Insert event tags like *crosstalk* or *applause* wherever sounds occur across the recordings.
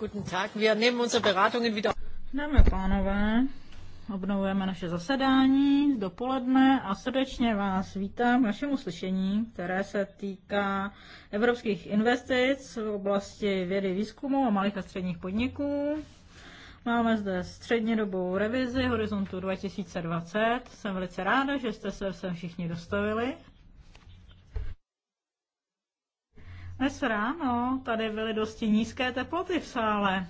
Guten Tag. Wir nehmen unsere Beratungen wieder. Dámy a pánové, obnovujeme naše zasedání z dopoledne a srdečně vás vítám v našem slyšení, které se týká evropských investic v oblasti vědy, výzkumu a malých a středních podniků. Máme zde střednědobou revizi Horizontu 2020. Jsem velice ráda, že jste se sem všichni dostavili. Dnes ráno tady byly dosti nízké teploty v sále.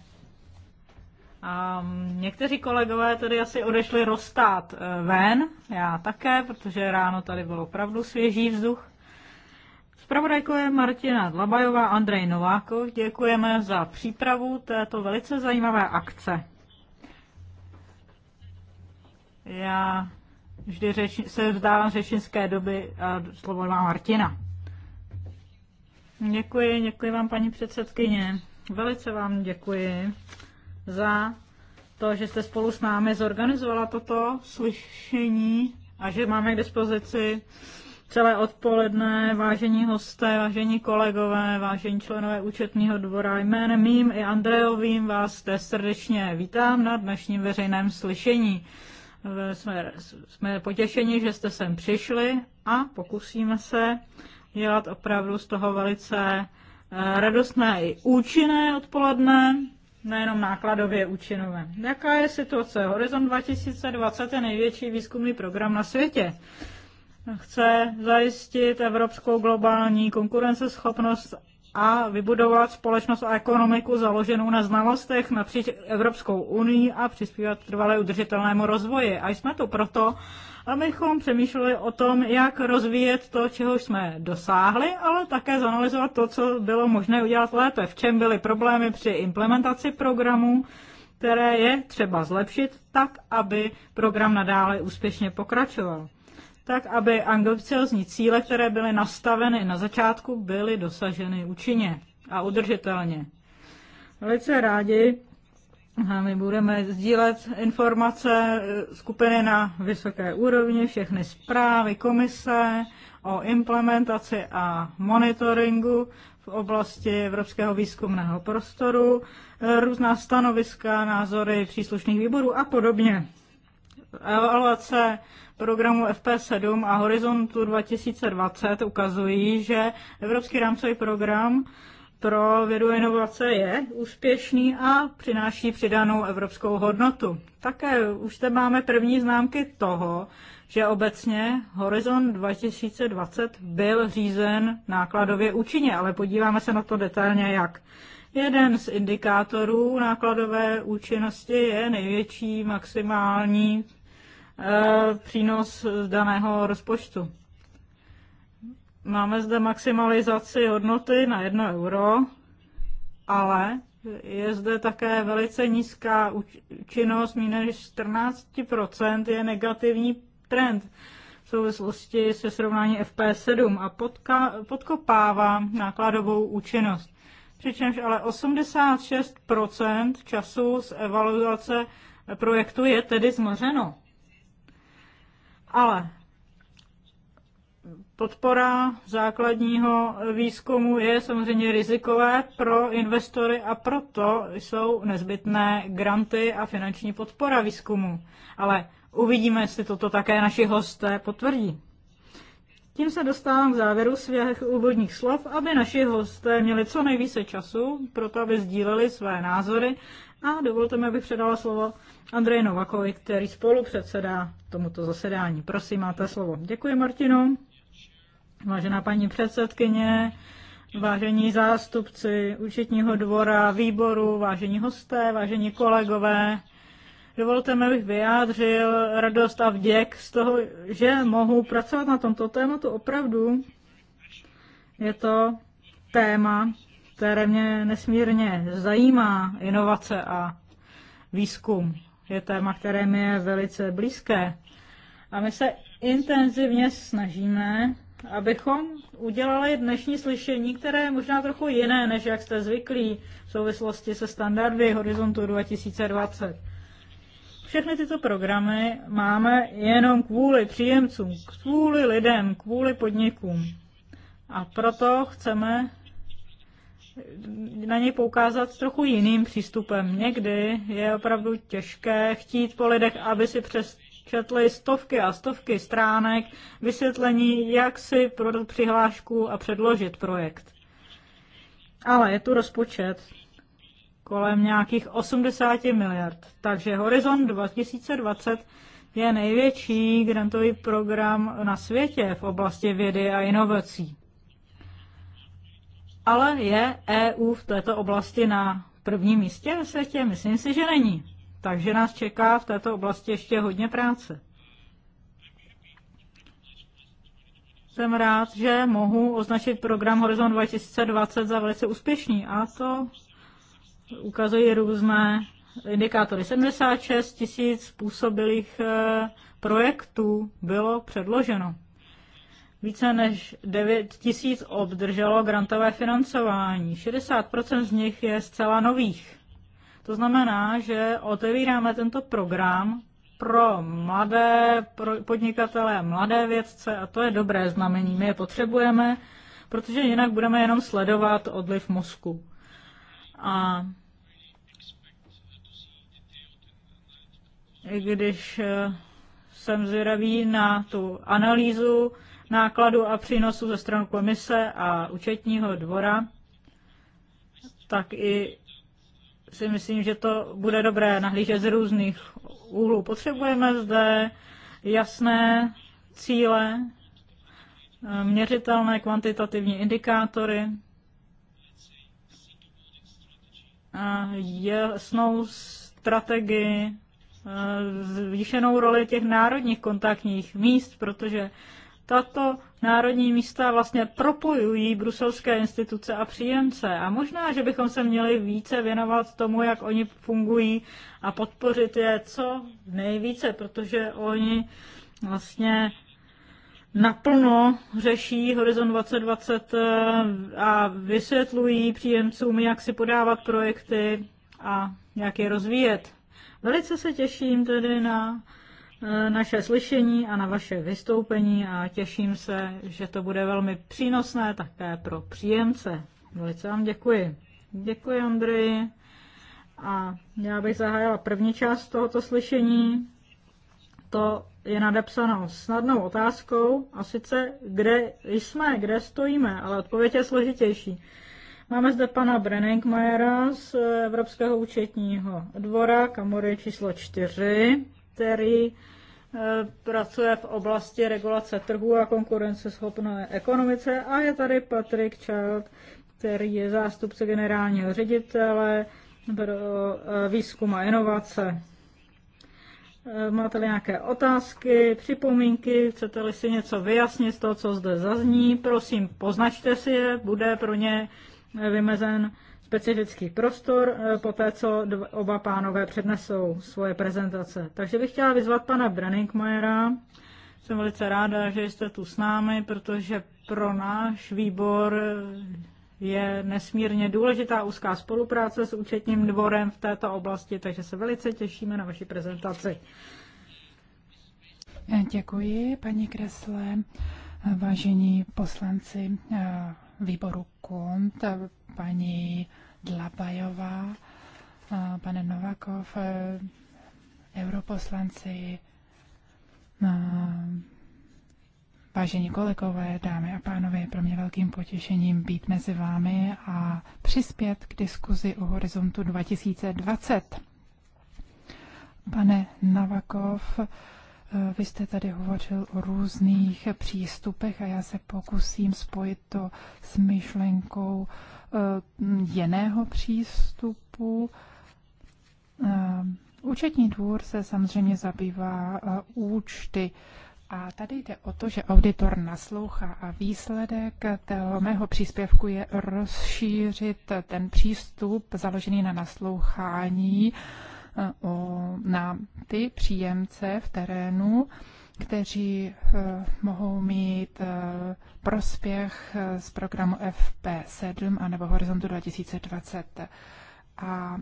A někteří kolegové tady asi odešli rostát eh, ven, já také, protože ráno tady byl opravdu svěží vzduch. Spravodajko je Martina Dlabajová, Andrej Novákov. Děkujeme za přípravu této velice zajímavé akce. Já vždy řeč, se vzdávám řečnické doby a eh, slovo má Martina. Děkuji, děkuji vám, paní předsedkyně. Velice vám děkuji za to, že jste spolu s námi zorganizovala toto slyšení a že máme k dispozici celé odpoledne, vážení hosté, vážení kolegové, vážení členové účetního dvora, jménem mým i Andrejovým vás zde srdečně vítám na dnešním veřejném slyšení. Jsme, jsme potěšeni, že jste sem přišli a pokusíme se dělat opravdu z toho velice eh, radostné i účinné odpoledne, nejenom nákladově účinové. Jaká je situace? Horizon 2020 je největší výzkumný program na světě. Chce zajistit evropskou globální konkurenceschopnost a vybudovat společnost a ekonomiku založenou na znalostech napříč Evropskou unii a přispívat trvalé udržitelnému rozvoji. A jsme tu proto, abychom přemýšleli o tom, jak rozvíjet to, čeho jsme dosáhli, ale také zanalizovat to, co bylo možné udělat lépe, v čem byly problémy při implementaci programů, které je třeba zlepšit tak, aby program nadále úspěšně pokračoval. Tak, aby ambiciozní cíle, které byly nastaveny na začátku, byly dosaženy účinně a udržitelně. Velice rádi my budeme sdílet informace eh, skupiny na vysoké úrovni, všechny zprávy komise o implementaci a monitoringu v oblasti evropského výzkumného prostoru, eh, různá stanoviska, názory příslušných výborů a podobně. Evaluace programu FP7 a Horizontu 2020 ukazují, že Evropský rámcový program pro vědu a inovace je úspěšný a přináší přidanou evropskou hodnotu. Také už zde máme první známky toho, že obecně Horizon 2020 byl řízen nákladově účinně, ale podíváme se na to detailně jak. Jeden z indikátorů nákladové účinnosti je největší maximální e, přínos z daného rozpočtu. Máme zde maximalizaci hodnoty na 1 euro, ale je zde také velice nízká účinnost, méně než 14% je negativní trend v souvislosti se srovnání FP7 a podka, podkopává nákladovou účinnost. Přičemž ale 86% času z evaluace projektu je tedy zmařeno. Ale podpora základního výzkumu je samozřejmě rizikové pro investory a proto jsou nezbytné granty a finanční podpora výzkumu. Ale uvidíme, jestli toto také naši hosté potvrdí. Tím se dostávám k závěru svých úvodních slov, aby naši hosté měli co nejvíce času pro to, aby sdíleli své názory. A dovolte mi, abych předala slovo Andreji Novakovi, který spolu předsedá tomuto zasedání. Prosím, máte slovo. Děkuji, Martino. Vážená paní předsedkyně, vážení zástupci účetního dvora, výboru, vážení hosté, vážení kolegové, dovolte mi, abych vyjádřil radost a vděk z toho, že mohu pracovat na tomto tématu opravdu. Je to téma, které mě nesmírně zajímá, inovace a výzkum. Je téma, které mi je velice blízké. A my se intenzivně snažíme abychom udělali dnešní slyšení, které je možná trochu jiné, než jak jste zvyklí v souvislosti se standardy Horizontu 2020. Všechny tyto programy máme jenom kvůli příjemcům, kvůli lidem, kvůli podnikům. A proto chceme na něj poukázat trochu jiným přístupem. Někdy je opravdu těžké chtít po lidech, aby si přes četli stovky a stovky stránek vysvětlení, jak si prodat přihlášku a předložit projekt. Ale je tu rozpočet kolem nějakých 80 miliard. Takže Horizon 2020 je největší grantový program na světě v oblasti vědy a inovací. Ale je EU v této oblasti na prvním místě ve světě? Myslím si, že není. Takže nás čeká v této oblasti ještě hodně práce. Jsem rád, že mohu označit program Horizon 2020 za velice úspěšný a to ukazují různé indikátory. 76 tisíc způsobilých eh, projektů bylo předloženo. Více než 9 tisíc obdrželo grantové financování. 60% z nich je zcela nových. To znamená, že otevíráme tento program pro mladé pro podnikatele, mladé vědce a to je dobré znamení. My je potřebujeme, protože jinak budeme jenom sledovat odliv mozku. A i když eh, jsem zvědavý na tu analýzu nákladu a přínosu ze strany komise a účetního dvora, tak i si myslím, že to bude dobré nahlížet z různých úhlů. Potřebujeme zde jasné cíle, eh, měřitelné kvantitativní indikátory a jasnou strategii, eh, zvýšenou roli těch národních kontaktních míst, protože tato národní místa vlastně propojují bruselské instituce a příjemce a možná, že bychom se měli více věnovat tomu, jak oni fungují a podpořit je co nejvíce, protože oni vlastně naplno řeší Horizon 2020 a vysvětlují příjemcům, jak si podávat projekty a jak je rozvíjet. Velice se těším tedy na E, naše slyšení a na vaše vystoupení a těším se, že to bude velmi přínosné také pro příjemce. Velice vám děkuji. Děkuji, Andreji. A já bych zahájila první část tohoto slyšení. To je nadepsáno snadnou otázkou, a sice kde jsme, kde stojíme, ale odpověď je složitější. Máme zde pana Brenningmajera z Evropského účetního dvora, kamory číslo 4 který eh, pracuje v oblasti regulace trhu a konkurenceschopné ekonomice a je tady Patrick Child, který je zástupce generálního ředitele pro eh, výzkum a inovace. Eh, máte-li nějaké otázky, připomínky, chcete-li si něco vyjasnit z toho, co zde zazní, prosím, poznačte si je, bude pro ně vymezen specifický prostor eh, po té, co oba pánové přednesou svoje prezentace. Takže bych chtěla vyzvat pana Brenningmajera. Jsem velice ráda, že jste tu s námi, protože pro náš výbor eh, je nesmírně důležitá úzká spolupráce s účetním dvorem v této oblasti, takže se velice těšíme na vaši prezentaci. Děkuji, paní Kresle. Vážení poslanci eh, výboru KUNT, paní Dlabajová, pane Novakov, e, europoslanci, vážení kolegové, dámy a pánové, je pro mě velkým potěšením být mezi vámi a přispět k diskuzi o horizontu 2020. Pane Novakov, vy jste tady hovořil o různých přístupech a já se pokusím spojit to s myšlenkou eh, jiného přístupu. Eh, účetní dvůr se samozřejmě zabývá eh, účty. A tady jde o to, že auditor naslouchá a výsledek toho mého příspěvku je rozšířit ten přístup založený na naslouchání Eh, na ty příjemce v terénu, kteří eh, mohou mít eh, prospěch z programu FP7 a nebo Horizontu 2020. A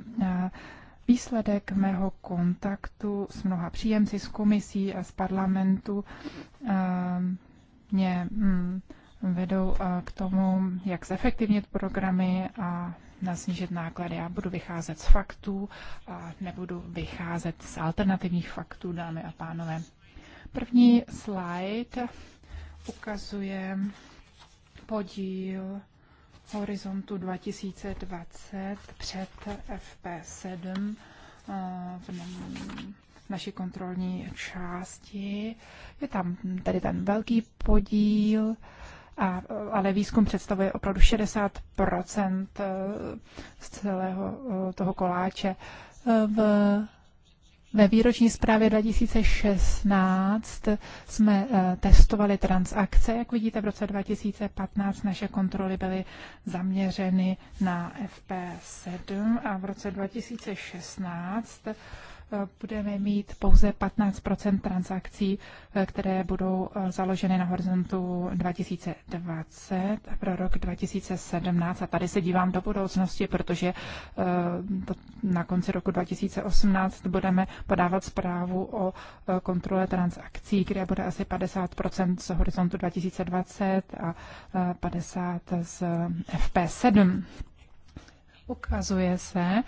výsledek mého kontaktu s mnoha příjemci, z komisí a z parlamentu mě mm, vedou k tomu, jak zefektivnit programy a snížit náklady. Já budu vycházet z faktů a nebudu vycházet z alternativních faktů, dámy a pánové. První slide ukazuje podíl horizontu 2020 před FP7 eh, v naší kontrolní části. Je tam tady ten velký podíl a, ale výzkum představuje opravdu 60 eh, z celého eh, toho koláče. Eh, v, ve výroční zprávě 2016 jsme testovali transakce. Jak vidíte, v roce 2015 naše kontroly byly zaměřeny na FP7 a v roce 2016 budeme mít pouze 15 transakcí, eh, které budou eh, založeny na horizontu 2020 pro rok 2017. A tady se dívám do budoucnosti, protože eh, na konci roku 2018 budeme podávat zprávu o kontrole transakcí, kde bude asi 50 z horizontu 2020 a 50 z FP7. Ukazuje se,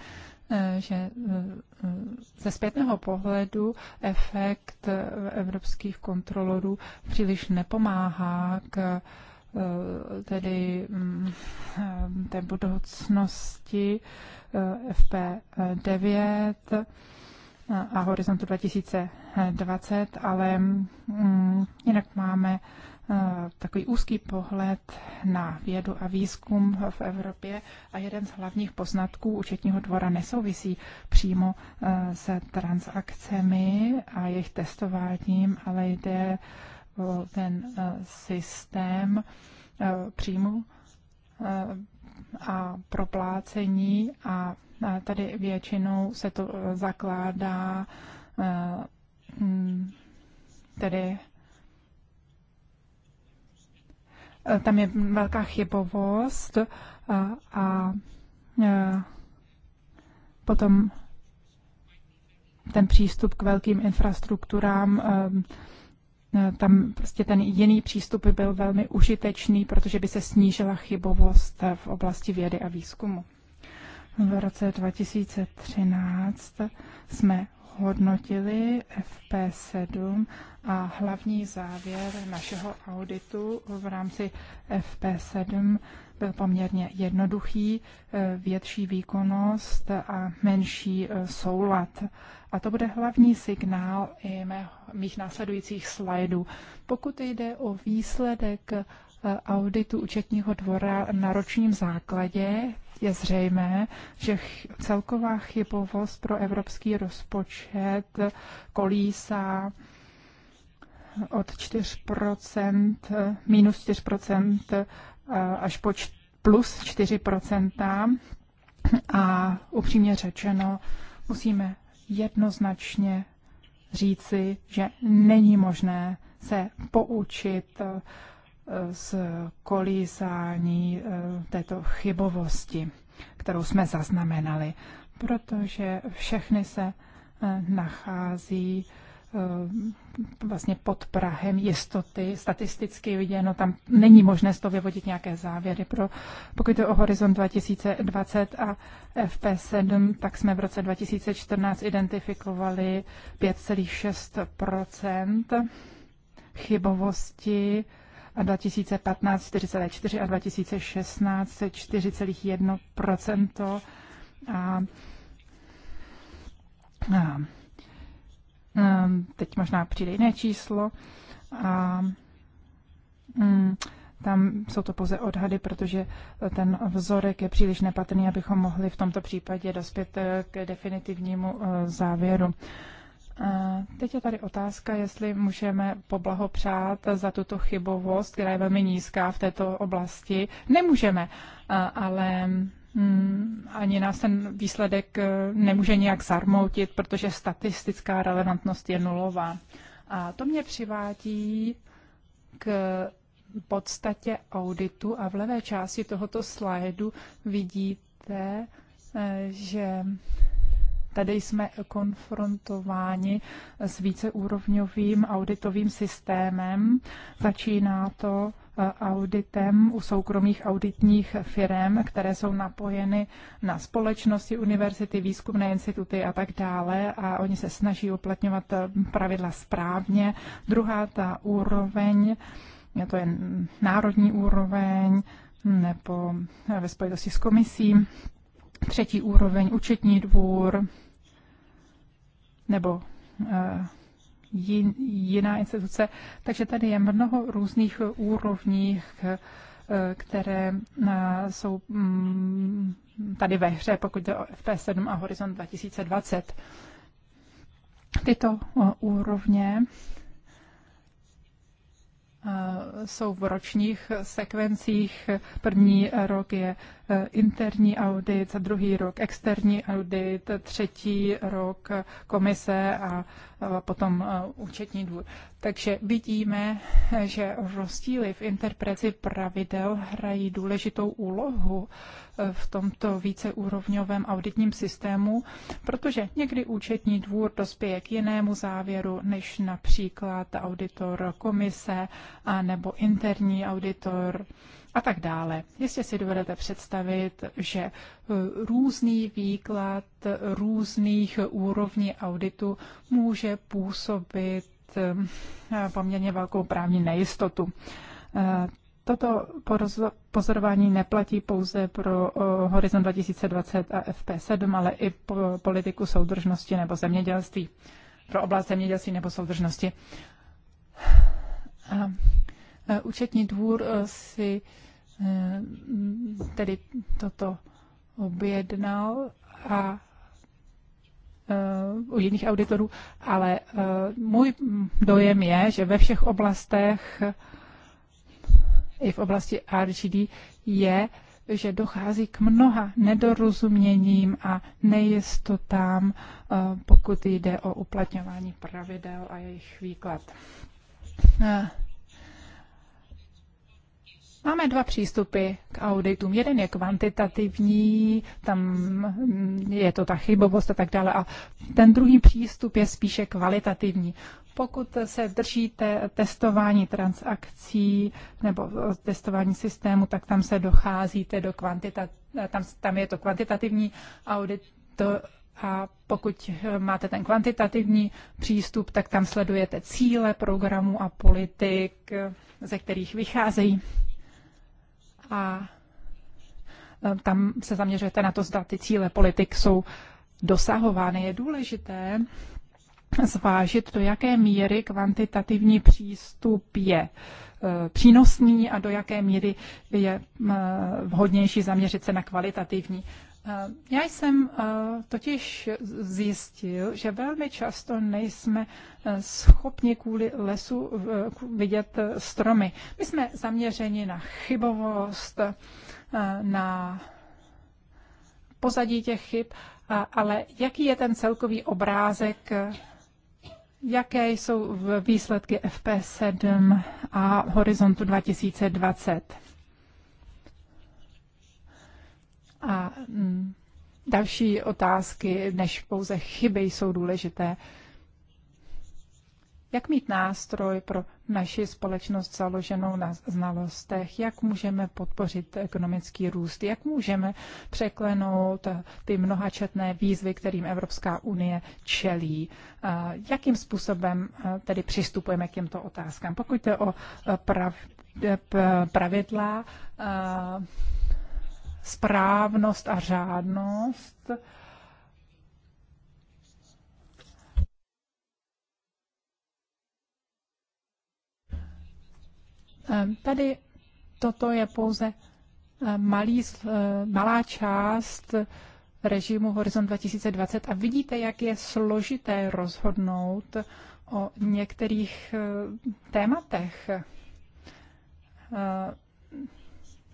Eh, že eh, ze zpětného pohledu efekt evropských kontrolorů příliš nepomáhá k eh, tedy mm, té budoucnosti FP9 a horizontu 2020, ale mm, jinak máme Eh, takový úzký pohled na vědu a výzkum v Evropě a jeden z hlavních poznatků účetního dvora nesouvisí přímo eh, se transakcemi a jejich testováním, ale jde o ten eh, systém příjmu a proplácení a tady většinou se to zakládá hm, tedy Eh, tam je velká chybovost eh, a, a, eh, a potom ten přístup k velkým infrastrukturám, tam prostě ten jiný přístup by byl velmi užitečný, protože by se snížila chybovost v oblasti vědy a výzkumu. V roce 2013 jsme hodnotili FP7 a hlavní závěr našeho auditu v rámci FP7 byl poměrně jednoduchý, eh, větší výkonnost a menší eh, soulad. A to bude hlavní signál i mých následujících slajdů. Pokud jde o výsledek eh, auditu účetního dvora na ročním základě, je zřejmé, že celková chybovost pro evropský rozpočet kolísá od 4%, minus 4% eh, až po plus 4%. A upřímně řečeno, musíme jednoznačně říci, že není možné se poučit eh, z kolísání eh, této chybovosti, kterou jsme zaznamenali, protože všechny se eh, nachází eh, vlastně pod Prahem jistoty. Statisticky viděno, tam není možné z toho vyvodit nějaké závěry. Pro, pokud je o horizont 2020 a FP7, tak jsme v roce 2014 identifikovali 5,6 chybovosti a 2015 4,4 a 2016 4,1 a, a teď možná přijde jiné číslo a mm, tam jsou to pouze odhady, protože ten vzorek je příliš nepatrný, abychom mohli v tomto případě dospět eh, k definitivnímu eh, závěru. Teď je tady otázka, jestli můžeme poblahopřát za tuto chybovost, která je velmi nízká v této oblasti. Nemůžeme, ale mm, ani nás ten výsledek e, nemůže nějak zarmoutit, protože statistická relevantnost je nulová. A to mě přivádí k podstatě auditu a v levé části tohoto slajdu vidíte, e, že Tady jsme konfrontováni s víceúrovňovým auditovým systémem. Začíná to eh, auditem u soukromých auditních firm, které jsou napojeny na společnosti, univerzity, výzkumné instituty a tak dále a oni se snaží uplatňovat eh, pravidla správně. Druhá ta úroveň, eh, to je národní úroveň nebo ve spojitosti s komisí, třetí úroveň účetní dvůr, nebo eh, jiná instituce. Takže tady je mnoho různých úrovní, eh, které eh, jsou mm, tady ve hře, pokud jde o FP7 a Horizont 2020. Tyto úrovně Eh, jsou v ročních sekvencích. První rok je eh, interní audit, druhý rok externí audit, třetí rok komise a potom eh, účetní dvůr. Takže vidíme, že rozdíly v interpreci pravidel hrají důležitou úlohu eh, v tomto víceúrovňovém auditním systému, protože někdy účetní dvůr dospěje k jinému závěru než například auditor komise a nebo interní auditor a tak dále. Jestli si dovedete představit, že eh, různý výklad různých úrovní auditu může působit poměrně velkou právní nejistotu. Eh, toto pozorování neplatí pouze pro eh, Horizon 2020 a FP7, ale i pro politiku soudržnosti nebo zemědělství, pro oblast zemědělství nebo soudržnosti. A eh, účetní dvůr si tedy toto objednal a Eh, u jiných auditorů, ale eh, můj dojem je, že ve všech oblastech, i v oblasti RGD, je, že dochází k mnoha nedorozuměním a nejistotám, eh, pokud jde o uplatňování pravidel a jejich výklad. Máme dva přístupy k auditům. Jeden je kvantitativní, tam je to ta chybovost a tak dále. A ten druhý přístup je spíše kvalitativní. Pokud se držíte testování transakcí nebo testování systému, tak tam se docházíte do kvantita, tam, tam je to kvantitativní audit, to, a pokud máte ten kvantitativní přístup, tak tam sledujete cíle programu a politik, ze kterých vycházejí a e, tam se zaměřujete na to, zda ty cíle politik jsou dosahovány. Je důležité zvážit, do jaké míry kvantitativní přístup je e, přínosný a do jaké míry je e, vhodnější zaměřit se na kvalitativní Eh, já jsem eh, totiž zjistil, že velmi často nejsme eh, schopni kvůli lesu vidět stromy. My jsme zaměřeni na chybovost, na pozadí těch chyb, ale jaký je ten celkový obrázek, jaké jsou výsledky FP7 a Horizontu 2020? A mm, další otázky, než pouze chyby, jsou důležité. Jak mít nástroj pro naši společnost založenou na znalostech? Jak můžeme podpořit ekonomický růst? Jak můžeme překlenout ty mnohačetné výzvy, kterým Evropská unie čelí? Jakým způsobem tedy přistupujeme k těmto otázkám? Pokud jde o prav, e, pravidla, správnost a řádnost. Ehm, tady toto je pouze ehm, malý, ehm, malá část režimu Horizon 2020 a vidíte, jak je složité rozhodnout o některých tématech.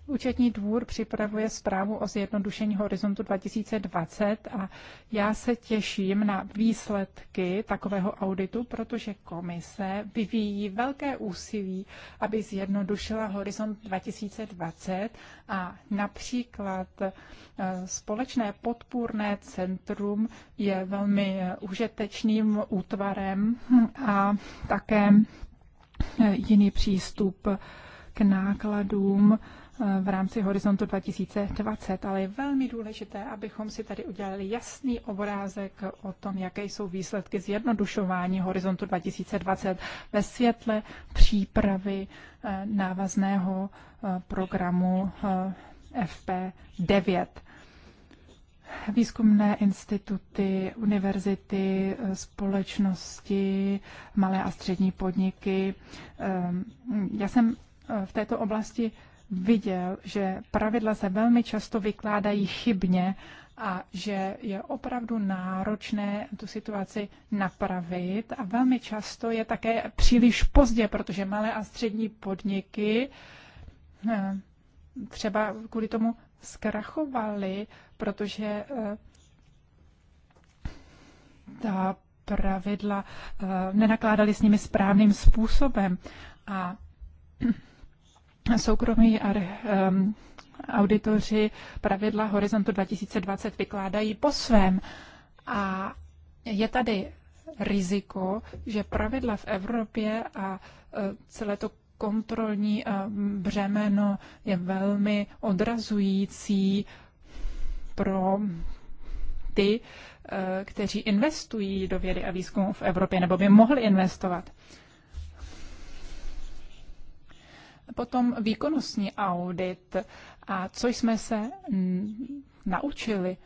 Účetní dvůr připravuje zprávu o zjednodušení horizontu 2020 a já se těším na výsledky takového auditu, protože komise vyvíjí velké úsilí, aby zjednodušila horizont 2020 a například eh, společné podpůrné centrum je velmi eh, užitečným útvarem a také eh, jiný přístup k nákladům v rámci horizontu 2020, ale je velmi důležité, abychom si tady udělali jasný obrázek o tom, jaké jsou výsledky zjednodušování horizontu 2020 ve světle přípravy eh, návazného eh, programu eh, FP9. Výzkumné instituty, univerzity, společnosti, malé a střední podniky. Ehm, já jsem v této oblasti viděl, že pravidla se velmi často vykládají chybně a že je opravdu náročné tu situaci napravit a velmi často je také příliš pozdě, protože malé a střední podniky eh, třeba kvůli tomu zkrachovaly, protože eh, ta pravidla eh, nenakládali s nimi správným způsobem. A soukromí a um, auditoři pravidla Horizontu 2020 vykládají po svém. A je tady riziko, že pravidla v Evropě a e, celé to kontrolní e, břemeno je velmi odrazující pro ty, e, kteří investují do vědy a výzkumu v Evropě, nebo by mohli investovat. potom výkonnostní audit a co jsme se naučili,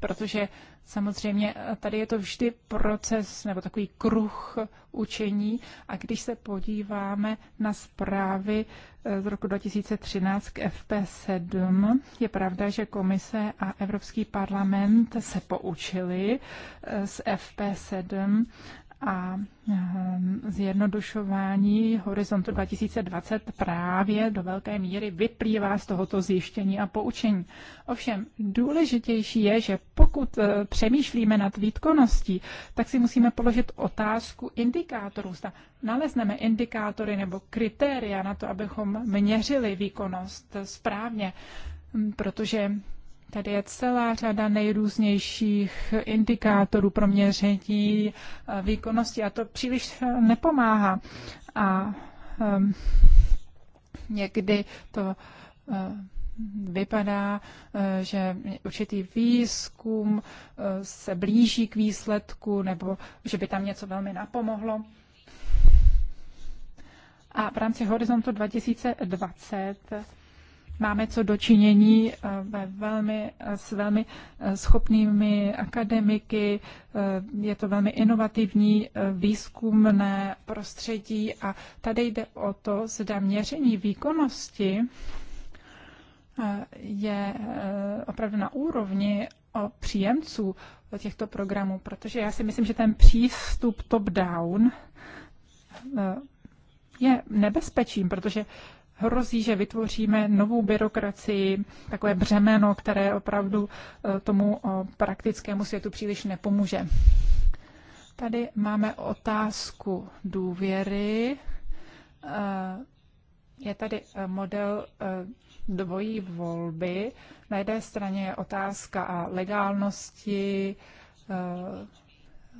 protože samozřejmě eh, tady je to vždy proces nebo takový kruh učení a když se podíváme na zprávy eh, z roku 2013 k FP7, je pravda, že komise a Evropský parlament se poučili eh, z FP7 a ehm, zjednodušování horizontu 2020 právě do velké míry vyplývá z tohoto zjištění a poučení. Ovšem důležitější je, že pokud e, přemýšlíme nad výkonností, tak si musíme položit otázku indikátorů. Zda nalezneme indikátory nebo kritéria na to, abychom měřili výkonnost správně, protože Tady je celá řada nejrůznějších indikátorů pro měření eh, výkonnosti a to příliš eh, nepomáhá. A um, někdy to uh, vypadá, že určitý výzkum se blíží k výsledku nebo že by tam něco velmi napomohlo. A v rámci Horizontu 2020 máme co dočinění eh, ve velmi, eh, s velmi eh, schopnými akademiky, je to velmi inovativní výzkumné prostředí a tady jde o to, zda měření výkonnosti je opravdu na úrovni o příjemců těchto programů, protože já si myslím, že ten přístup top-down je nebezpečím, protože hrozí, že vytvoříme novou byrokracii, takové břemeno, které opravdu e, tomu praktickému světu příliš nepomůže. Tady máme otázku důvěry. E, je tady e, model dvojí volby. Na jedné straně je otázka a legálnosti,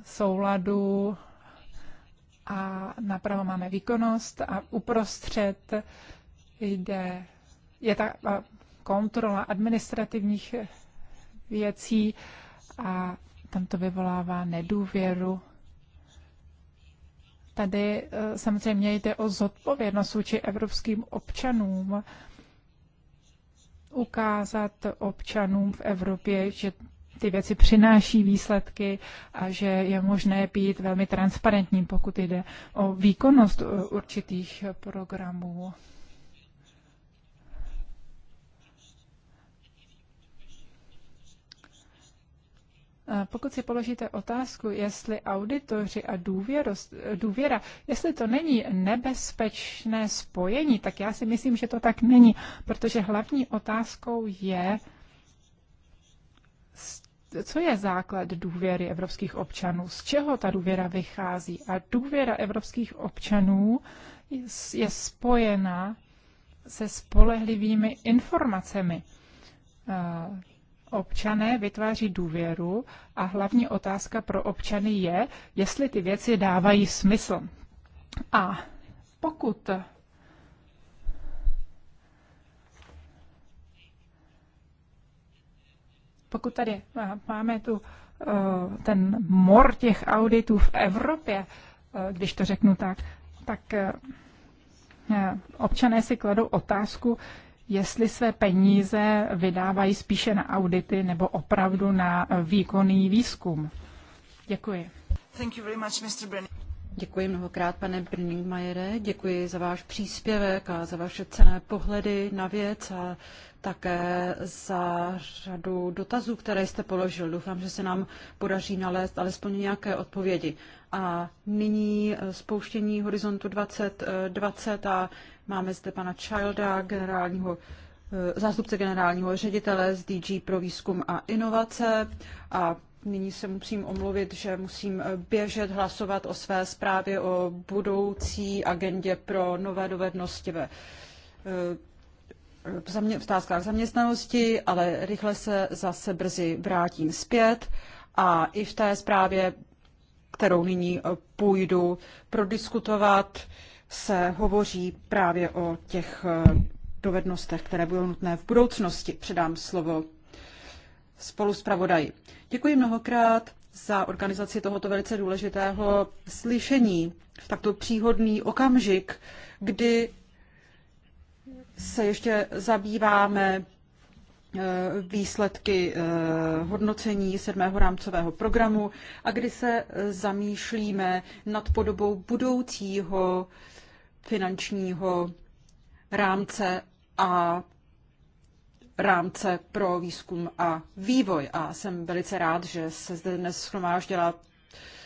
souladu a napravo máme výkonnost a uprostřed jde, je ta kontrola administrativních věcí a tam to vyvolává nedůvěru. Tady e, samozřejmě jde o zodpovědnost vůči evropským občanům, ukázat občanům v Evropě, že ty věci přináší výsledky a že je možné být velmi transparentní, pokud jde o výkonnost e, určitých programů. Pokud si položíte otázku, jestli auditoři a důvěrost, důvěra, jestli to není nebezpečné spojení, tak já si myslím, že to tak není, protože hlavní otázkou je, co je základ důvěry evropských občanů, z čeho ta důvěra vychází. A důvěra evropských občanů je spojena se spolehlivými informacemi občané vytváří důvěru a hlavní otázka pro občany je, jestli ty věci dávají smysl. A pokud pokud tady máme tu eh, ten mor těch auditů v Evropě, eh, když to řeknu tak, tak eh, občané si kladou otázku, jestli své peníze vydávají spíše na audity nebo opravdu na výkonný výzkum. Děkuji. Thank you very much, Mr. Děkuji mnohokrát, pane Brinningmajere. děkuji za váš příspěvek a za vaše cené pohledy na věc a také za řadu dotazů, které jste položil. Doufám, že se nám podaří nalézt alespoň nějaké odpovědi. A nyní spouštění Horizontu 2020 a Máme zde pana Childa, generálního eh, zástupce generálního ředitele z DG pro výzkum a inovace a Nyní se musím omluvit, že musím eh, běžet hlasovat o své zprávě o budoucí agendě pro nové dovednosti ve eh, v, zamě, v tázkách zaměstnanosti, ale rychle se zase brzy vrátím zpět a i v té zprávě, kterou nyní půjdu prodiskutovat, se hovoří právě o těch eh, dovednostech, které budou nutné v budoucnosti. Předám slovo spolu s pravodají. Děkuji mnohokrát za organizaci tohoto velice důležitého slyšení v takto příhodný okamžik, kdy se ještě zabýváme eh, výsledky eh, hodnocení sedmého rámcového programu a kdy se zamýšlíme nad podobou budoucího finančního rámce a rámce pro výzkum a vývoj. A jsem velice rád, že se zde dnes schromáždila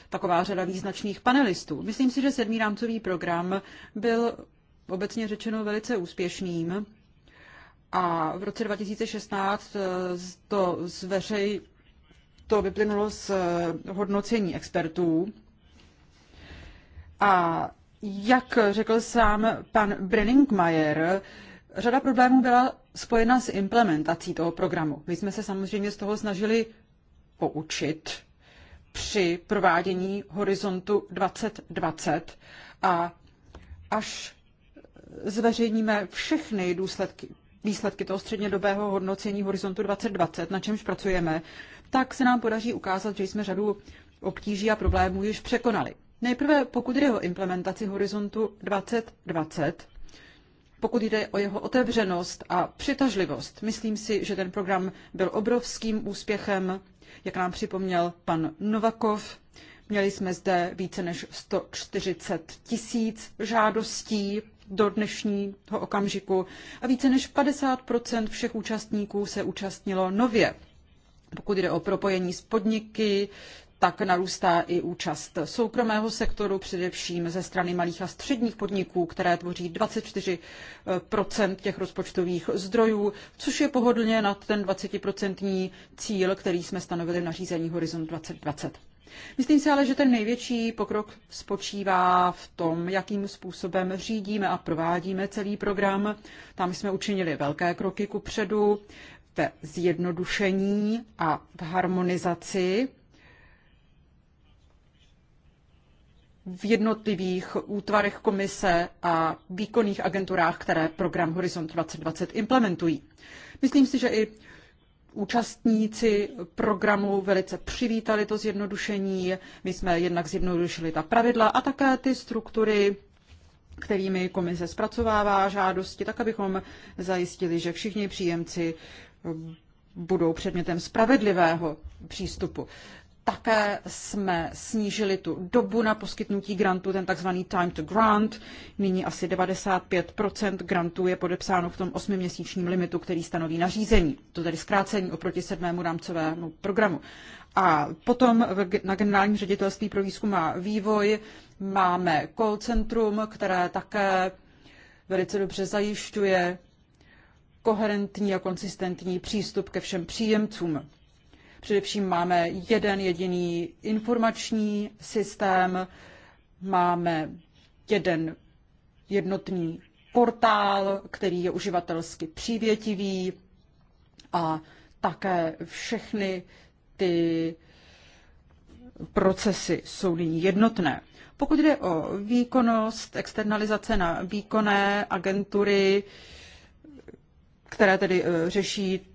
taková řada význačných panelistů. Myslím si, že sedmý rámcový program byl obecně řečeno velice úspěšným. A v roce 2016 eh, to zveřej, to vyplynulo z hodnocení expertů. A jak řekl sám pan Brenningmeier, řada problémů byla spojena s implementací toho programu. My jsme se samozřejmě z toho snažili poučit při provádění horizontu 2020 a až zveřejníme všechny důsledky, výsledky toho střednědobého hodnocení horizontu 2020, na čemž pracujeme, tak se nám podaří ukázat, že jsme řadu obtíží a problémů již překonali. Nejprve pokud jde o implementaci Horizontu 2020, pokud jde o jeho otevřenost a přitažlivost, myslím si, že ten program byl obrovským úspěchem, jak nám připomněl pan Novakov. Měli jsme zde více než 140 tisíc žádostí do dnešního okamžiku a více než 50 všech účastníků se účastnilo nově. Pokud jde o propojení s podniky, tak narůstá i účast soukromého sektoru, především ze strany malých a středních podniků, které tvoří 24 těch rozpočtových zdrojů, což je pohodlně nad ten 20 cíl, který jsme stanovili v nařízení Horizont 2020. Myslím si ale, že ten největší pokrok spočívá v tom, jakým způsobem řídíme a provádíme celý program. Tam jsme učinili velké kroky ku předu ve zjednodušení a v harmonizaci v jednotlivých útvarech komise a výkonných agenturách, které program Horizont 2020 implementují. Myslím si, že i účastníci programu velice přivítali to zjednodušení. My jsme jednak zjednodušili ta pravidla a také ty struktury, kterými komise zpracovává žádosti, tak abychom zajistili, že všichni příjemci budou předmětem spravedlivého přístupu. Také jsme snížili tu dobu na poskytnutí grantu, ten takzvaný time to grant. Nyní asi 95 grantů je podepsáno v tom osmiměsíčním limitu, který stanoví nařízení. To tedy zkrácení oproti sedmému rámcovému programu. A potom na generálním ředitelství pro výzkum a vývoj máme call centrum, které také velice dobře zajišťuje koherentní a konsistentní přístup ke všem příjemcům. Především máme jeden jediný informační systém, máme jeden jednotný portál, který je uživatelsky přívětivý a také všechny ty procesy jsou nyní jednotné. Pokud jde o výkonnost, externalizace na výkonné agentury, které tedy eh, řeší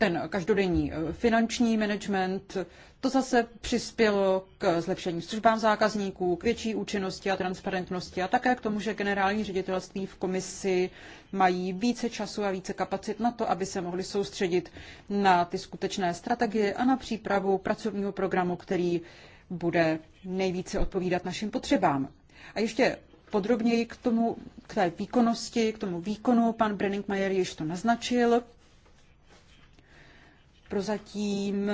ten každodenní eh, finanční management, to zase přispělo k zlepšení službám zákazníků, k větší účinnosti a transparentnosti a také k tomu, že generální ředitelství v komisi mají více času a více kapacit na to, aby se mohli soustředit na ty skutečné strategie a na přípravu pracovního programu, který bude nejvíce odpovídat našim potřebám. A ještě podrobněji k tomu, k té výkonnosti, k tomu výkonu, pan Brenningmeier již to naznačil. Prozatím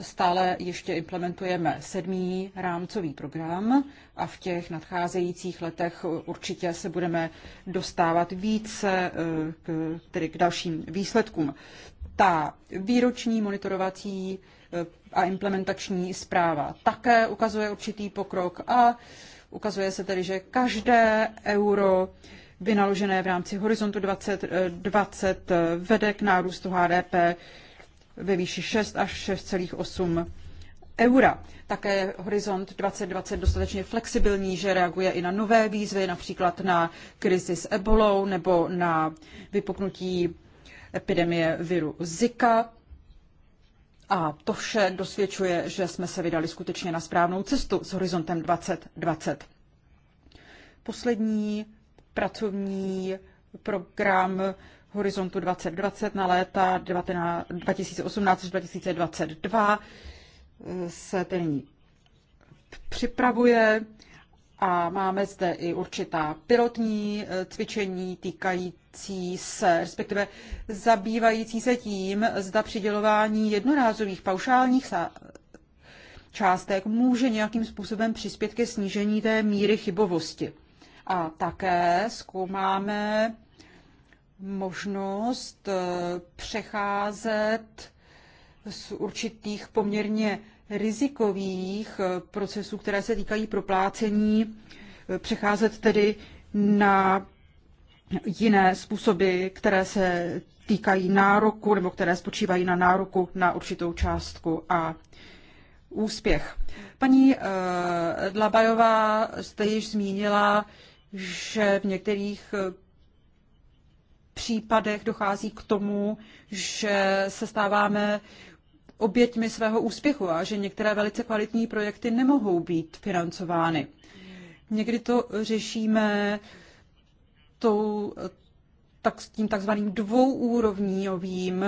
stále ještě implementujeme sedmý rámcový program a v těch nadcházejících letech určitě se budeme dostávat více eh, k, tedy k dalším výsledkům. Ta výroční monitorovací eh, a implementační zpráva také ukazuje určitý pokrok a ukazuje se tedy, že každé euro vynaložené v rámci Horizontu 2020 eh, vede k nárůstu HDP ve výši 6 až 6,8 eura. Také Horizont 2020 dostatečně flexibilní, že reaguje i na nové výzvy, například na krizi s ebolou nebo na vypuknutí epidemie viru Zika. A to vše dosvědčuje, že jsme se vydali skutečně na správnou cestu s horizontem 2020. Poslední pracovní program horizontu 2020 na léta 2018 2022 eh, se ten připravuje a máme zde i určitá pilotní eh, cvičení týkající se, respektive zabývající se tím, zda přidělování jednorázových paušálních částek může nějakým způsobem přispět ke snížení té míry chybovosti. A také zkoumáme možnost eh, přecházet z určitých poměrně rizikových eh, procesů, které se týkají proplácení, eh, přecházet tedy na jiné způsoby, které se týkají nároku nebo které spočívají na nároku na určitou částku a úspěch. Paní Dlabajová jste již zmínila, že v některých případech dochází k tomu, že se stáváme oběťmi svého úspěchu a že některé velice kvalitní projekty nemohou být financovány. Někdy to řešíme tou, tak, tím takzvaným dvouúrovňovým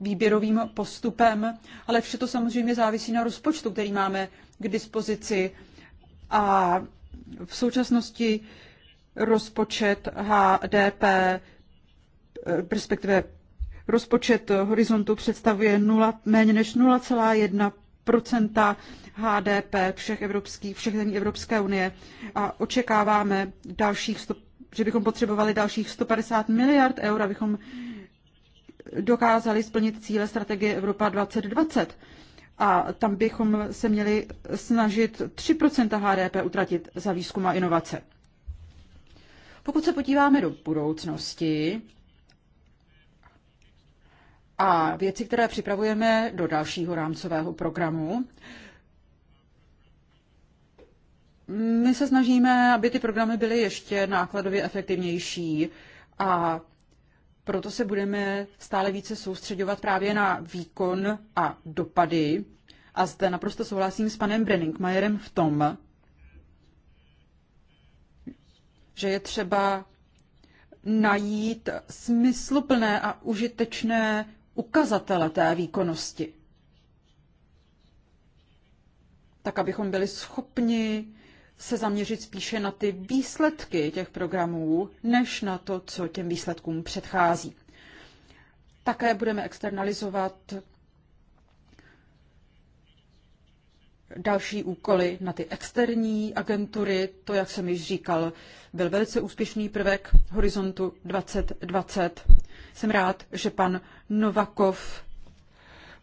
výběrovým postupem, ale vše to samozřejmě závisí na rozpočtu, který máme k dispozici. A v současnosti rozpočet HDP Eh, respektive rozpočet horizontu představuje 0, méně než 0,1 HDP všech, evropských, všech zemí Evropské unie a očekáváme dalších 100, že bychom potřebovali dalších 150 miliard eur, abychom dokázali splnit cíle strategie Evropa 2020. A tam bychom se měli snažit 3 HDP utratit za výzkum a inovace. Pokud se podíváme do budoucnosti, a věci, které připravujeme do dalšího rámcového programu. My se snažíme, aby ty programy byly ještě nákladově efektivnější a proto se budeme stále více soustředovat právě na výkon a dopady. A zde naprosto souhlasím s panem Brenningmajerem v tom, že je třeba najít smysluplné a užitečné ukazatele té výkonnosti. Tak, abychom byli schopni se zaměřit spíše na ty výsledky těch programů, než na to, co těm výsledkům předchází. Také budeme externalizovat další úkoly na ty externí agentury. To, jak jsem již říkal, byl velice úspěšný prvek Horizontu 2020. Jsem rád, že pan Novakov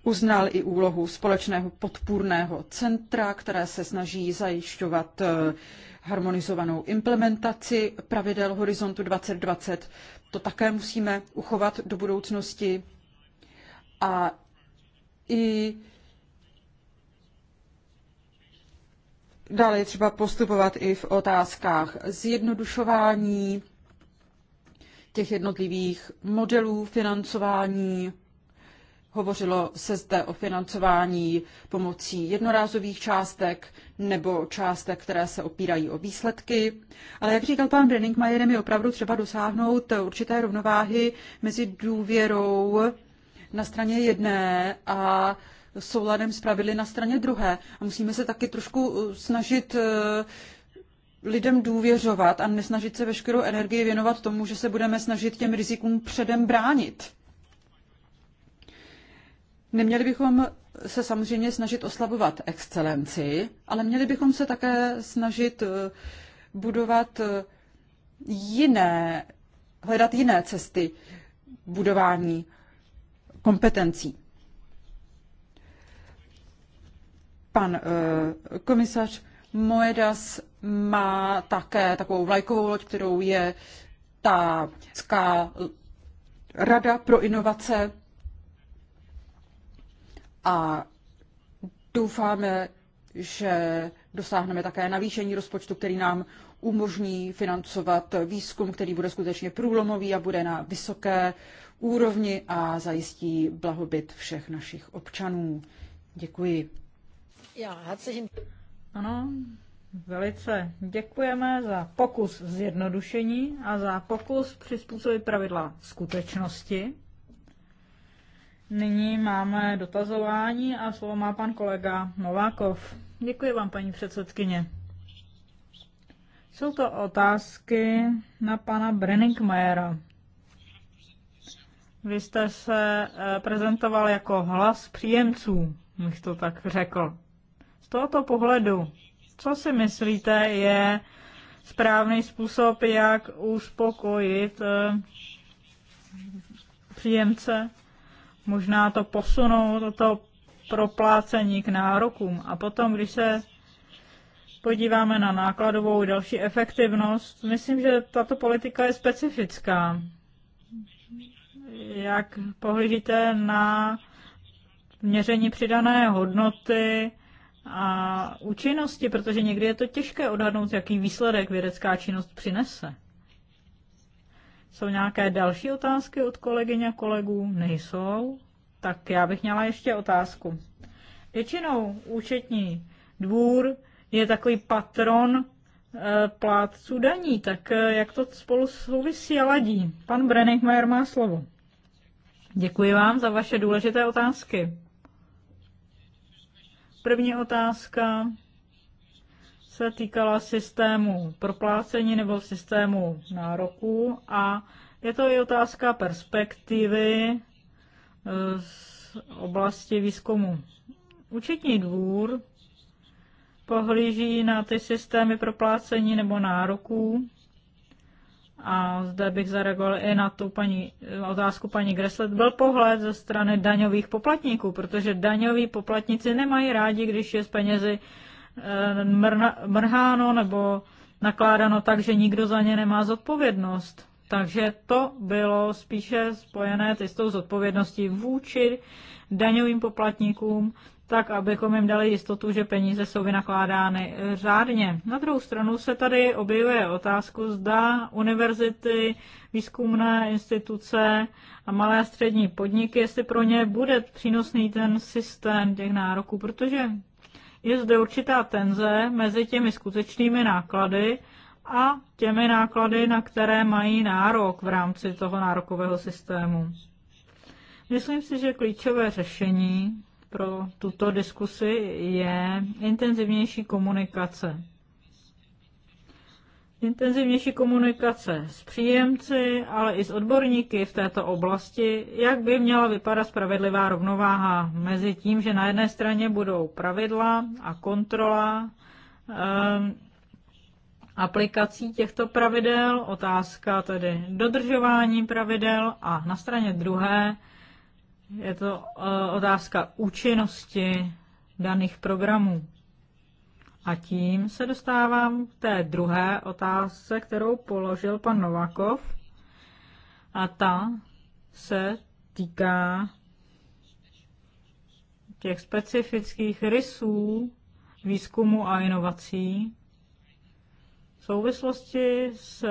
uznal i úlohu společného podpůrného centra, které se snaží zajišťovat eh, harmonizovanou implementaci pravidel Horizontu 2020. To také musíme uchovat do budoucnosti. A i dále je třeba postupovat i v otázkách zjednodušování těch jednotlivých modelů financování. Hovořilo se zde o financování pomocí jednorázových částek nebo částek, které se opírají o výsledky. Ale jak říkal pan Brenningmajer, je opravdu třeba dosáhnout určité rovnováhy mezi důvěrou na straně jedné a souladem s pravidly na straně druhé. A musíme se taky trošku eh, snažit eh, lidem důvěřovat a nesnažit se veškerou energii věnovat tomu, že se budeme snažit těm rizikům předem bránit. Neměli bychom se samozřejmě snažit oslabovat excelenci, ale měli bychom se také snažit eh, budovat eh, jiné, hledat jiné cesty budování kompetencí. Pan eh, komisař Moedas má také takovou vlajkovou loď, kterou je ta Rada pro inovace a doufáme, že dosáhneme také navýšení rozpočtu, který nám umožní financovat výzkum, který bude skutečně průlomový a bude na vysoké úrovni a zajistí blahobyt všech našich občanů. Děkuji. Já, herzlichen... Ano, Velice děkujeme za pokus zjednodušení a za pokus přizpůsobit pravidla skutečnosti. Nyní máme dotazování a slovo má pan kolega Novákov. Děkuji vám, paní předsedkyně. Jsou to otázky na pana Brenningmajera. Vy jste se eh, prezentoval jako hlas příjemců, bych to tak řekl. Z tohoto pohledu co si myslíte je správný způsob, jak uspokojit eh, příjemce? Možná to posunout od toho proplácení k nárokům. A potom, když se podíváme na nákladovou další efektivnost, myslím, že tato politika je specifická. Jak pohlížíte na měření přidané hodnoty a účinnosti, protože někdy je to těžké odhadnout, jaký výsledek vědecká činnost přinese. Jsou nějaké další otázky od kolegyň a kolegů? Nejsou? Tak já bych měla ještě otázku. Většinou účetní dvůr je takový patron eh, plátců daní, tak eh, jak to spolu souvisí a ladí? Pan Brenningmeier má slovo. Děkuji vám za vaše důležité otázky. První otázka se týkala systému proplácení nebo systému nároků a je to i otázka perspektivy eh, z oblasti výzkumu. Účetní dvůr pohlíží na ty systémy proplácení nebo nároků a zde bych zareagoval i na tu paní, otázku paní Greslet, byl pohled ze strany daňových poplatníků, protože daňoví poplatníci nemají rádi, když je z penězi eh, mrna, mrháno nebo nakládáno tak, že nikdo za ně nemá zodpovědnost. Takže to bylo spíše spojené s tou zodpovědností vůči daňovým poplatníkům tak abychom jim dali jistotu, že peníze jsou vynakládány řádně. Na druhou stranu se tady objevuje otázku, zda univerzity, výzkumné instituce a malé a střední podniky, jestli pro ně bude přínosný ten systém těch nároků, protože je zde určitá tenze mezi těmi skutečnými náklady a těmi náklady, na které mají nárok v rámci toho nárokového systému. Myslím si, že klíčové řešení pro tuto diskusi je intenzivnější komunikace. Intenzivnější komunikace s příjemci, ale i s odborníky v této oblasti, jak by měla vypadat spravedlivá rovnováha mezi tím, že na jedné straně budou pravidla a kontrola um, aplikací těchto pravidel, otázka tedy dodržování pravidel a na straně druhé je to eh, otázka účinnosti daných programů. A tím se dostávám k té druhé otázce, kterou položil pan Novakov. A ta se týká těch specifických rysů výzkumu a inovací v souvislosti s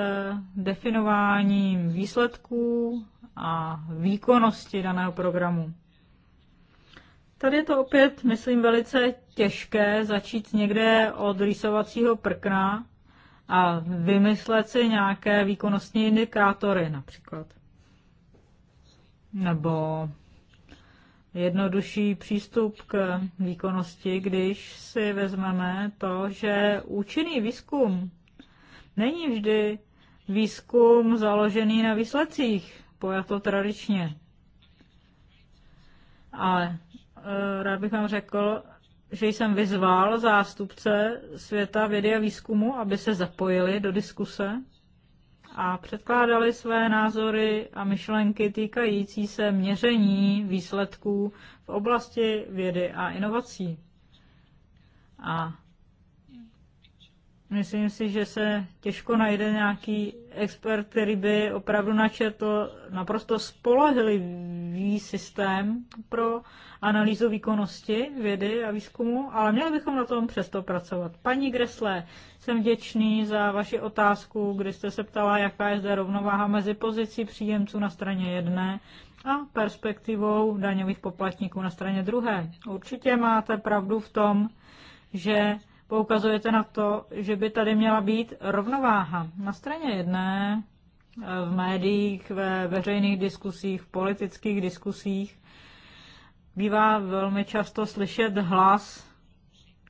definováním výsledků a výkonnosti daného programu. Tady je to opět, myslím, velice těžké začít někde od rýsovacího prkna a vymyslet si nějaké výkonnostní indikátory například. Nebo jednodušší přístup k výkonnosti, když si vezmeme to, že účinný výzkum není vždy výzkum založený na výsledcích pojato tradičně. Ale e, rád bych vám řekl, že jsem vyzval zástupce světa vědy a výzkumu, aby se zapojili do diskuse a předkládali své názory a myšlenky týkající se měření výsledků v oblasti vědy a inovací. A Myslím si, že se těžko najde nějaký expert, který by opravdu načetl naprosto spolehlivý systém pro analýzu výkonnosti vědy a výzkumu, ale měli bychom na tom přesto pracovat. Paní Gresle, jsem vděčný za vaši otázku, kdy jste se ptala, jaká je zde rovnováha mezi pozicí příjemců na straně jedné a perspektivou daňových poplatníků na straně druhé. Určitě máte pravdu v tom, že poukazujete na to, že by tady měla být rovnováha. Na straně jedné eh, v médiích, ve veřejných diskusích, v politických diskusích bývá velmi často slyšet hlas,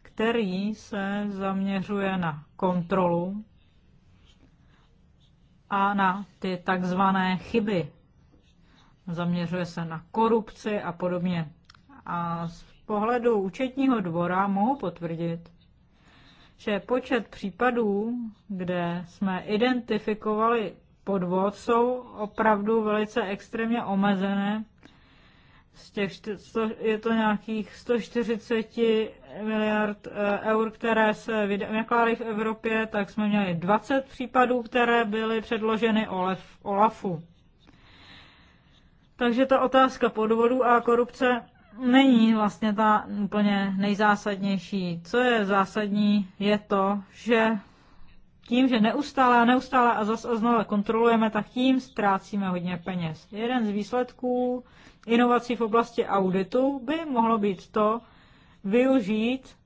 který se zaměřuje na kontrolu a na ty takzvané chyby. Zaměřuje se na korupci a podobně. A z pohledu účetního dvora mohu potvrdit, že počet případů, kde jsme identifikovali podvod, jsou opravdu velice extrémně omezené. Z těch, je to nějakých 140 miliard eh, eur, které se vynakládají v Evropě, tak jsme měli 20 případů, které byly předloženy Olaf, Olafu. Takže ta otázka podvodu a korupce není vlastně ta úplně nejzásadnější. Co je zásadní, je to, že tím, že neustále a neustále a zase a znovu kontrolujeme, tak tím ztrácíme hodně peněz. Jeden z výsledků inovací v oblasti auditu by mohlo být to, využít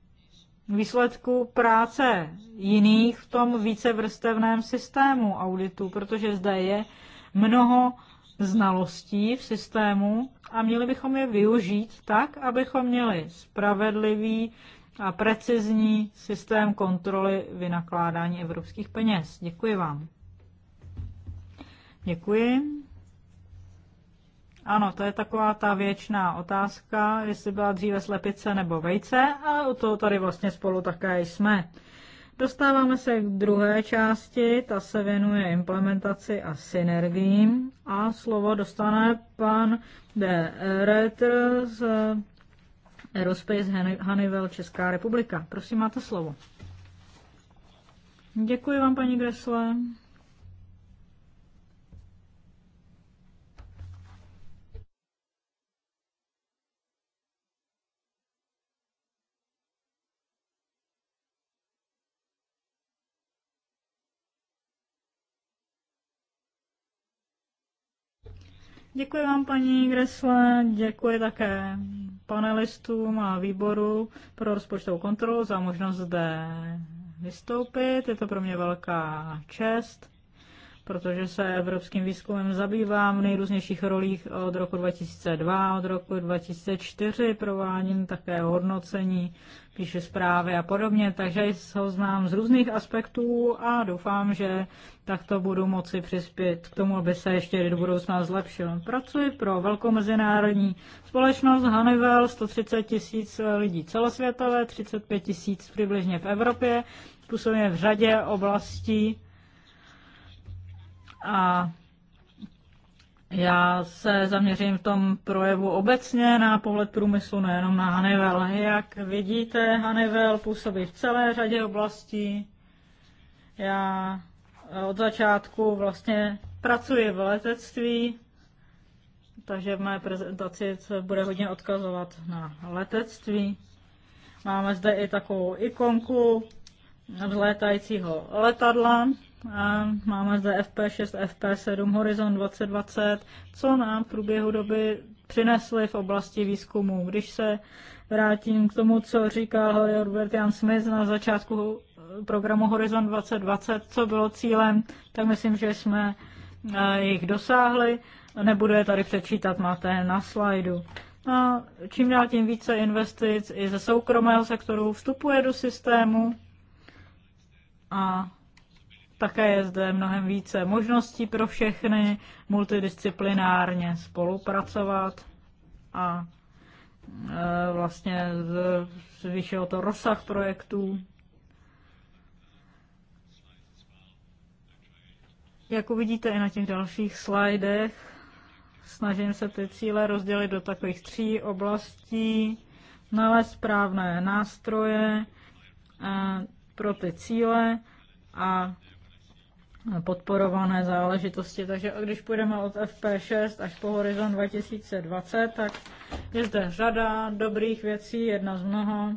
výsledku práce jiných v tom vícevrstevném systému auditu, protože zde je mnoho znalostí v systému, a měli bychom je využít tak, abychom měli spravedlivý a precizní systém kontroly vynakládání evropských peněz. Děkuji vám. Děkuji. Ano, to je taková ta věčná otázka, jestli byla dříve slepice nebo vejce, a u toho tady vlastně spolu také jsme. Dostáváme se k druhé části, ta se věnuje implementaci a synergiím a slovo dostane pan De Retter z Aerospace Hannibal Česká republika. Prosím, máte slovo. Děkuji vám, paní Gresle. Děkuji vám, paní Gresle, děkuji také panelistům a výboru pro rozpočtovou kontrolu za možnost zde vystoupit. Je to pro mě velká čest protože se evropským výzkumem zabývám v nejrůznějších rolích od roku 2002, od roku 2004 prováním také hodnocení, píše zprávy a podobně, takže ho znám z různých aspektů a doufám, že takto budu moci přispět k tomu, aby se ještě do budoucna zlepšil. Pracuji pro velkou mezinárodní společnost Hanivel, 130 tisíc lidí celosvětové, 35 tisíc přibližně v Evropě, působím v řadě oblastí, a já se zaměřím v tom projevu obecně na pohled průmyslu, nejenom na Hanivel. Jak vidíte, Hanivel působí v celé řadě oblastí. Já od začátku vlastně pracuji v letectví, takže v mé prezentaci se bude hodně odkazovat na letectví. Máme zde i takovou ikonku vzlétajícího letadla, a máme zde FP6, FP7, Horizon 2020, co nám v průběhu doby přinesly v oblasti výzkumu. Když se vrátím k tomu, co říkal Robert Jan Smith na začátku programu Horizon 2020, co bylo cílem, tak myslím, že jsme eh, jich dosáhli. Nebudu je tady přečítat, máte na slajdu. A čím dál tím více investic i ze soukromého sektoru vstupuje do systému a také je zde mnohem více možností pro všechny multidisciplinárně spolupracovat a e, vlastně zvýšilo to rozsah projektů. Jak uvidíte i na těch dalších slajdech, snažím se ty cíle rozdělit do takových tří oblastí. Nalézt správné nástroje e, pro ty cíle a podporované záležitosti. Takže když půjdeme od FP6 až po horizont 2020, tak je zde řada dobrých věcí. Jedna z mnoha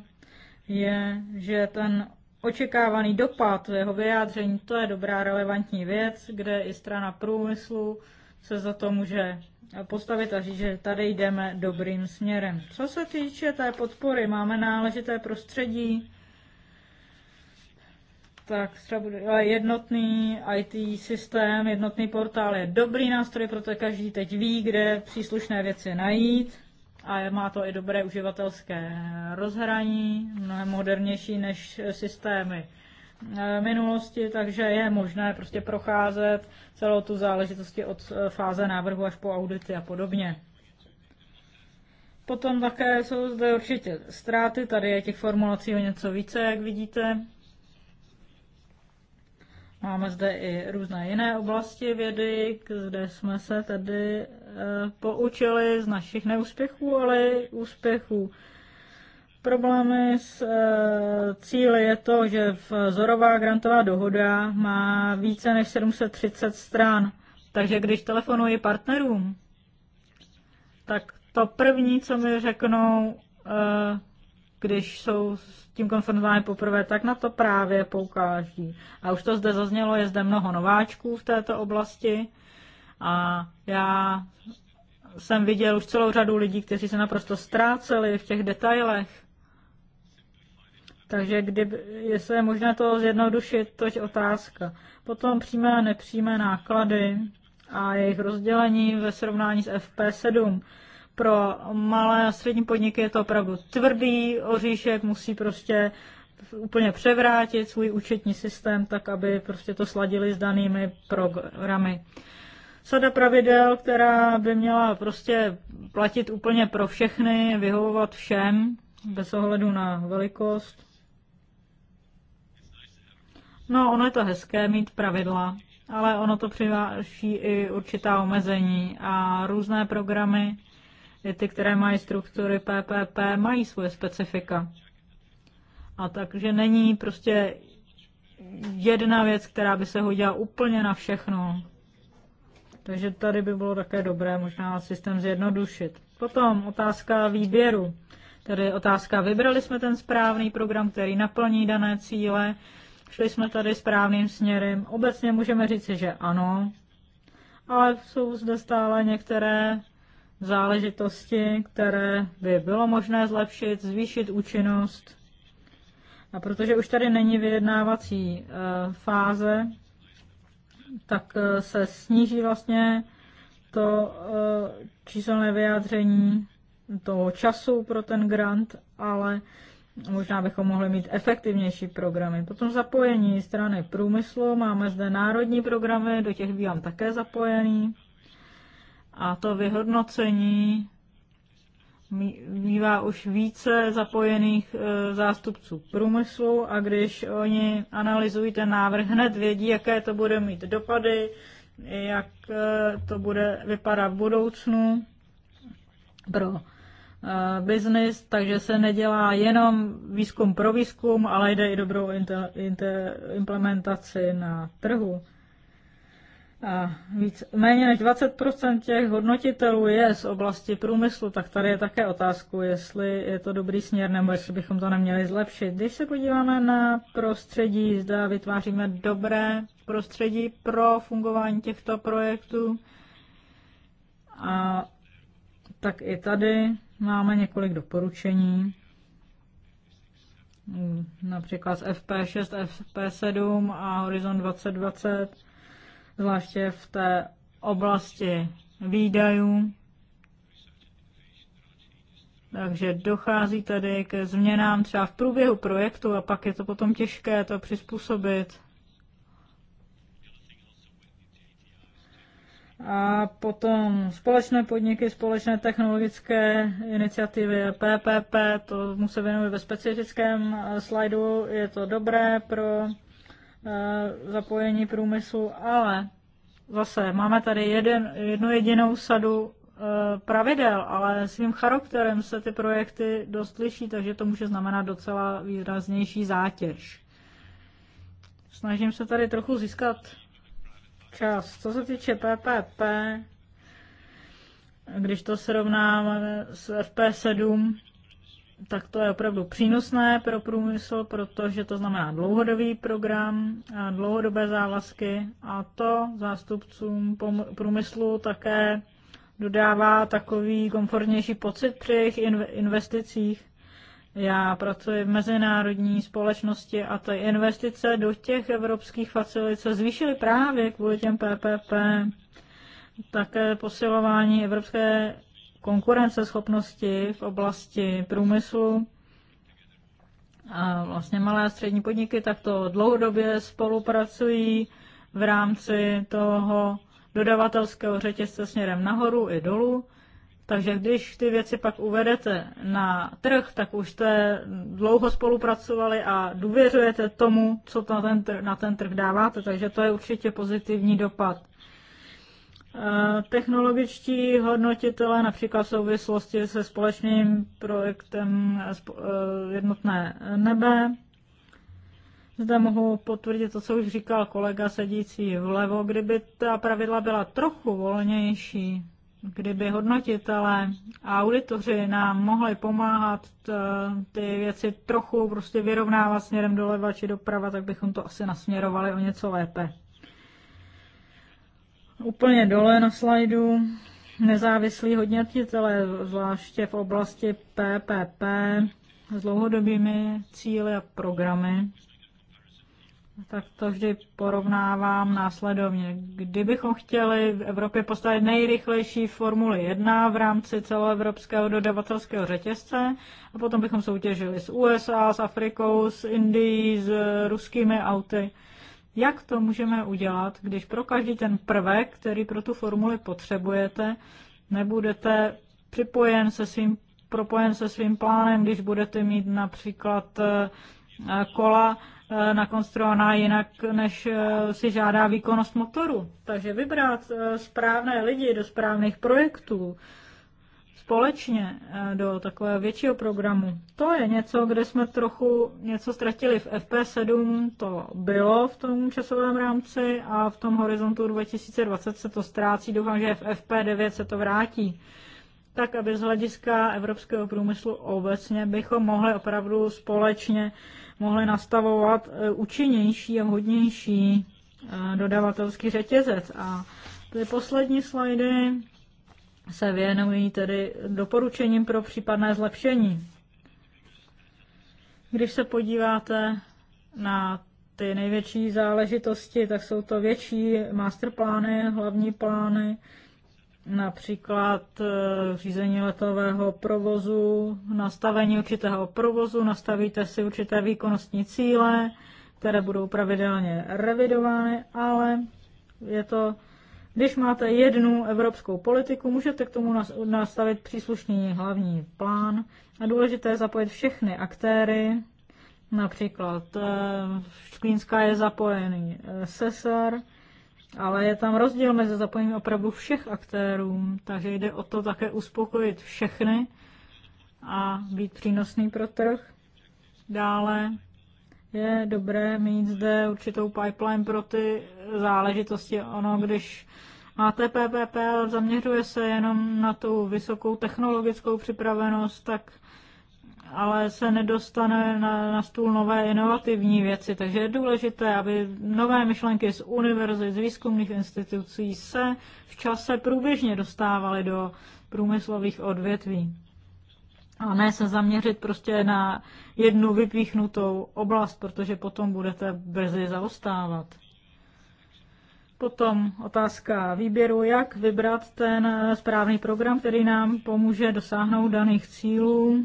je, že ten očekávaný dopad jeho vyjádření, to je dobrá relevantní věc, kde i strana průmyslu se za to může postavit a říct, že tady jdeme dobrým směrem. Co se týče té podpory, máme náležité prostředí, tak třeba jednotný IT systém, jednotný portál je dobrý nástroj, protože každý teď ví, kde příslušné věci najít a má to i dobré uživatelské rozhraní, mnohem modernější než systémy eh, minulosti, takže je možné prostě procházet celou tu záležitosti od eh, fáze návrhu až po audity a podobně. Potom také jsou zde určitě ztráty, tady je těch formulací o něco více, jak vidíte. Máme zde i různé jiné oblasti vědy, kde jsme se tedy eh, poučili z našich neúspěchů, ale i úspěchů. Problémy s eh, cíly je to, že vzorová grantová dohoda má více než 730 stran. Takže když telefonuji partnerům, tak to první, co mi řeknou, eh, když jsou tím konfrontovány poprvé, tak na to právě poukáží. A už to zde zaznělo, je zde mnoho nováčků v této oblasti a já jsem viděl už celou řadu lidí, kteří se naprosto ztráceli v těch detailech. Takže kdyby, jestli je možné to zjednodušit, to je otázka. Potom přímé a nepřímé náklady a jejich rozdělení ve srovnání s FP7 pro malé a střední podniky je to opravdu tvrdý oříšek, musí prostě úplně převrátit svůj účetní systém, tak aby prostě to sladili s danými programy. Sada pravidel, která by měla prostě platit úplně pro všechny, vyhovovat všem, bez ohledu na velikost. No, ono je to hezké mít pravidla, ale ono to přináší i určitá omezení a různé programy i ty, které mají struktury PPP, mají svoje specifika. A takže není prostě jedna věc, která by se hodila úplně na všechno. Takže tady by bylo také dobré možná systém zjednodušit. Potom otázka výběru. Tady otázka, vybrali jsme ten správný program, který naplní dané cíle, šli jsme tady správným směrem. Obecně můžeme říci, že ano, ale jsou zde stále některé záležitosti, které by bylo možné zlepšit, zvýšit účinnost. A protože už tady není vyjednávací eh, fáze, tak eh, se sníží vlastně to eh, číselné vyjádření toho času pro ten grant, ale možná bychom mohli mít efektivnější programy. Potom zapojení strany průmyslu, máme zde národní programy, do těch bývám také zapojený. A to vyhodnocení bývá už více zapojených e, zástupců průmyslu a když oni analyzují ten návrh, hned vědí, jaké to bude mít dopady, jak e, to bude vypadat v budoucnu pro e, biznis, takže se nedělá jenom výzkum pro výzkum, ale jde i dobrou implementaci na trhu a víc, méně než 20% těch hodnotitelů je z oblasti průmyslu, tak tady je také otázku, jestli je to dobrý směr nebo jestli bychom to neměli zlepšit. Když se podíváme na prostředí, zda vytváříme dobré prostředí pro fungování těchto projektů a tak i tady máme několik doporučení například z FP6, FP7 a Horizon 2020 zvláště v té oblasti výdajů. Takže dochází tady k změnám třeba v průběhu projektu a pak je to potom těžké to přizpůsobit. A potom společné podniky, společné technologické iniciativy, PPP, to mu se věnuje ve specifickém slajdu, je to dobré pro Eh, zapojení průmyslu, ale zase máme tady jeden, jednu jedinou sadu eh, pravidel, ale svým charakterem se ty projekty dost liší, takže to může znamenat docela výraznější zátěž. Snažím se tady trochu získat čas. Co se týče PPP, když to srovnáme s FP7, tak to je opravdu přínosné pro průmysl, protože to znamená dlouhodobý program, eh, dlouhodobé závazky a to zástupcům průmyslu také dodává takový komfortnější pocit při jejich investicích. Já pracuji v mezinárodní společnosti a ty investice do těch evropských facilit se zvýšily právě kvůli těm PPP. Také posilování evropské konkurenceschopnosti v oblasti průmyslu. A vlastně malé a střední podniky takto dlouhodobě spolupracují v rámci toho dodavatelského řetězce směrem nahoru i dolů. Takže když ty věci pak uvedete na trh, tak už jste dlouho spolupracovali a důvěřujete tomu, co na ten, trh, na ten trh dáváte, takže to je určitě pozitivní dopad. Eh, technologičtí hodnotitelé například v souvislosti se společným projektem eh, eh, Jednotné nebe. Zde mohu potvrdit to, co už říkal kolega sedící vlevo. Kdyby ta pravidla byla trochu volnější, kdyby hodnotitelé a auditoři nám mohli pomáhat ty věci trochu prostě vyrovnávat směrem doleva či doprava, tak bychom to asi nasměrovali o něco lépe úplně dole na slajdu nezávislí hodnotitelé, zvláště v oblasti PPP, s dlouhodobými cíly a programy, tak to vždy porovnávám následovně. Kdybychom chtěli v Evropě postavit nejrychlejší Formuli 1 v rámci celoevropského dodavatelského řetězce a potom bychom soutěžili s USA, s Afrikou, s Indií, s ruskými auty, jak to můžeme udělat, když pro každý ten prvek, který pro tu formuli potřebujete, nebudete připojen se svým, propojen se svým plánem, když budete mít například eh, kola eh, nakonstruovaná jinak, než eh, si žádá výkonnost motoru. Takže vybrat správné lidi do správných projektů společně eh, do takového většího programu. To je něco, kde jsme trochu něco ztratili v FP7, to bylo v tom časovém rámci a v tom horizontu 2020 se to ztrácí. Doufám, že v FP9 se to vrátí. Tak, aby z hlediska evropského průmyslu obecně bychom mohli opravdu společně mohli nastavovat eh, účinnější a hodnější eh, dodavatelský řetězec. A ty poslední slajdy se věnují tedy doporučením pro případné zlepšení. Když se podíváte na ty největší záležitosti, tak jsou to větší masterplány, hlavní plány, například eh, řízení letového provozu, nastavení určitého provozu, nastavíte si určité výkonnostní cíle, které budou pravidelně revidovány, ale je to když máte jednu evropskou politiku, můžete k tomu nastavit příslušný hlavní plán a důležité je zapojit všechny aktéry, například Šklínská eh, je zapojený eh, Sesar, ale je tam rozdíl mezi zapojením opravdu všech aktérů, takže jde o to také uspokojit všechny a být přínosný pro trh. Dále je dobré mít zde určitou pipeline pro ty záležitosti. Ono, když a TPPP zaměřuje se jenom na tu vysokou technologickou připravenost, tak ale se nedostane na, na stůl nové inovativní věci. Takže je důležité, aby nové myšlenky z univerzit, z výzkumných institucí se v čase průběžně dostávaly do průmyslových odvětví. A ne se zaměřit prostě na jednu vypíchnutou oblast, protože potom budete brzy zaostávat. Potom otázka výběru, jak vybrat ten eh, správný program, který nám pomůže dosáhnout daných cílů.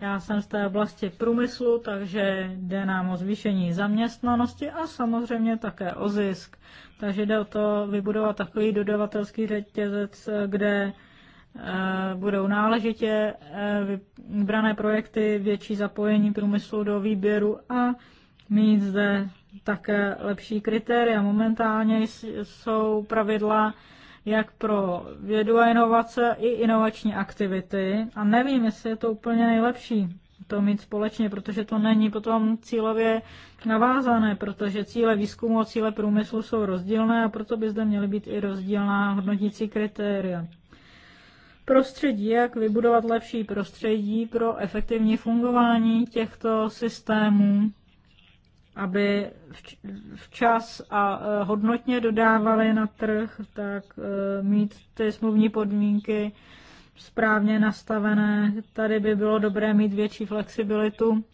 Já jsem z té oblasti průmyslu, takže jde nám o zvýšení zaměstnanosti a samozřejmě také o zisk. Takže jde o to vybudovat takový dodavatelský řetězec, kde eh, budou náležitě eh, vybrané projekty, větší zapojení průmyslu do výběru a mít zde také lepší kritéria. Momentálně jsou pravidla jak pro vědu a inovace i inovační aktivity a nevím, jestli je to úplně nejlepší to mít společně, protože to není potom cílově navázané, protože cíle výzkumu a cíle průmyslu jsou rozdílné a proto by zde měly být i rozdílná hodnotící kritéria. Prostředí, jak vybudovat lepší prostředí pro efektivní fungování těchto systémů, aby včas a eh, hodnotně dodávali na trh, tak eh, mít ty smluvní podmínky správně nastavené. Tady by bylo dobré mít větší flexibilitu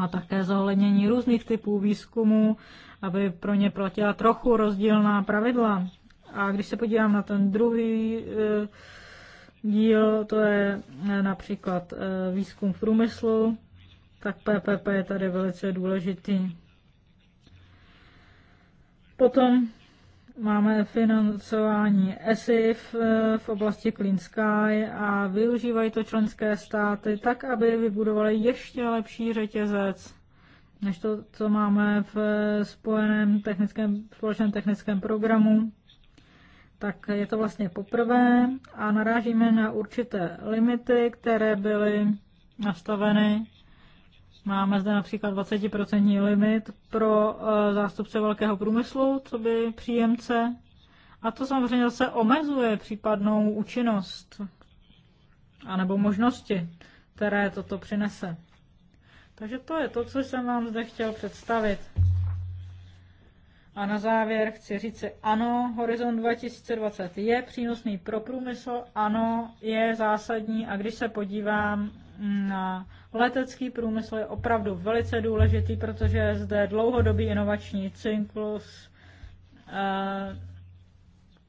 a také zohlednění různých typů výzkumu, aby pro ně platila trochu rozdílná pravidla. A když se podívám na ten druhý eh, díl, to je například výzkum v průmyslu, tak PPP je tady velice důležitý. Potom máme financování ESIF eh, v oblasti Clean Sky a využívají to členské státy tak, aby vybudovali ještě lepší řetězec než to, co máme v eh, spojeném technickém, společném technickém programu. Tak je to vlastně poprvé a narážíme na určité limity, které byly nastaveny Máme zde například 20% limit pro eh, zástupce velkého průmyslu, co by příjemce. A to samozřejmě se omezuje případnou účinnost anebo možnosti, které toto přinese. Takže to je to, co jsem vám zde chtěl představit. A na závěr chci říct, ano, Horizont 2020 je přínosný pro průmysl, ano, je zásadní a když se podívám na letecký průmysl je opravdu velice důležitý, protože je zde dlouhodobý inovační cyklus. Eh,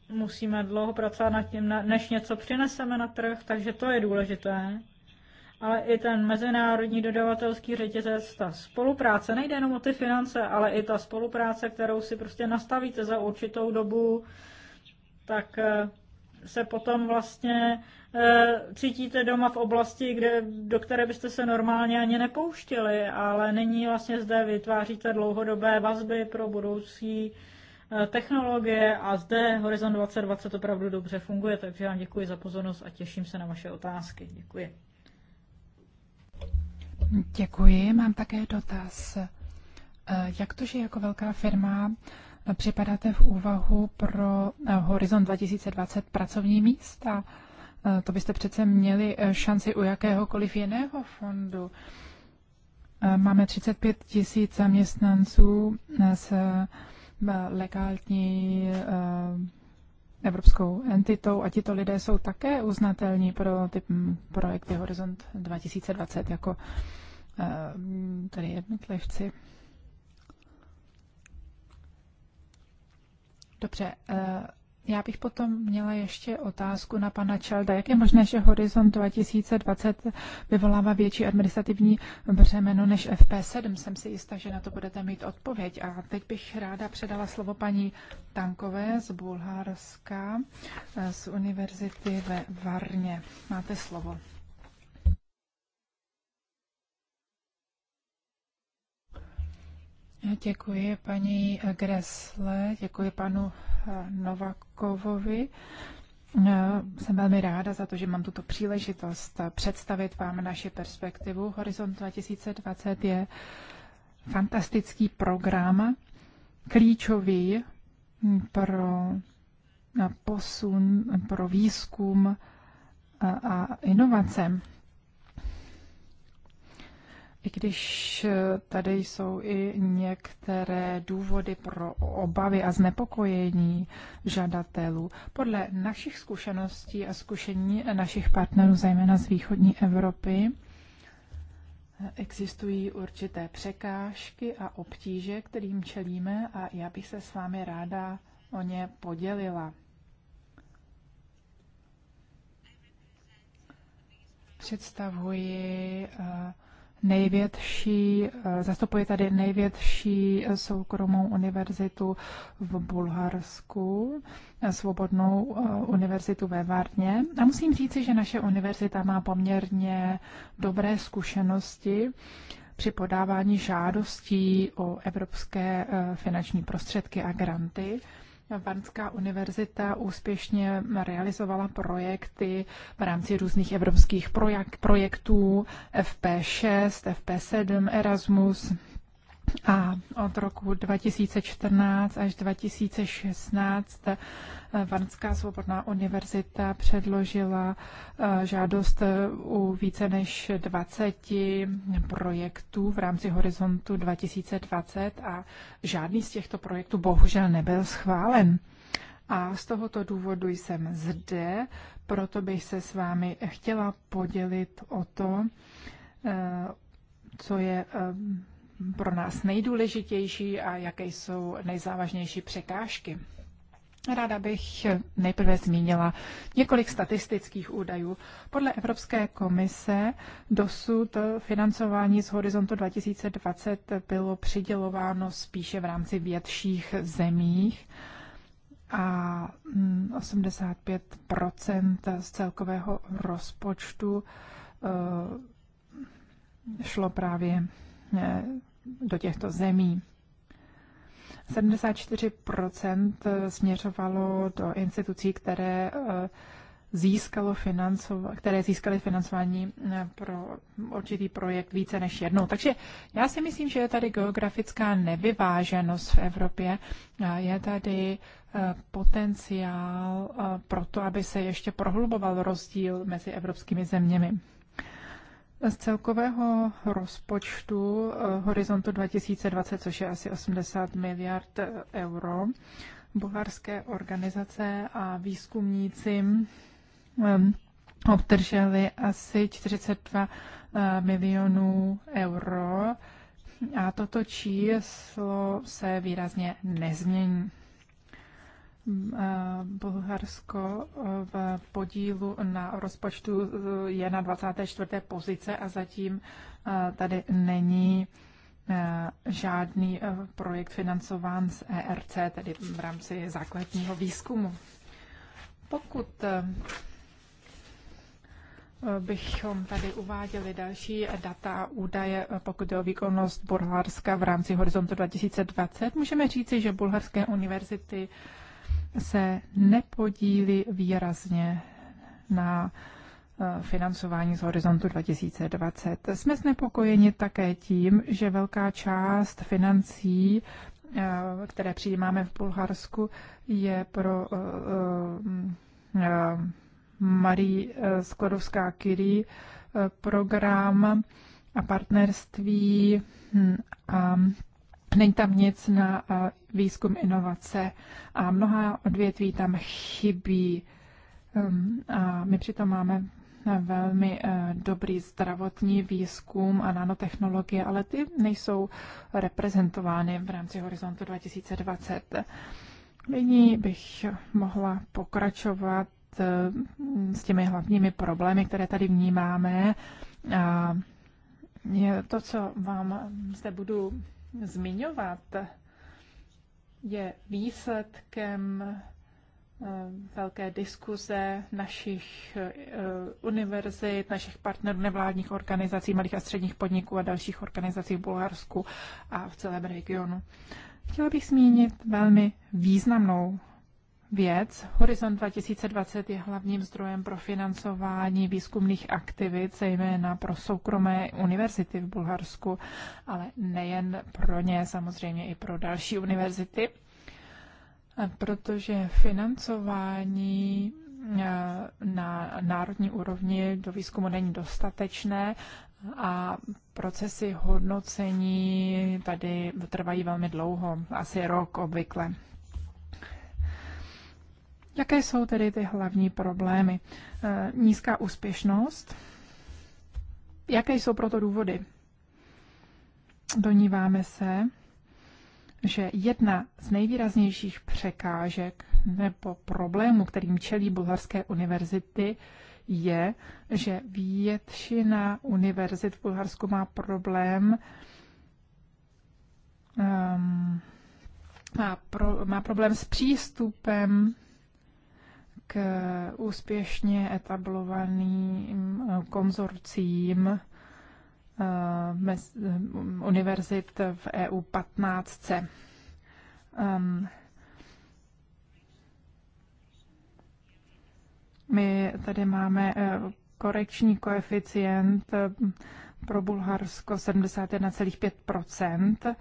musíme dlouho pracovat nad tím, než něco přineseme na trh, takže to je důležité. Ale i ten mezinárodní dodavatelský řetězec, ta spolupráce, nejde jenom o ty finance, ale i ta spolupráce, kterou si prostě nastavíte za určitou dobu, tak eh, se potom vlastně e, cítíte doma v oblasti, kde, do které byste se normálně ani nepouštili, ale není vlastně zde vytváříte dlouhodobé vazby pro budoucí e, technologie a zde Horizon 2020 opravdu dobře funguje, takže vám děkuji za pozornost a těším se na vaše otázky. Děkuji. Děkuji, mám také dotaz. Eh, jak to, že jako velká firma připadáte v úvahu pro eh, Horizont 2020 pracovní místa? Eh, to byste přece měli eh, šanci u jakéhokoliv jiného fondu. Máme 35 tisíc zaměstnanců s legální evropskou entitou a tito lidé jsou také uznatelní pro ty mm, projekty Horizont 2020 jako tedy jednotlivci. Dobře, eh, já bych potom měla ještě otázku na pana Čelda. Jak je možné, že Horizont 2020 vyvolává větší administrativní břemeno než FP7? Jsem si jistá, že na to budete mít odpověď. A teď bych ráda předala slovo paní Tankové z Bulharska eh, z univerzity ve Varně. Máte slovo. Děkuji paní Gresle, děkuji panu eh, Novakovovi. Eh, jsem velmi ráda za to, že mám tuto příležitost eh, představit vám naši perspektivu. Horizont 2020 je fantastický program, klíčový hm, pro posun, pro výzkum a inovace. I když eh, tady jsou i některé důvody pro obavy a znepokojení žadatelů, podle našich zkušeností a zkušení našich partnerů, zejména z východní Evropy, existují určité překážky a obtíže, kterým čelíme a já bych se s vámi ráda o ně podělila. Představuji uh, největší, eh, zastupuje tady největší eh, soukromou univerzitu v Bulharsku, eh, svobodnou univerzitu ve Varně. A musím říci, že naše univerzita má poměrně dobré zkušenosti při podávání žádostí o evropské finanční prostředky a granty. Varnská univerzita úspěšně realizovala projekty v rámci různých evropských projektů FP6, FP7, Erasmus a od roku 2014 až 2016 eh, Vanská svobodná univerzita předložila eh, žádost eh, u více než 20 projektů v rámci Horizontu 2020 a žádný z těchto projektů bohužel nebyl schválen. A z tohoto důvodu jsem zde, proto bych se s vámi chtěla podělit o to, co je pro nás nejdůležitější a jaké jsou nejzávažnější překážky. Ráda bych nejprve zmínila několik statistických údajů. Podle Evropské komise dosud financování z horizontu 2020 bylo přidělováno spíše v rámci větších zemích a 85 mm, z celkového rozpočtu eh, šlo právě Eh, do těchto zemí. 74% směřovalo do institucí, které eh, získalo financování, které získaly financování eh, pro určitý projekt více než jednou. Takže já si myslím, že je tady geografická nevyváženost v Evropě. Je tady potenciál pro to, aby se ještě prohluboval rozdíl mezi evropskými zeměmi. Z celkového rozpočtu eh, Horizontu 2020, což je asi 80 miliard eh, euro, bulharské organizace a výzkumníci eh, obdrželi asi 42 milionů euro a toto číslo se výrazně nezmění. Eh, Bulharsko eh, v podílu na rozpočtu eh, je na 24. pozice a zatím tady není žádný projekt financován z ERC, tedy v rámci základního výzkumu. Pokud bychom tady uváděli další data a údaje, pokud je o výkonnost Bulharska v rámci Horizontu 2020, můžeme říci, že bulharské univerzity se nepodílí výrazně na eh, financování z horizontu 2020. Jsme znepokojeni také tím, že velká část financí, eh, které přijímáme v Bulharsku, je pro eh, Marie Skorovská Curie program a partnerství hm, a Není tam nic na eh, výzkum inovace a mnoha odvětví tam chybí. Ehm, a my přitom máme eh, velmi eh, dobrý zdravotní výzkum a nanotechnologie, ale ty nejsou reprezentovány v rámci Horizontu 2020. Nyní bych mohla pokračovat s těmi hlavními problémy, které tady vnímáme. A to, co vám zde budu zmiňovat, je výsledkem eh, velké diskuze našich eh, univerzit, našich partnerů nevládních organizací, malých a středních podniků a dalších organizací v Bulharsku a v celém regionu. Chtěla bych zmínit velmi významnou věc. Horizont 2020 je hlavním zdrojem pro financování výzkumných aktivit, zejména pro soukromé univerzity v Bulharsku, ale nejen pro ně, samozřejmě i pro další univerzity, protože financování e, na národní úrovni do výzkumu není dostatečné a procesy hodnocení tady trvají velmi dlouho, asi rok obvykle. Jaké jsou tedy ty hlavní problémy? Eh, nízká úspěšnost. Jaké jsou proto důvody? Doníváme se, že jedna z nejvýraznějších překážek nebo problémů, kterým čelí bulharské univerzity, je, že většina univerzit v Bulharsku má problém um, má, pro, má problém s přístupem k úspěšně etablovaným konzorcím eh, eh, univerzit v EU 15. Ehm, my tady máme eh, korekční koeficient pro Bulharsko 71,5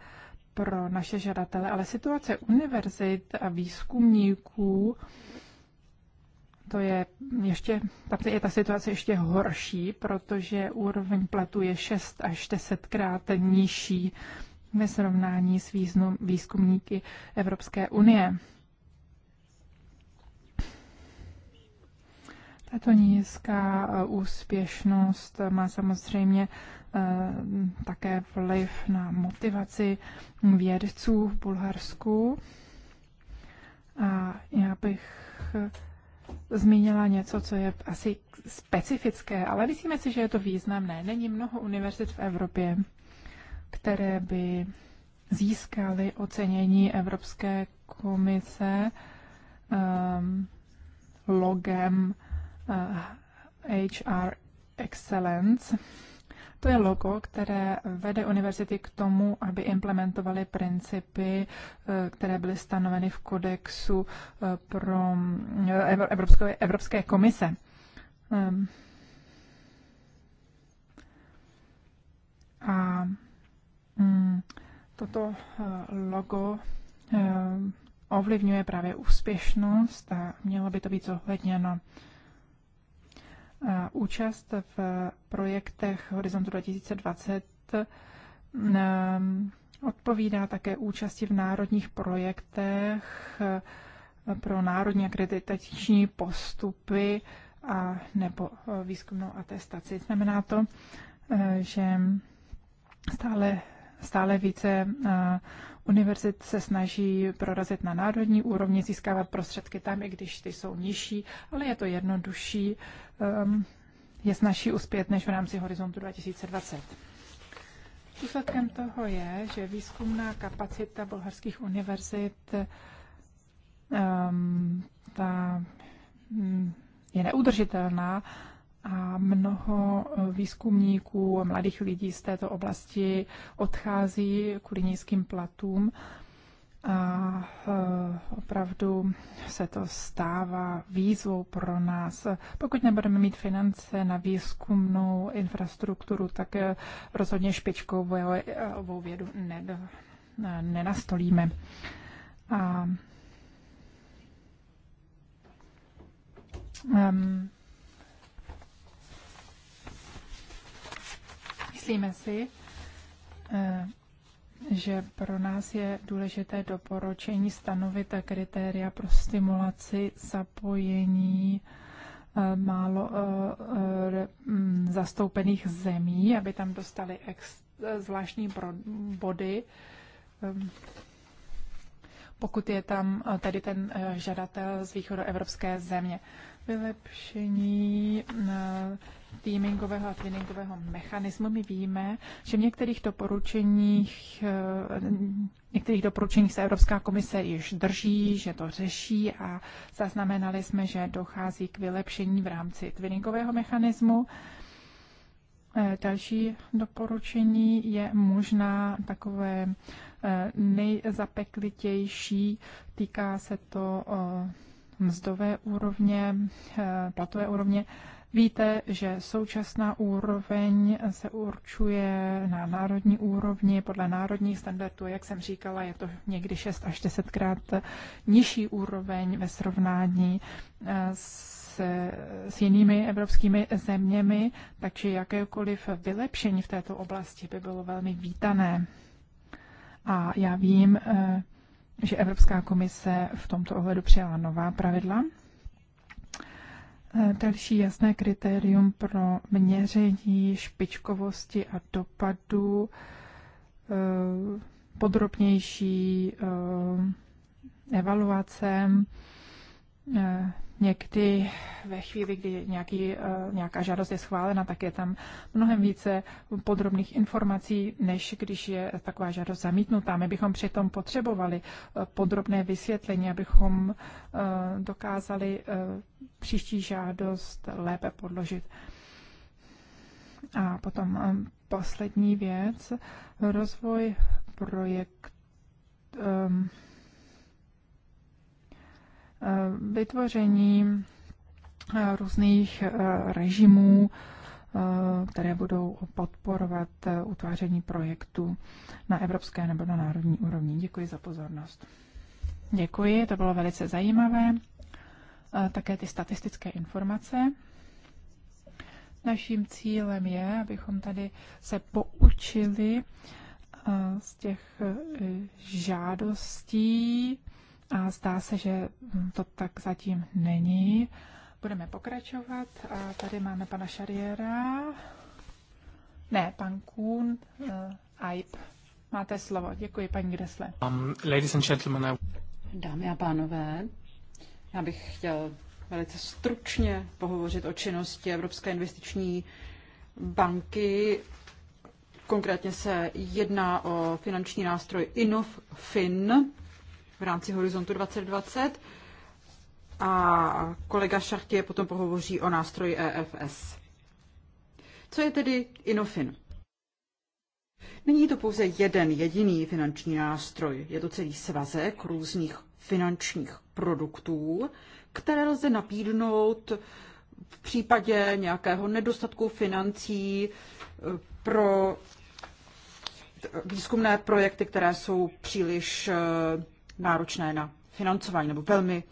pro naše žadatele, ale situace univerzit a výzkumníků to je ještě, tam je ta situace ještě horší, protože úroveň platu je 6 až 10 krát nižší ve srovnání s význam, výzkumníky Evropské unie. Tato nízká uh, úspěšnost má samozřejmě uh, také vliv na motivaci vědců v Bulharsku. A já bych zmínila něco, co je asi specifické, ale myslíme si, že je to významné. Není mnoho univerzit v Evropě, které by získaly ocenění Evropské komise um, logem uh, HR Excellence. To je logo, které vede univerzity k tomu, aby implementovaly principy, eh, které byly stanoveny v kodexu eh, pro eh, Evropské, Evropské komise. Ehm. A mm, toto logo ovlivňuje právě úspěšnost a mělo by to být zohledněno účast v projektech Horizontu 2020 ehm, odpovídá také účasti v národních projektech eh, pro národní akreditační postupy a nebo eh, výzkumnou atestaci. Znamená to, eh, že stále, stále více Univerzit se snaží prorazit na národní úrovni, získávat prostředky tam, i když ty jsou nižší, ale je to jednodušší, um, je snažší uspět než v rámci horizontu 2020. Důsledkem toho je, že výzkumná kapacita bulharských univerzit um, ta, um, je neudržitelná a mnoho eh, výzkumníků a mladých lidí z této oblasti odchází kvůli nízkým platům a eh, opravdu se to stává výzvou pro nás. Pokud nebudeme mít finance na výzkumnou infrastrukturu, tak eh, rozhodně špičkovou vědu nenastolíme. A, um, Myslíme si, eh, že pro nás je důležité doporučení stanovit a kritéria pro stimulaci zapojení eh, málo eh, mm, zastoupených zemí, aby tam dostali ex, zvláštní body. Pokud je tam tady ten žadatel z východu evropské země. Vylepšení týmingového a twinningového mechanismu. My víme, že v některých doporučeních, eh, některých doporučeních se Evropská komise již drží, že to řeší a zaznamenali jsme, že dochází k vylepšení v rámci twinningového mechanismu. Eh, další doporučení je možná takové eh, nejzapeklitější. Týká se to mzdové úrovně, platové úrovně Víte, že současná úroveň se určuje na národní úrovni podle národních standardů. Jak jsem říkala, je to někdy 6 až 10 krát nižší úroveň ve srovnání eh, s, s jinými evropskými zeměmi, takže jakékoliv vylepšení v této oblasti by bylo velmi vítané. A já vím, eh, že Evropská komise v tomto ohledu přijala nová pravidla Eh, další jasné kritérium pro měření špičkovosti a dopadu, eh, podrobnější eh, evaluace někdy ve chvíli, kdy nějaký, eh, nějaká žádost je schválena, tak je tam mnohem více podrobných informací, než když je taková žádost zamítnutá. My bychom přitom potřebovali eh, podrobné vysvětlení, abychom eh, dokázali příští žádost lépe podložit. A potom poslední věc, rozvoj projektu. Ehm, Eh, vytvoření eh, různých eh, režimů, které budou podporovat utváření projektu na evropské nebo na národní úrovni. Děkuji za pozornost. Děkuji, to bylo velice zajímavé. Také ty statistické informace. Naším cílem je, abychom tady se poučili z těch žádostí, a zdá se, že to tak zatím není. Budeme pokračovat a tady máme pana Šariera. Ne, pan Kuhn, uh, eh, Aip. Máte slovo. Děkuji, paní Gresle. Um, ladies and gentlemen, I... Dámy a pánové, já bych chtěl velice stručně pohovořit o činnosti Evropské investiční banky. Konkrétně se jedná o finanční nástroj InnovFin, v rámci Horizontu 2020 a kolega Šachtě potom pohovoří o nástroji EFS. Co je tedy Inofin? Není to pouze jeden jediný finanční nástroj, je to celý svazek různých finančních produktů, které lze napídnout v případě nějakého nedostatku financí eh, pro výzkumné projekty, které jsou příliš eh, náročné na financování, nebo velmi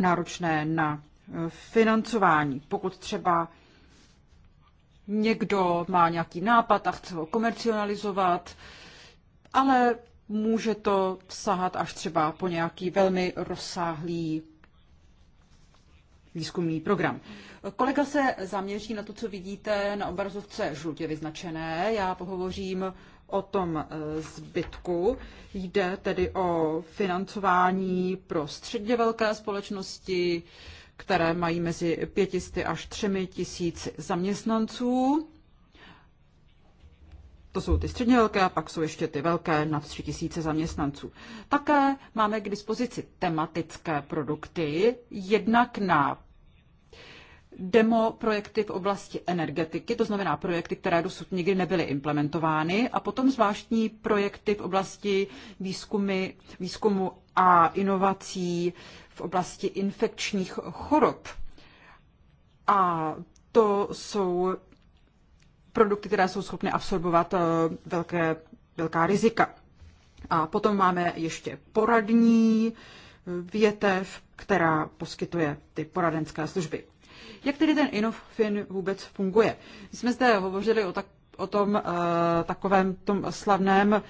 náročné na eh, financování. Pokud třeba někdo má nějaký nápad a chce ho komercionalizovat, ale může to sahat až třeba po nějaký velmi rozsáhlý výzkumný program. Kolega se zaměří na to, co vidíte na obrazovce žlutě vyznačené. Já pohovořím o tom e, zbytku. Jde tedy o financování pro středně velké společnosti, které mají mezi 500 až 3 tisíci zaměstnanců. To jsou ty středně velké a pak jsou ještě ty velké nad 3000 zaměstnanců. Také máme k dispozici tematické produkty, jednak na demo projekty v oblasti energetiky, to znamená projekty, které dosud nikdy nebyly implementovány, a potom zvláštní projekty v oblasti výzkumy, výzkumu a inovací v oblasti infekčních chorob. A to jsou produkty, které jsou schopny absorbovat eh, velké, velká rizika. A potom máme ještě poradní eh, větev, která poskytuje ty poradenské služby. Jak tedy ten Inofin vůbec funguje? My jsme zde hovořili o, tak, o tom eh, takovém tom slavném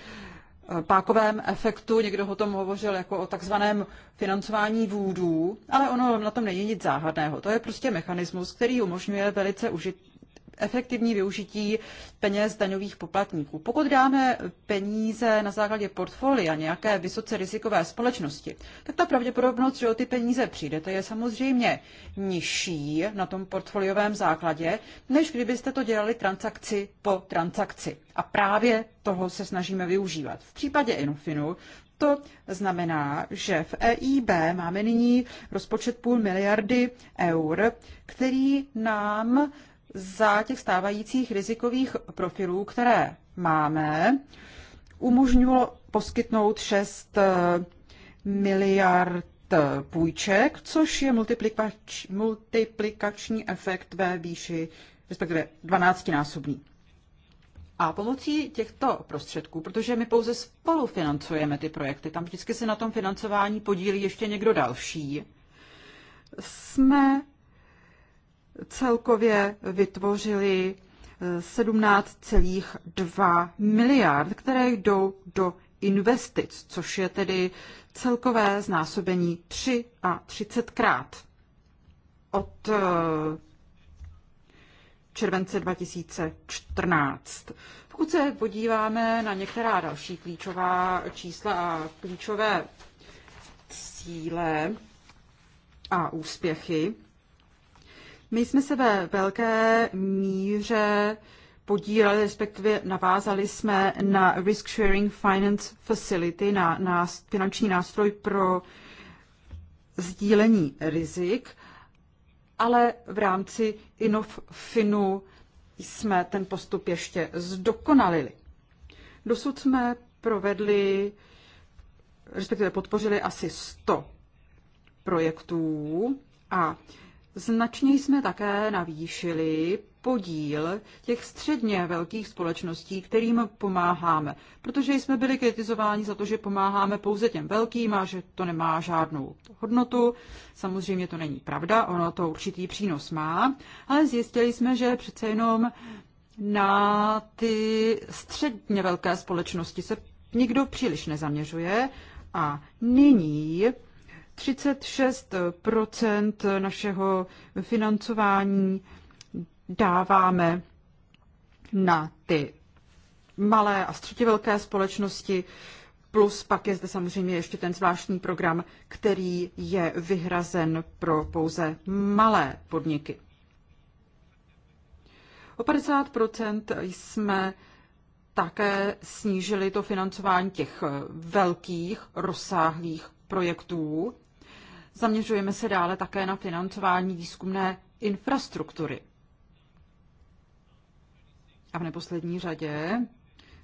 pákovém efektu, někdo o tom hovořil jako o takzvaném financování vůdů, ale ono na tom není nic záhadného. To je prostě mechanismus, který umožňuje velice užit, efektivní využití peněz daňových poplatníků. Pokud dáme peníze na základě portfolia nějaké vysoce rizikové společnosti, tak ta pravděpodobnost, že o ty peníze přijdete, je samozřejmě nižší na tom portfoliovém základě, než kdybyste to dělali transakci po transakci. A právě toho se snažíme využívat. V případě Infinu to znamená, že v EIB máme nyní rozpočet půl miliardy eur, který nám za těch stávajících rizikových profilů, které máme, umožnilo poskytnout 6 eh, miliard eh, půjček, což je multiplikač, multiplikační efekt ve výši, respektive 12-násobný. A pomocí těchto prostředků, protože my pouze spolufinancujeme ty projekty, tam vždycky se na tom financování podílí ještě někdo další, jsme celkově vytvořili 17,2 eh, miliard, které jdou do investic, což je tedy celkové znásobení 3 a 30 krát od eh, července 2014. Pokud se podíváme na některá další klíčová čísla a klíčové cíle a úspěchy, my jsme se ve velké míře podíleli, respektive navázali jsme na Risk Sharing Finance Facility, na, na finanční nástroj pro sdílení rizik, ale v rámci InnovFinu jsme ten postup ještě zdokonalili. Dosud jsme provedli, respektive podpořili asi 100 projektů a Značně jsme také navýšili podíl těch středně velkých společností, kterým pomáháme, protože jsme byli kritizováni za to, že pomáháme pouze těm velkým a že to nemá žádnou hodnotu. Samozřejmě to není pravda, ono to určitý přínos má, ale zjistili jsme, že přece jenom na ty středně velké společnosti se nikdo příliš nezaměřuje a nyní 36 našeho financování dáváme na ty malé a středně velké společnosti, plus pak je zde samozřejmě ještě ten zvláštní program, který je vyhrazen pro pouze malé podniky. O 50 jsme také snížili to financování těch velkých, rozsáhlých projektů. Zaměřujeme se dále také na financování výzkumné infrastruktury. A v neposlední řadě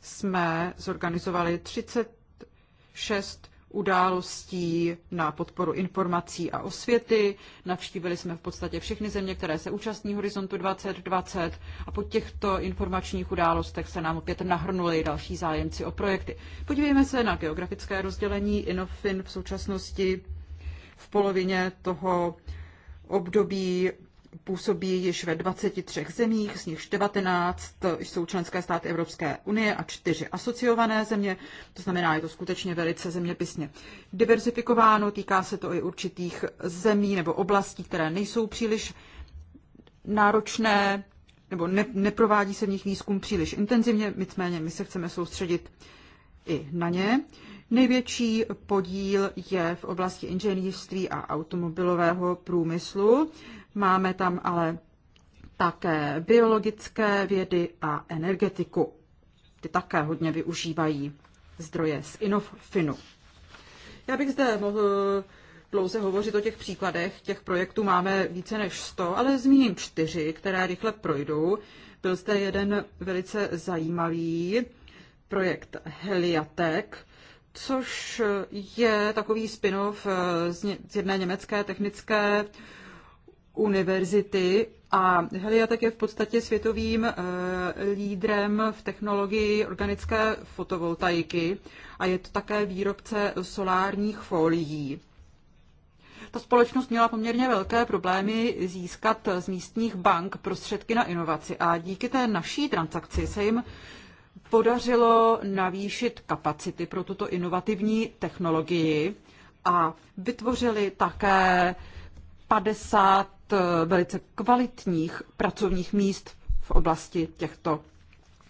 jsme zorganizovali 36 událostí na podporu informací a osvěty. Navštívili jsme v podstatě všechny země, které se účastní Horizontu 2020 a po těchto informačních událostech se nám opět nahrnuli další zájemci o projekty. Podívejme se na geografické rozdělení Inofin v současnosti v polovině toho období působí již ve 23 zemích, z nichž 19 jsou členské státy Evropské unie a 4 asociované země. To znamená, je to skutečně velice zeměpisně diverzifikováno. Týká se to i určitých zemí nebo oblastí, které nejsou příliš náročné nebo ne, neprovádí se v nich výzkum příliš intenzivně, nicméně my se chceme soustředit i na ně. Největší podíl je v oblasti inženýrství a automobilového průmyslu. Máme tam ale také biologické vědy a energetiku. Ty také hodně využívají zdroje z Inofinu. Já bych zde mohl dlouze hovořit o těch příkladech. Těch projektů máme více než 100, ale zmíním čtyři, které rychle projdou. Byl zde jeden velice zajímavý projekt Heliatek, což je takový spin-off eh, z jedné německé technické univerzity. A Heliatek je v podstatě světovým eh, lídrem v technologii organické fotovoltaiky a je to také výrobce solárních folií. Ta společnost měla poměrně velké problémy získat z místních bank prostředky na inovaci a díky té naší transakci se jim podařilo navýšit kapacity pro tuto inovativní technologii a vytvořili také 50 eh, velice kvalitních pracovních míst v oblasti těchto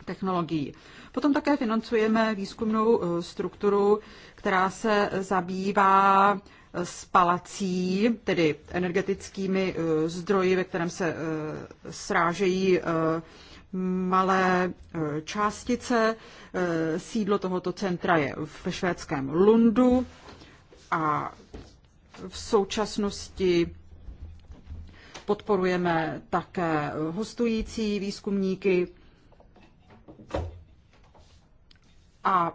technologií. Potom také financujeme výzkumnou eh, strukturu, která se zabývá eh, spalací, tedy energetickými zdroji, ve kterém se srážejí malé eh, částice. Eh, sídlo tohoto centra je ve švédském Lundu a v současnosti podporujeme také hostující výzkumníky a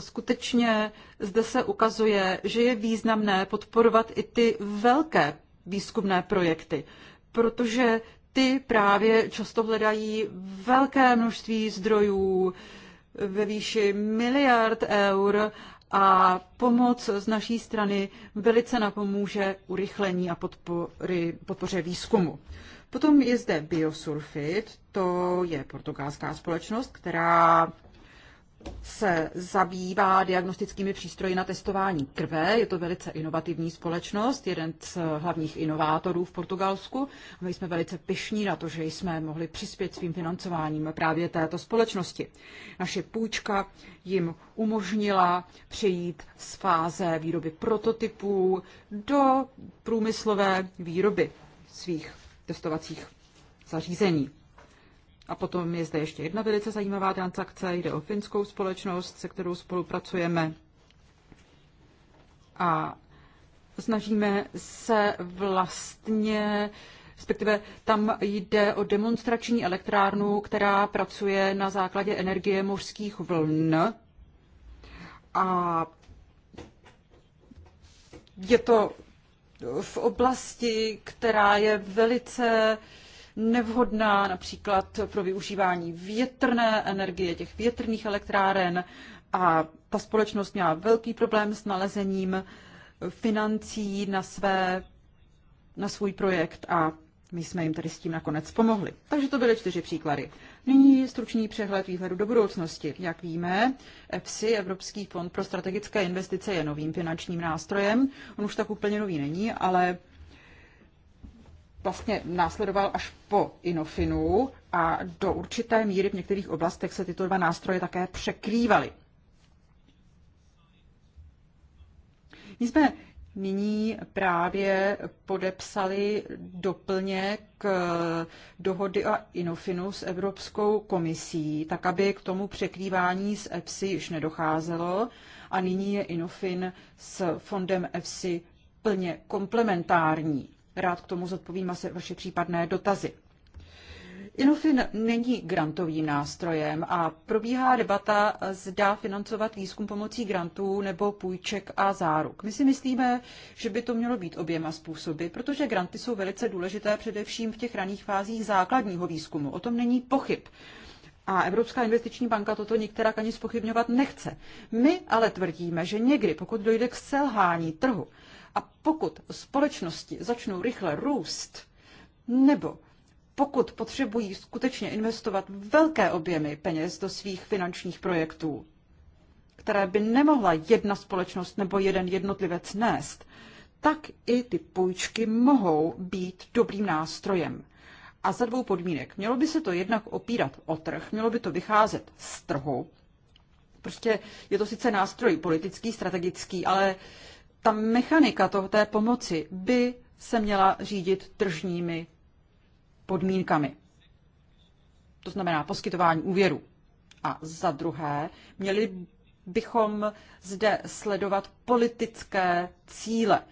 skutečně zde se ukazuje, že je významné podporovat i ty velké výzkumné projekty, protože ty právě často hledají velké množství zdrojů ve výši miliard eur a pomoc z naší strany velice napomůže urychlení a podpory, podpoře výzkumu. Potom je zde Biosurfit, to je portugalská společnost, která se zabývá diagnostickými přístroji na testování krve. Je to velice inovativní společnost, jeden z hlavních inovátorů v Portugalsku. my jsme velice pyšní na to, že jsme mohli přispět svým financováním právě této společnosti. Naše půjčka jim umožnila přejít z fáze výroby prototypů do průmyslové výroby svých testovacích zařízení. A potom je zde ještě jedna velice zajímavá transakce, jde o finskou společnost, se kterou spolupracujeme. A snažíme se vlastně respektive tam jde o demonstrační elektrárnu, která pracuje na základě energie mořských vln. A je to v oblasti, která je velice uh, nevhodná například pro využívání větrné energie, těch větrných elektráren a ta společnost měla velký problém s nalezením financí na, své, na svůj projekt a my jsme jim tady s tím nakonec pomohli. Takže to byly čtyři příklady. Nyní stručný přehled výhledu do budoucnosti. Jak víme, EFSI, Evropský fond pro strategické investice, je novým finančním nástrojem. On už tak úplně nový není, ale vlastně následoval až po Inofinu a do určité míry v některých oblastech se tyto dva nástroje také překrývaly. My jsme nyní právě podepsali doplněk eh, dohody a Inofinu s Evropskou komisí, tak aby k tomu překrývání s EPSI již nedocházelo a nyní je Inofin s fondem EPSI plně komplementární rád k tomu zodpovím asi vaše případné dotazy. Inofin není grantovým nástrojem a probíhá debata, zda financovat výzkum pomocí grantů nebo půjček a záruk. My si myslíme, že by to mělo být oběma způsoby, protože granty jsou velice důležité především v těch raných fázích základního výzkumu. O tom není pochyb. A Evropská investiční banka toto některá ani spochybňovat nechce. My ale tvrdíme, že někdy, pokud dojde k selhání trhu, a pokud společnosti začnou rychle růst, nebo pokud potřebují skutečně investovat velké objemy peněz do svých finančních projektů, které by nemohla jedna společnost nebo jeden jednotlivec nést, tak i ty půjčky mohou být dobrým nástrojem. A za dvou podmínek. Mělo by se to jednak opírat o trh, mělo by to vycházet z trhu. Prostě je to sice nástroj politický, strategický, ale ta mechanika toho, té pomoci by se měla řídit tržními podmínkami. To znamená poskytování úvěru. A za druhé, měli bychom zde sledovat politické cíle.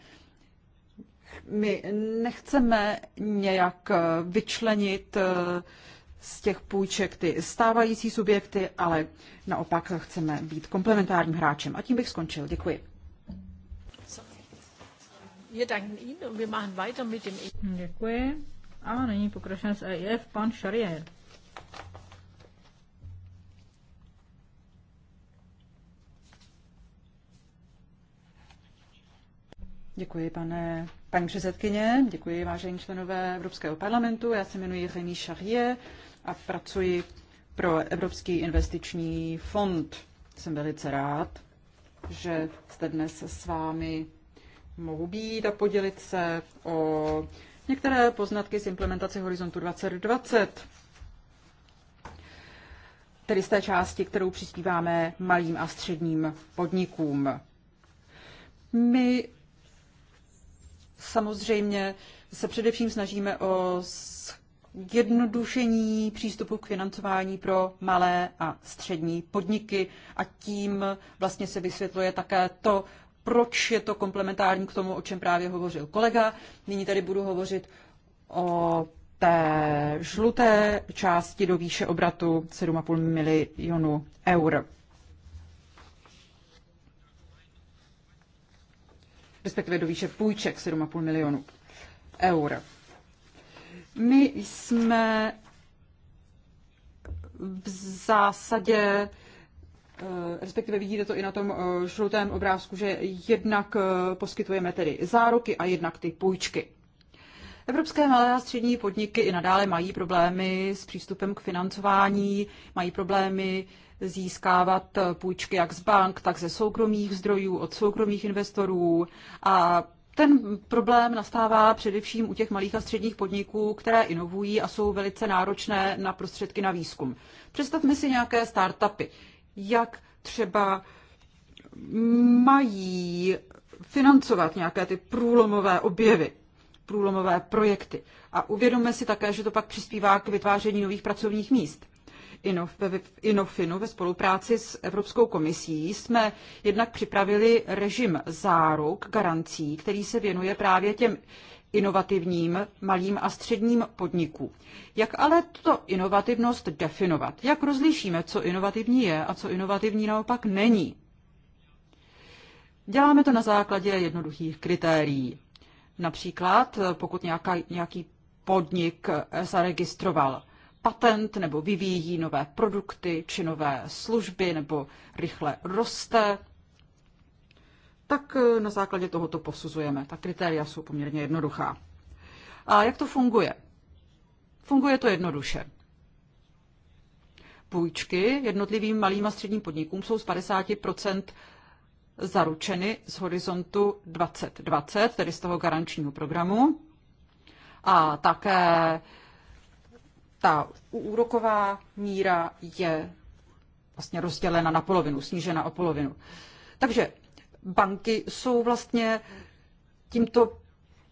My nechceme nějak vyčlenit eh, z těch půjček ty stávající subjekty, ale naopak chceme být komplementárním hráčem. A tím bych skončil. Děkuji. E- děkuji. A nyní pokračujeme s EIF, pan Šarier. Děkuji, pane, paní předsedkyně, děkuji vážení členové Evropského parlamentu. Já se jmenuji Rémi Charrier a pracuji pro Evropský investiční fond. Jsem velice rád, že jste dnes s vámi mohu být a podělit se o některé poznatky z implementace Horizontu 2020, tedy z té části, kterou přispíváme malým a středním podnikům. My samozřejmě se především snažíme o jednodušení přístupu k financování pro malé a střední podniky a tím vlastně se vysvětluje také to, proč je to komplementární k tomu, o čem právě hovořil kolega. Nyní tady budu hovořit o té žluté části do výše obratu 7,5 milionu eur. Respektive do výše půjček 7,5 milionu eur. My jsme v zásadě Eh, respektive vidíte to i na tom eh, žlutém obrázku, že jednak eh, poskytujeme tedy záruky a jednak ty půjčky. Evropské malé a střední podniky i nadále mají problémy s přístupem k financování, mají problémy získávat půjčky jak z bank, tak ze soukromých zdrojů, od soukromých investorů. A ten problém nastává především u těch malých a středních podniků, které inovují a jsou velice náročné na prostředky na výzkum. Představme si nějaké startupy jak třeba mají financovat nějaké ty průlomové objevy, průlomové projekty. A uvědomme si také, že to pak přispívá k vytváření nových pracovních míst. Inofinu ve spolupráci s Evropskou komisí jsme jednak připravili režim záruk, garancí, který se věnuje právě těm inovativním malým a středním podniku. Jak ale tuto inovativnost definovat? Jak rozlišíme, co inovativní je a co inovativní naopak není? Děláme to na základě jednoduchých kritérií. Například, pokud nějaká, nějaký podnik zaregistroval patent nebo vyvíjí nové produkty či nové služby nebo rychle roste, tak eh, na základě toho to posuzujeme. Ta kritéria jsou poměrně jednoduchá. A jak to funguje? Funguje to jednoduše. Půjčky jednotlivým malým a středním podnikům jsou z 50 zaručeny z horizontu 2020, tedy z toho garančního programu. A také ta úroková míra je vlastně rozdělena na polovinu, snížena o polovinu. Takže banky jsou vlastně tímto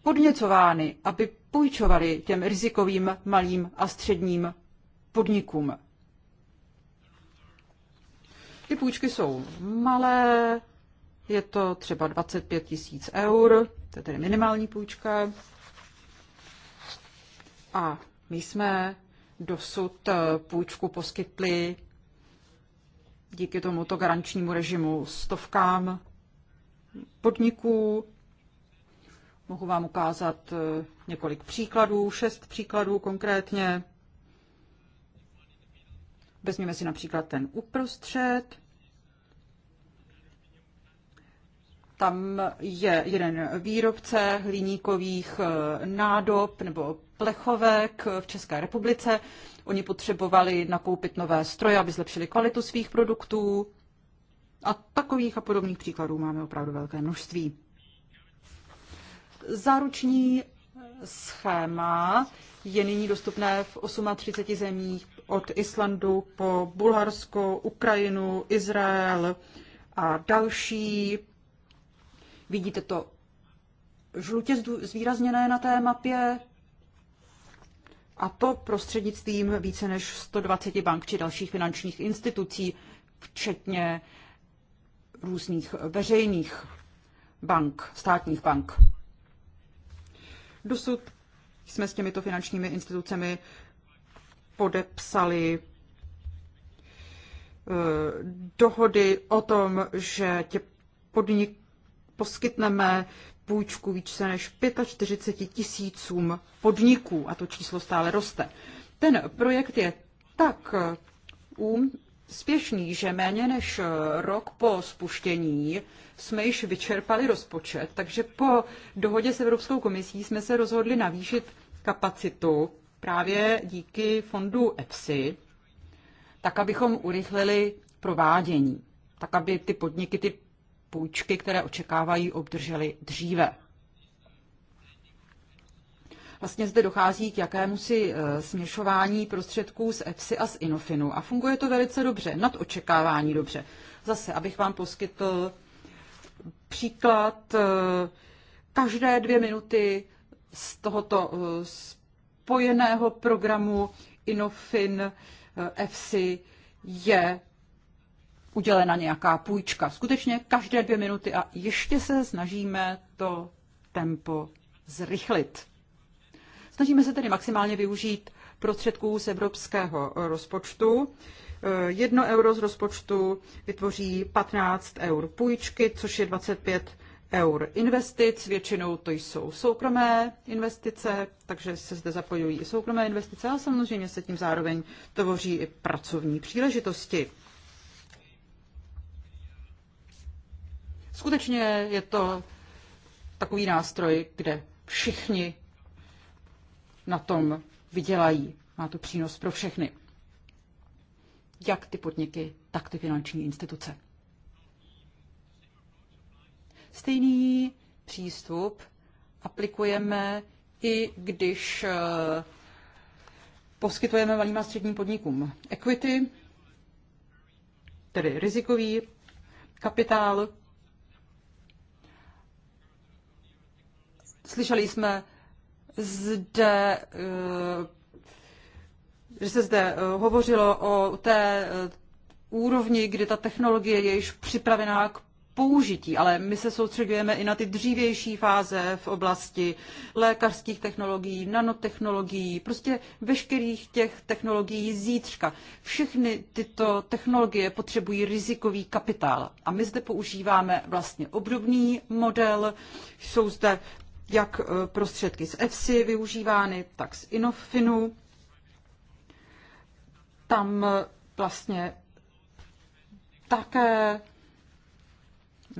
podněcovány, aby půjčovali těm rizikovým malým a středním podnikům. Ty půjčky jsou malé, je to třeba 25 tisíc eur, to je tedy minimální půjčka. A my jsme dosud půjčku poskytli díky tomuto garančnímu režimu stovkám podniků. Mohu vám ukázat eh, několik příkladů, šest příkladů konkrétně. Vezměme si například ten uprostřed. Tam je jeden výrobce hliníkových eh, nádob nebo plechovek v České republice. Oni potřebovali nakoupit nové stroje, aby zlepšili kvalitu svých produktů. A takových a podobných příkladů máme opravdu velké množství. Záruční schéma je nyní dostupné v 38 zemích od Islandu po Bulharsko, Ukrajinu, Izrael a další. Vidíte to žlutě zvýrazněné na té mapě a to prostřednictvím více než 120 bank či dalších finančních institucí, včetně různých veřejných bank, státních bank. Dosud jsme s těmito finančními institucemi podepsali eh, dohody o tom, že tě podnik poskytneme půjčku více než 45 tisícům podniků a to číslo stále roste. Ten projekt je tak eh, spěšný, že méně než eh, rok po spuštění jsme již vyčerpali rozpočet, takže po dohodě s Evropskou komisí jsme se rozhodli navýšit kapacitu právě díky fondu EPSI, tak abychom urychlili provádění, tak aby ty podniky ty půjčky, které očekávají, obdržely dříve. Vlastně zde dochází k jakémusi eh, směšování prostředků z EPSI a z Inofinu a funguje to velice dobře, nad očekávání dobře. Zase, abych vám poskytl příklad eh, každé dvě minuty z tohoto eh, spojeného programu Inofin EFSI je udělena nějaká půjčka. Skutečně každé dvě minuty a ještě se snažíme to tempo zrychlit. Snažíme se tedy maximálně využít prostředků z evropského rozpočtu. Eh, jedno euro z rozpočtu vytvoří 15 eur půjčky, což je 25 eur investic. Většinou to jsou soukromé investice, takže se zde zapojují i soukromé investice ale samozřejmě se tím zároveň tvoří i pracovní příležitosti. Skutečně je to takový nástroj, kde všichni na tom vydělají. Má to přínos pro všechny. Jak ty podniky, tak ty finanční instituce. Stejný přístup aplikujeme i když eh, poskytujeme malým a středním podnikům equity, tedy rizikový kapitál. Slyšeli jsme zde eh, že se zde eh, hovořilo o té eh, úrovni, kdy ta technologie je již připravená k použití, ale my se soustředujeme i na ty dřívější fáze v oblasti lékařských technologií, nanotechnologií, prostě veškerých těch technologií zítřka. Všechny tyto technologie potřebují rizikový kapitál a my zde používáme vlastně obdobný model. Jsou zde jak e, prostředky z EFSI využívány, tak z Inofinu. Tam e, vlastně také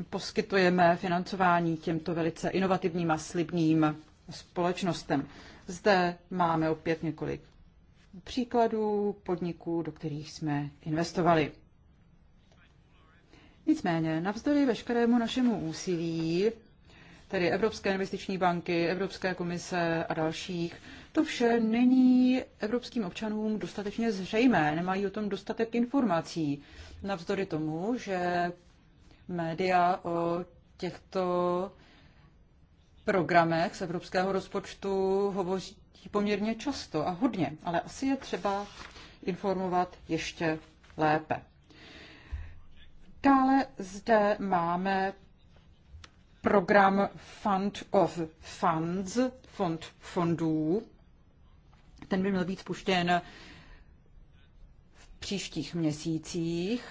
poskytujeme financování těmto velice inovativním a slibným společnostem. Zde máme opět několik příkladů podniků, do kterých jsme investovali. Nicméně, navzdory veškerému našemu úsilí tedy Evropské investiční banky, Evropské komise a dalších. To vše není evropským občanům dostatečně zřejmé, nemají o tom dostatek informací. Navzdory tomu, že média o těchto programech z evropského rozpočtu hovoří poměrně často a hodně, ale asi je třeba informovat ještě lépe. Dále zde máme program Fund of Funds, fond fondů. Ten by měl být spuštěn v příštích měsících.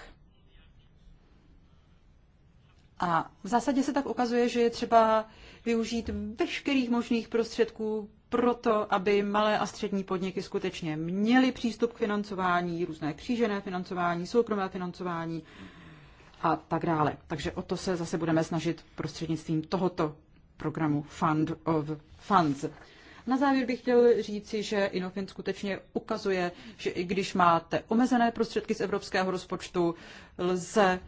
A v zásadě se tak ukazuje, že je třeba využít veškerých možných prostředků pro to, aby malé a střední podniky skutečně měly přístup k financování, různé křížené financování, soukromé financování, a tak dále. Takže o to se zase budeme snažit prostřednictvím tohoto programu Fund of Funds. Na závěr bych chtěl říci, že Inofin skutečně ukazuje, že i když máte omezené prostředky z evropského rozpočtu, lze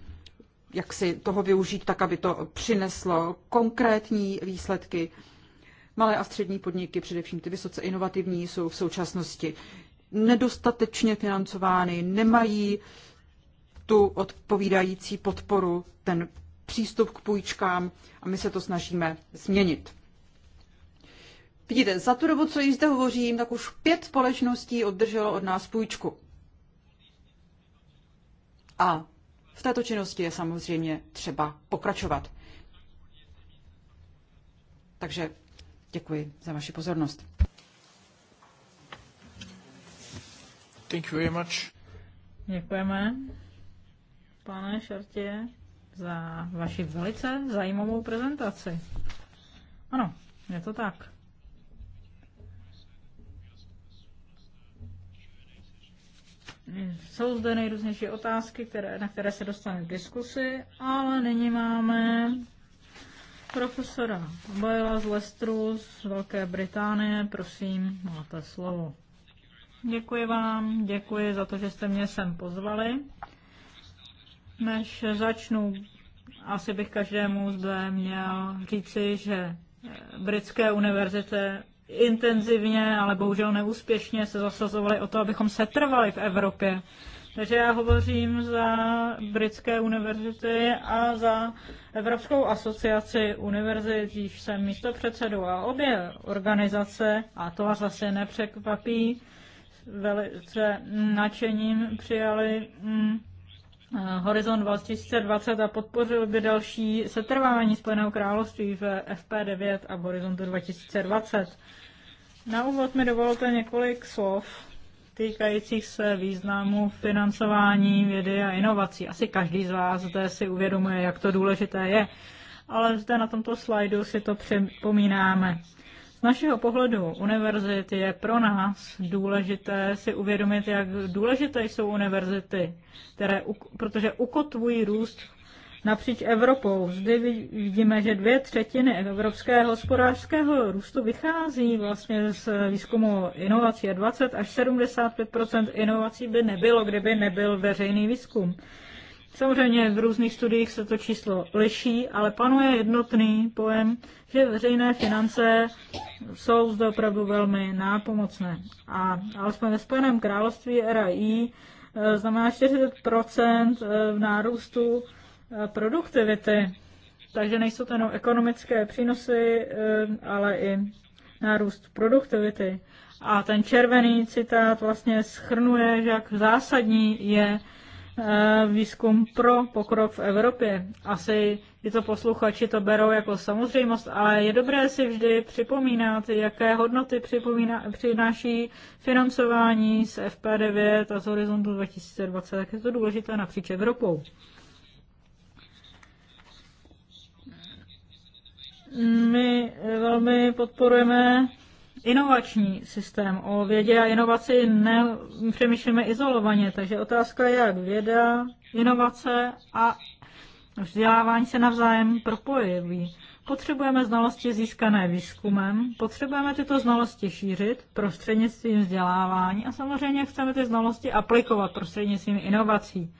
jak si toho využít tak, aby to přineslo konkrétní výsledky. Malé a střední podniky, především ty vysoce inovativní, jsou v současnosti nedostatečně financovány, nemají uh, tu odpovídající podporu, ten přístup k půjčkám a my se to snažíme změnit. Vidíte, za tu dobu, co již zde hovořím, tak už pět společností oddrželo od nás půjčku. A v této činnosti je samozřejmě třeba pokračovat. Takže děkuji za vaši pozornost. Thank you very much. Děkujeme pane Šartě, za vaši velice zajímavou prezentaci. Ano, je to tak. Jsou zde nejrůznější otázky, které, na které se dostaneme k diskusi, ale nyní máme profesora Boyla z Lestru z Velké Británie. Prosím, máte slovo. Děkuji vám, děkuji za to, že jste mě sem pozvali. Než začnu, asi bych každému zde měl říci, že eh, britské univerzity intenzivně, ale bohužel neúspěšně se zasazovaly o to, abychom se trvali v Evropě. Takže já hovořím za britské univerzity a za Evropskou asociaci univerzit, když jsem místo předsedu a obě organizace, a to vás zase nepřekvapí, velice nadšením přijali mm, Eh, Horizont 2020 a podpořil by další setrvání Spojeného království v FP9 a v Horizontu 2020. Na úvod mi dovolte několik slov týkajících se významu financování vědy a inovací. Asi každý z vás zde si uvědomuje, jak to důležité je, ale zde na tomto slajdu si to připomínáme. Z našeho pohledu univerzity je pro nás důležité si uvědomit, jak důležité jsou univerzity, které, protože ukotvují růst napříč Evropou. Zde vidíme, že dvě třetiny evropského hospodářského růstu vychází vlastně z výzkumu inovací a 20 až 75 inovací by nebylo, kdyby nebyl veřejný výzkum. Samozřejmě v různých studiích se to číslo liší, ale panuje jednotný pojem, že veřejné finance jsou zde opravdu velmi nápomocné. A alespoň ve Spojeném království RAI eh, znamená 40% eh, v nárůstu eh, produktivity. Takže nejsou to jenom ekonomické přínosy, ale i nárůst produktivity. A ten červený citát vlastně schrnuje, že jak zásadní je Eh, výzkum pro pokrok v Evropě. Asi tyto posluchači to berou jako samozřejmost, ale je dobré si vždy připomínat, jaké hodnoty připomíná, přináší financování z FP9 a z Horizontu 2020, tak je to důležité napříč Evropou. My velmi podporujeme inovační systém. O vědě a inovaci nepřemýšlíme izolovaně, takže otázka je, jak věda, inovace a vzdělávání se navzájem propojují. Potřebujeme znalosti získané výzkumem, potřebujeme tyto znalosti šířit prostřednictvím vzdělávání a samozřejmě chceme ty znalosti aplikovat prostřednictvím inovací.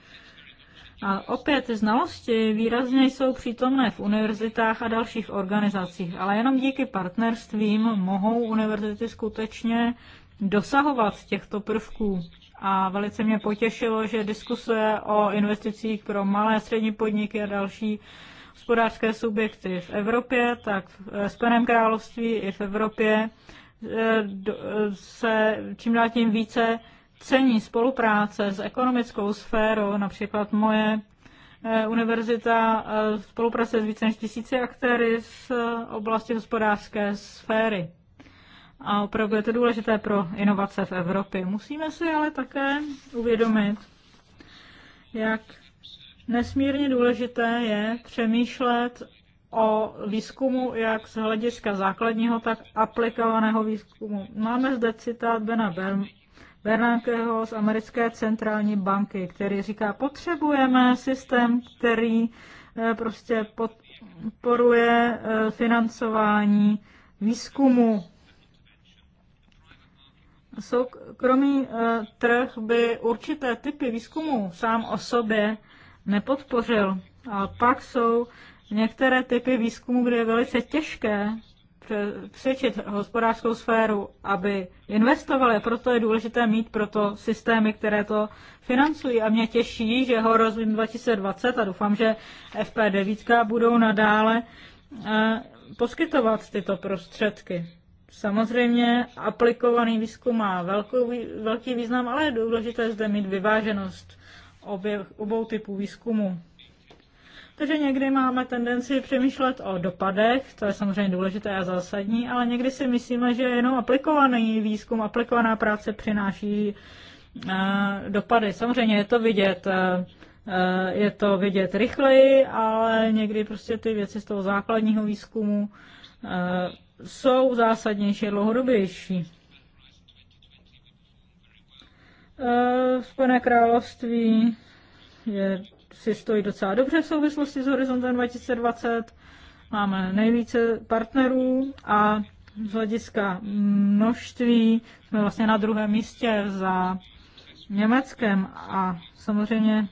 A opět znalosti výrazně jsou přítomné v univerzitách a dalších organizacích, ale jenom díky partnerstvím mohou univerzity skutečně dosahovat těchto prvků. A velice mě potěšilo, že diskuse o investicích pro malé a střední podniky a další hospodářské subjekty v Evropě, tak v Spojeném království i v Evropě eh, eh, se čím dál tím více cení spolupráce s ekonomickou sférou, například moje eh, univerzita eh, spolupracuje s více než tisíci aktéry z eh, oblasti hospodářské sféry. A opravdu je to důležité pro inovace v Evropě. Musíme si ale také uvědomit, jak nesmírně důležité je přemýšlet o výzkumu jak z hlediska základního, tak aplikovaného výzkumu. Máme zde citát Bena Bernankeho z americké centrální banky, který říká, potřebujeme systém, který eh, prostě podporuje eh, financování výzkumu. Soukromý eh, trh by určité typy výzkumu sám o sobě nepodpořil. A pak jsou některé typy výzkumu, kde je velice těžké přečit hospodářskou sféru, aby investovali, proto je důležité mít proto systémy, které to financují. A mě těší, že rozvím 2020 a doufám, že FP9 budou nadále eh, poskytovat tyto prostředky. Samozřejmě aplikovaný výzkum má velkou, velký význam, ale je důležité zde mít vyváženost obě, obou typů výzkumu. Takže někdy máme tendenci přemýšlet o dopadech, to je samozřejmě důležité a zásadní, ale někdy si myslíme, že jenom aplikovaný výzkum, aplikovaná práce přináší eh, dopady. Samozřejmě je to vidět, eh, eh, je to vidět rychleji, ale někdy prostě ty věci z toho základního výzkumu jsou zásadnější a dlouhodobější. Spojené království je si stojí docela dobře v souvislosti s horizontem 2020. Máme nejvíce partnerů a z hlediska množství jsme vlastně na druhém místě za Německem a samozřejmě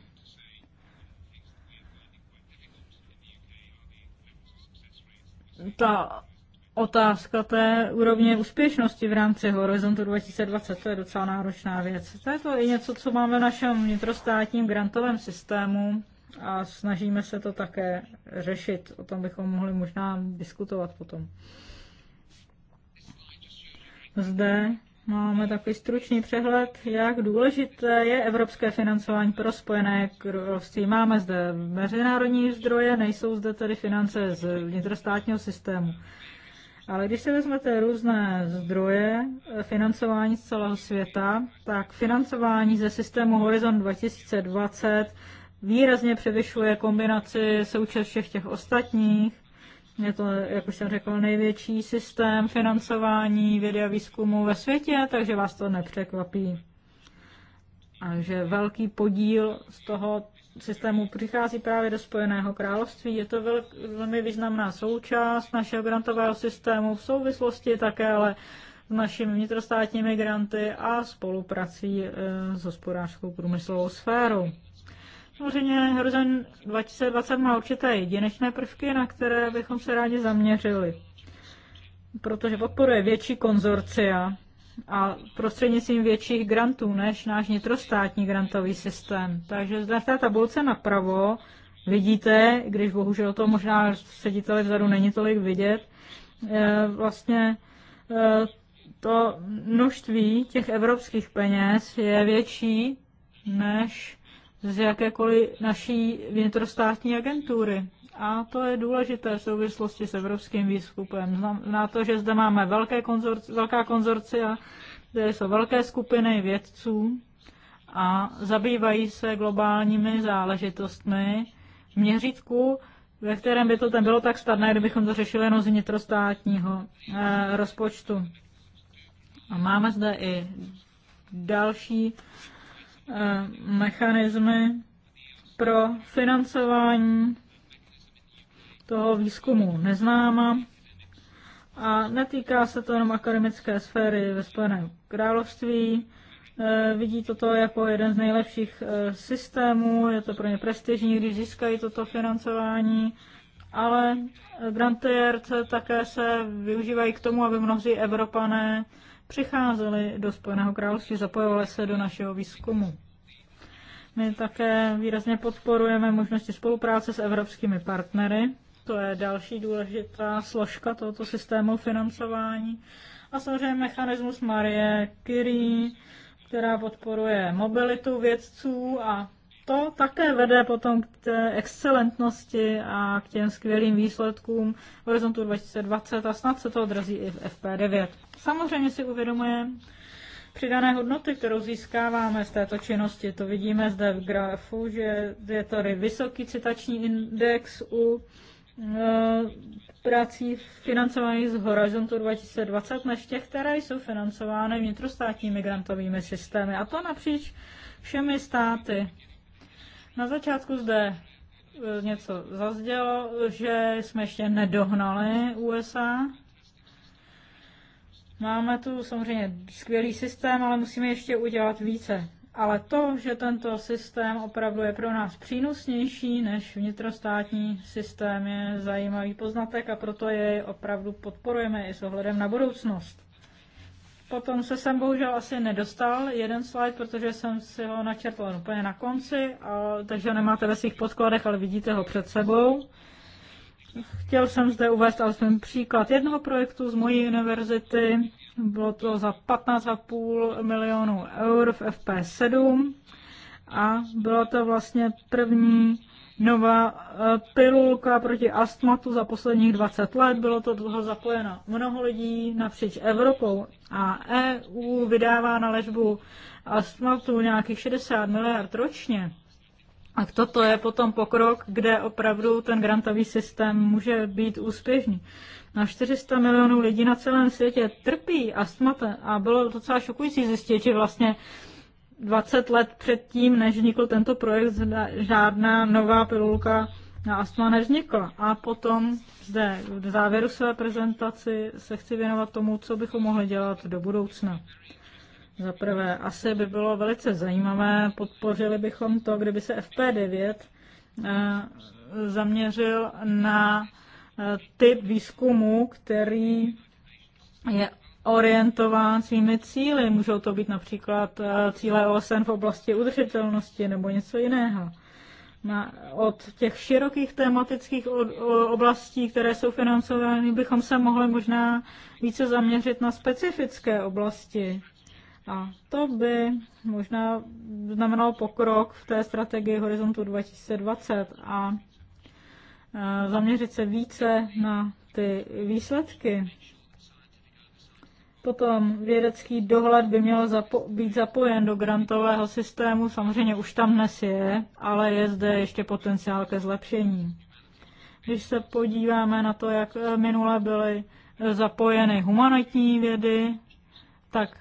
ta otázka té úrovně úspěšnosti v rámci Horizontu 2020, to je docela náročná věc. To je to i něco, co máme v našem vnitrostátním grantovém systému a snažíme se to také řešit. O tom bychom mohli možná diskutovat potom. Zde máme takový stručný přehled, jak důležité je evropské financování pro Spojené království. Máme zde mezinárodní zdroje, nejsou zde tedy finance z vnitrostátního systému. Ale když si vezmete různé zdroje financování z celého světa, tak financování ze systému Horizon 2020 výrazně převyšuje kombinaci součet všech těch ostatních. Je to, jak už jsem řekl, největší systém financování vědy a výzkumu ve světě, takže vás to nepřekvapí. Takže velký podíl z toho systému přichází právě do Spojeného království. Je to velmi významná součást našeho grantového systému v souvislosti také ale s našimi vnitrostátními granty a spoluprací e, s hospodářskou průmyslovou sférou. Samozřejmě Horizon 2020 má určité jedinečné prvky, na které bychom se rádi zaměřili, protože podporuje větší konzorcia a prostřednictvím větších grantů než náš nitrostátní grantový systém. Takže zde v té tabulce napravo vidíte, když bohužel to možná sediteli vzadu není tolik vidět, eh, vlastně eh, to množství těch evropských peněz je větší než z jakékoliv naší vnitrostátní agentury. A to je důležité v souvislosti s evropským výzkumem. Na to, že zde máme velké konzorci, velká konzorcia, kde jsou velké skupiny vědců a zabývají se globálními záležitostmi v měřítku, ve kterém by to ten bylo tak snadné, kdybychom to řešili jenom z vnitrostátního eh, rozpočtu. A máme zde i další eh, mechanismy pro financování toho výzkumu neznáma a netýká se to jenom akademické sféry ve Spojeném království. Eh, vidí toto jako jeden z nejlepších eh, systémů, je to pro ně prestižní, když získají toto financování, ale grantierce také se využívají k tomu, aby mnozí Evropané přicházeli do Spojeného království, zapojovali se do našeho výzkumu. My také výrazně podporujeme možnosti spolupráce s evropskými partnery, to je další důležitá složka tohoto systému financování. A samozřejmě mechanismus Marie Curie, která podporuje mobilitu vědců a to také vede potom k té excelentnosti a k těm skvělým výsledkům horizontu 2020 a snad se to odrazí i v FP9. Samozřejmě si uvědomuje přidané hodnoty, kterou získáváme z této činnosti. To vidíme zde v grafu, že je tady vysoký citační index u Eh, prací financovaných z Horizontu 2020 než těch, které jsou financovány vnitrostátními grantovými systémy. A to napříč všemi státy. Na začátku zde eh, něco zazdělo, že jsme ještě nedohnali USA. Máme tu samozřejmě skvělý systém, ale musíme ještě udělat více. Ale to, že tento systém opravdu je pro nás přínosnější než vnitrostátní systém, je zajímavý poznatek a proto jej opravdu podporujeme i s ohledem na budoucnost. Potom se sem bohužel asi nedostal jeden slide, protože jsem si ho načetl úplně na konci, a, takže ho nemáte ve svých podkladech, ale vidíte ho před sebou. Chtěl jsem zde uvést alespoň příklad jednoho projektu z mojí univerzity. Bylo to za 15,5 milionů eur v FP7 a bylo to vlastně první nová e, pilulka proti astmatu za posledních 20 let. Bylo to dlouho zapojeno mnoho lidí napříč Evropou a EU vydává na ležbu astmatu nějakých 60 miliard ročně. A toto je potom pokrok, kde opravdu ten grantový systém může být úspěšný. Na 400 milionů lidí na celém světě trpí astmatem a bylo docela šokující zjistit, že vlastně 20 let předtím, než vznikl tento projekt, žádná nová pilulka na astma nevznikla. A potom zde v závěru své prezentaci se chci věnovat tomu, co bychom mohli dělat do budoucna. Za prvé, asi by bylo velice zajímavé, podpořili bychom to, kdyby se FP9 eh, zaměřil na eh, typ výzkumu, který je orientován svými cíly. Můžou to být například eh, cíle OSN v oblasti udržitelnosti nebo něco jiného. Na, od těch širokých tematických oblastí, které jsou financovány, bychom se mohli možná více zaměřit na specifické oblasti. A to by možná znamenalo pokrok v té strategii Horizontu 2020 a e, zaměřit se více na ty výsledky. Potom vědecký dohled by měl zapo- být zapojen do grantového systému, samozřejmě už tam dnes je, ale je zde ještě potenciál ke zlepšení. Když se podíváme na to, jak minule byly e, zapojeny humanitní vědy, tak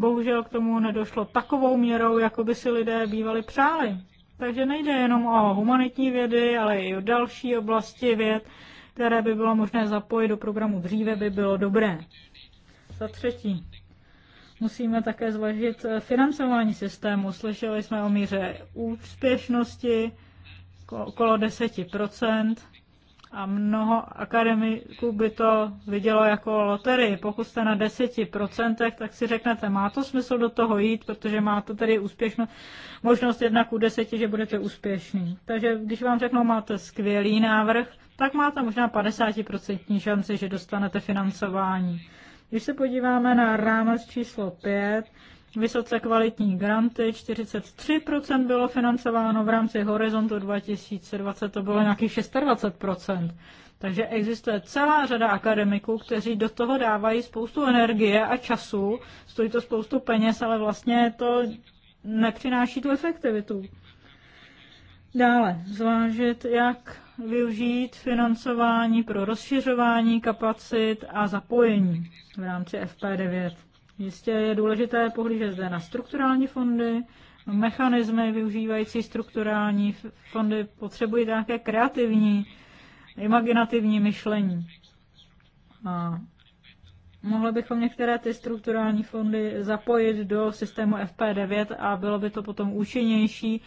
bohužel k tomu nedošlo takovou měrou, jako by si lidé bývali přáli. Takže nejde jenom o humanitní vědy, ale i o další oblasti věd, které by bylo možné zapojit do programu dříve, by bylo dobré. Za třetí, musíme také zvažit eh, financování systému. Slyšeli jsme o míře úspěšnosti okolo 10 a mnoho akademiků by to vidělo jako loterii. Pokud jste na 10%, tak si řeknete, má to smysl do toho jít, protože má to tady úspěšnou možnost jedna ku deseti, že budete úspěšný. Takže když vám řeknou, máte skvělý návrh, tak máte možná 50% šanci, že dostanete financování. Když se podíváme na rámec číslo 5, vysoce kvalitní granty, 43% bylo financováno v rámci Horizontu 2020, to bylo nějakých 26%. Takže existuje celá řada akademiků, kteří do toho dávají spoustu energie a času, stojí to spoustu peněz, ale vlastně to nepřináší tu efektivitu. Dále zvážit, jak využít financování pro rozšiřování kapacit a zapojení v rámci FP9. Jistě je důležité pohlížet zde na strukturální fondy, mechanismy využívající strukturální fondy potřebují také kreativní, imaginativní myšlení. A mohli bychom některé ty strukturální fondy zapojit do systému FP9 a bylo by to potom účinnější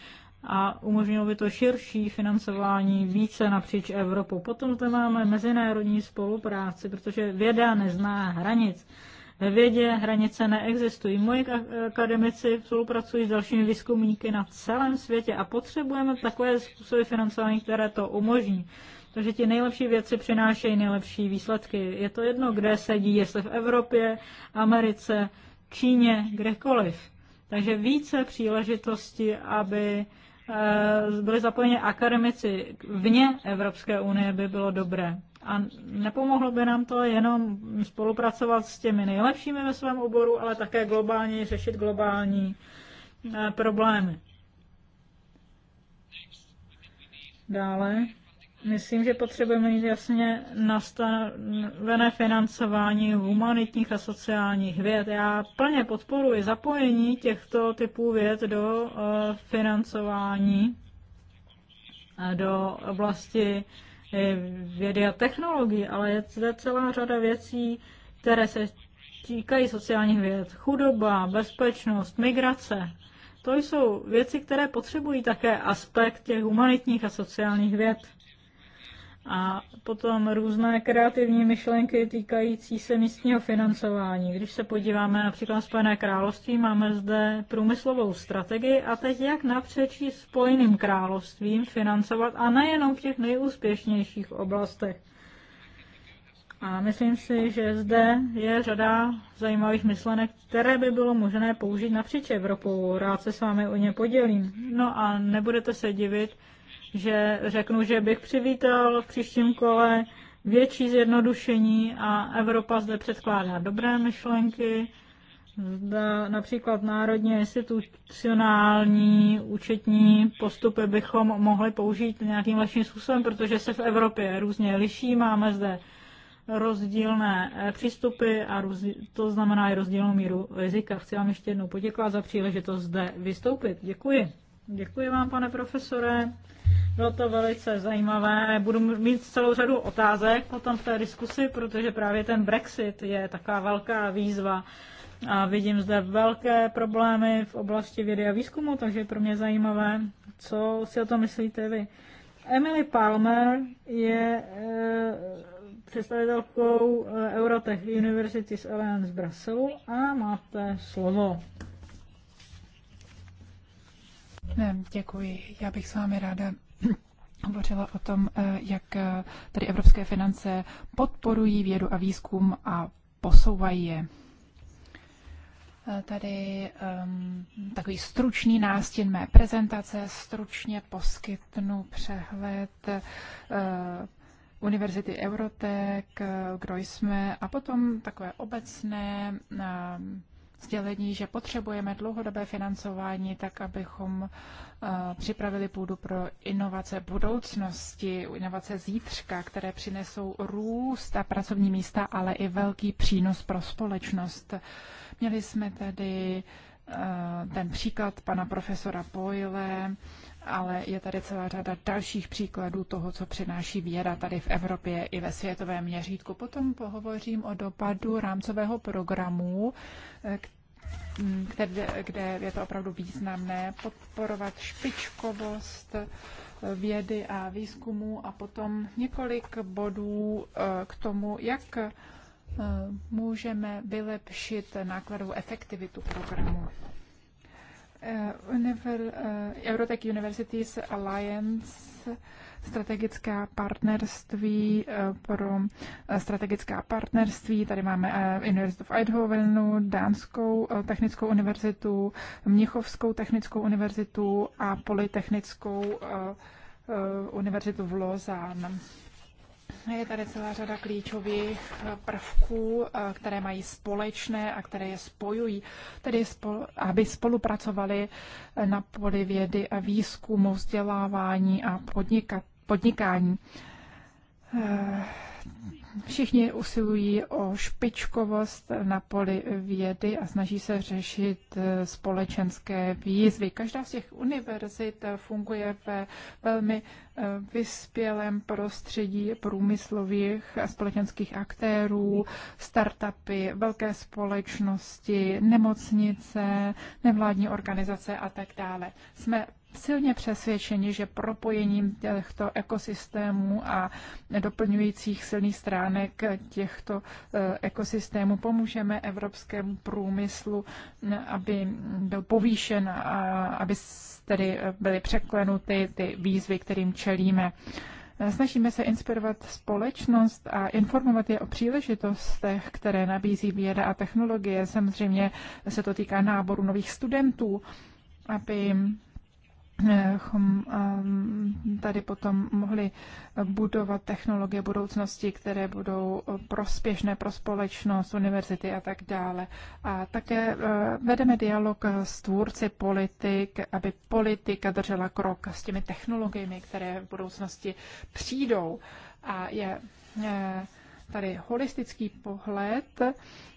a umožnilo by to širší financování více napříč Evropou. Potom zde máme mezinárodní spolupráci, protože věda nezná hranic ve vědě hranice neexistují. Moji akademici spolupracují s dalšími výzkumníky na celém světě a potřebujeme takové způsoby financování, které to umožní. Takže ti nejlepší věci přinášejí nejlepší výsledky. Je to jedno, kde sedí, jestli v Evropě, Americe, Číně, kdekoliv. Takže více příležitosti, aby eh, byli zapojeni akademici vně Evropské unie, by bylo dobré. A nepomohlo by nám to jenom spolupracovat s těmi nejlepšími ve svém oboru, ale také globálně řešit globální eh, problémy. Dále, myslím, že potřebujeme mít jasně nastavené financování humanitních a sociálních věd. Já plně podporuji zapojení těchto typů věd do eh, financování eh, do oblasti E, vědy a technologií, ale je zde celá řada věcí, které se týkají sociálních věd. Chudoba, bezpečnost, migrace. To jsou věci, které potřebují také aspekt těch humanitních a sociálních věd. A potom různé kreativní myšlenky týkající se místního financování. Když se podíváme například na Spojené království, máme zde průmyslovou strategii a teď jak napřečí Spojeným královstvím financovat a nejenom v těch nejúspěšnějších oblastech. A myslím si, že zde je řada zajímavých myšlenek, které by bylo možné použít napříč Evropou. Rád se s vámi o ně podělím. No a nebudete se divit, že řeknu, že bych přivítal v příštím kole větší zjednodušení a Evropa zde předkládá dobré myšlenky, Zda například národně institucionální účetní postupy bychom mohli použít nějakým lepším způsobem, protože se v Evropě různě liší, máme zde rozdílné eh, přístupy a to znamená i rozdílnou míru rizika. Chci vám ještě jednou poděkovat za příležitost zde vystoupit. Děkuji. Děkuji vám, pane profesore. Bylo to velice zajímavé. Budu mít celou řadu otázek potom v té diskusi, protože právě ten Brexit je taková velká výzva. A vidím zde velké problémy v oblasti vědy a výzkumu, takže je pro mě zajímavé, co si o tom myslíte vy. Emily Palmer je e, představitelkou eh, Eurotech University z Alliance Brasil a máte slovo. Ne, děkuji. Já bych s vámi ráda *clears throat* hovořila o tom, eh, jak eh, tady evropské finance podporují vědu a výzkum a posouvají je. Eh, tady um, takový stručný nástěn mé prezentace, stručně poskytnu přehled uh, Univerzity Eurotech, kdo jsme, a potom takové obecné ehm, sdělení, že potřebujeme dlouhodobé financování, tak abychom eh, připravili půdu pro inovace budoucnosti, inovace zítřka, které přinesou růst a pracovní místa, ale i velký přínos pro společnost. Měli jsme tady eh, ten příklad pana profesora Boyle, ale je tady celá řada dalších příkladů toho, co přináší věda tady v Evropě i ve světovém měřítku. Potom pohovořím o dopadu rámcového programu, kde, kde je to opravdu významné podporovat špičkovost vědy a výzkumu a potom několik bodů eh, k tomu, jak eh, můžeme vylepšit nákladovou efektivitu programu. Eh, eh, Eurotech Universities Alliance strategická partnerství eh, pro strategická partnerství. Tady máme Univerzitu v Eidhovenu, Dánskou technickou univerzitu, Mnichovskou technickou univerzitu a Polytechnickou univerzitu v Lozán. Je tady celá řada klíčových eh, prvků, eh, které mají společné a které je spojují, tedy spol, aby spolupracovali eh, na poli vědy a výzkumu, vzdělávání a podnika, podnikání. Všichni usilují o špičkovost na poli vědy a snaží se řešit eh, společenské výzvy. Každá z těch univerzit eh, funguje ve velmi eh, vyspělém prostředí průmyslových a společenských aktérů, startupy, velké společnosti, nemocnice, nevládní organizace a tak dále. Jsme silně přesvědčeni, že propojením těchto ekosystémů a doplňujících silných stránek těchto eh, ekosystémů pomůžeme evropskému průmyslu, eh, aby byl povýšen a aby tedy eh, byly překlenuty ty výzvy, kterým čelíme. Snažíme se inspirovat společnost a informovat je o příležitostech, které nabízí věda a technologie. Samozřejmě se to týká náboru nových studentů, aby Ehm, tady potom mohli budovat technologie budoucnosti, které budou prospěšné pro společnost, univerzity a tak dále. A také eh, vedeme dialog s tvůrci politik, aby politika držela krok s těmi technologiemi, které v budoucnosti přijdou. A je eh, tady holistický pohled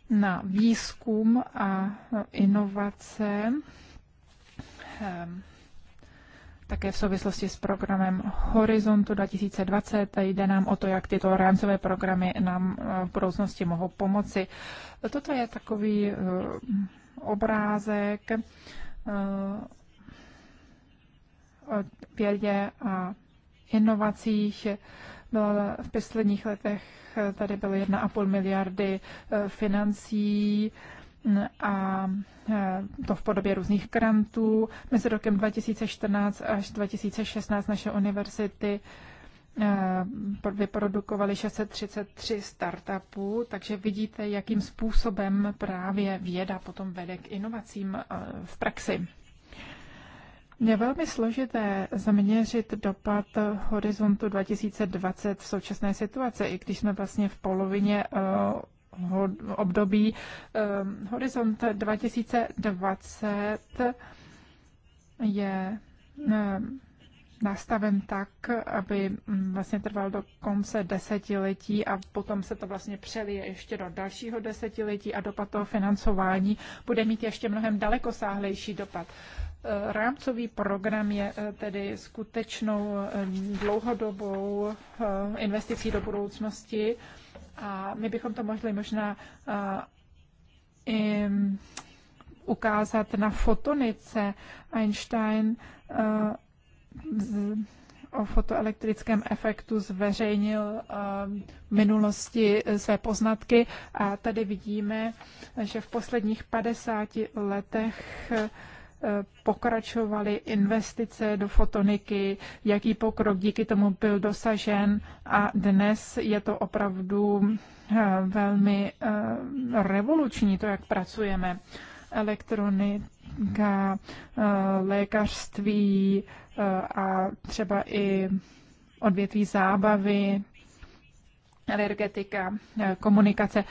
na výzkum a inovace ehm, také v souvislosti s programem Horizontu 2020 jde nám o to, jak tyto rámcové programy nám eh, v budoucnosti mohou pomoci. Toto je takový eh, obrázek eh, o vědě a inovacích. Byla v posledních letech tady byly 1,5 miliardy financí a e, to v podobě různých grantů. Mezi rokem 2014 až 2016 naše univerzity e, vyprodukovali 633 startupů, takže vidíte, jakým způsobem právě věda potom vede k inovacím e, v praxi. Je velmi složité zaměřit dopad horizontu 2020 v současné situaci, i když jsme vlastně v polovině období. Ehm, horizont 2020 je ehm, nastaven tak, aby mm, vlastně trval do konce desetiletí a potom se to vlastně přelije ještě do dalšího desetiletí a dopad toho financování bude mít ještě mnohem dalekosáhlejší dopad. Ehm, rámcový program je eh, tedy skutečnou dlouhodobou investicí do budoucnosti a my bychom to mohli možná i ukázat na fotonice. Einstein o fotoelektrickém efektu zveřejnil v minulosti své poznatky a tady vidíme, že v posledních 50 letech pokračovaly investice do fotoniky, jaký pokrok díky tomu byl dosažen a dnes je to opravdu eh, velmi eh, revoluční, to, jak pracujeme. Elektronika, eh, lékařství a třeba i odvětví zábavy, energetika, komunikace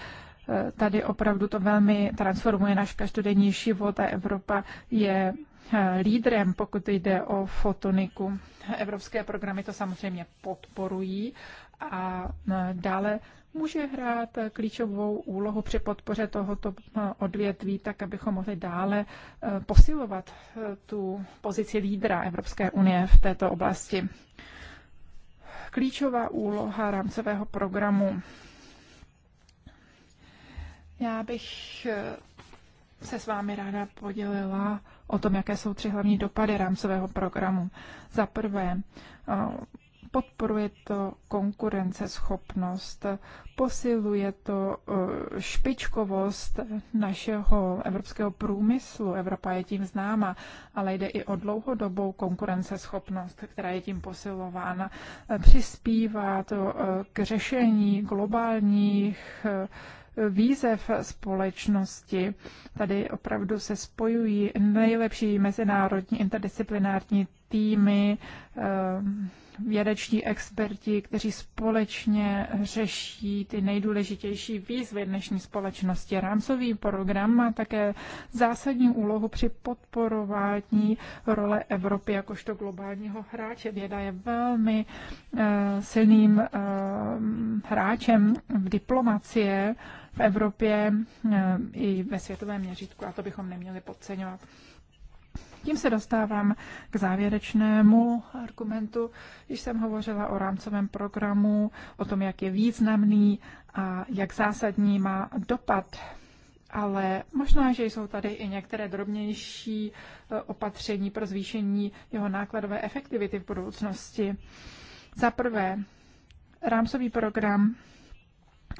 tady opravdu to velmi transformuje náš každodenní život a Evropa je eh, lídrem, pokud jde o fotoniku. Evropské programy to samozřejmě podporují a eh, dále může hrát klíčovou úlohu při podpoře tohoto eh, odvětví, tak abychom mohli dále posilovat tu pozici lídra Evropské unie v této oblasti. Klíčová úloha rámcového programu já bych eh, se s vámi ráda podělila o tom, jaké jsou tři hlavní dopady rámcového programu. Za prvé, eh, podporuje to konkurenceschopnost, posiluje to eh, špičkovost našeho evropského průmyslu. Evropa je tím známa, ale jde i o dlouhodobou konkurenceschopnost, která je tím posilována. Přispívá to k řešení globálních výzev společnosti. Tady opravdu se spojují nejlepší mezinárodní interdisciplinární týmy, eh, vědeční experti, kteří společně řeší ty nejdůležitější výzvy dnešní společnosti. Rámcový program má také zásadní úlohu při podporování role Evropy jakožto globálního hráče. Věda je velmi eh, silným eh, hráčem v diplomacie v Evropě i ve světovém měřítku a to bychom neměli podceňovat. Tím se dostávám k závěrečnému argumentu. Když jsem hovořila o rámcovém programu, o tom, jak je významný a jak zásadní má dopad ale možná, že jsou tady i některé drobnější eh, opatření pro zvýšení jeho nákladové efektivity v budoucnosti. Za prvé, rámcový program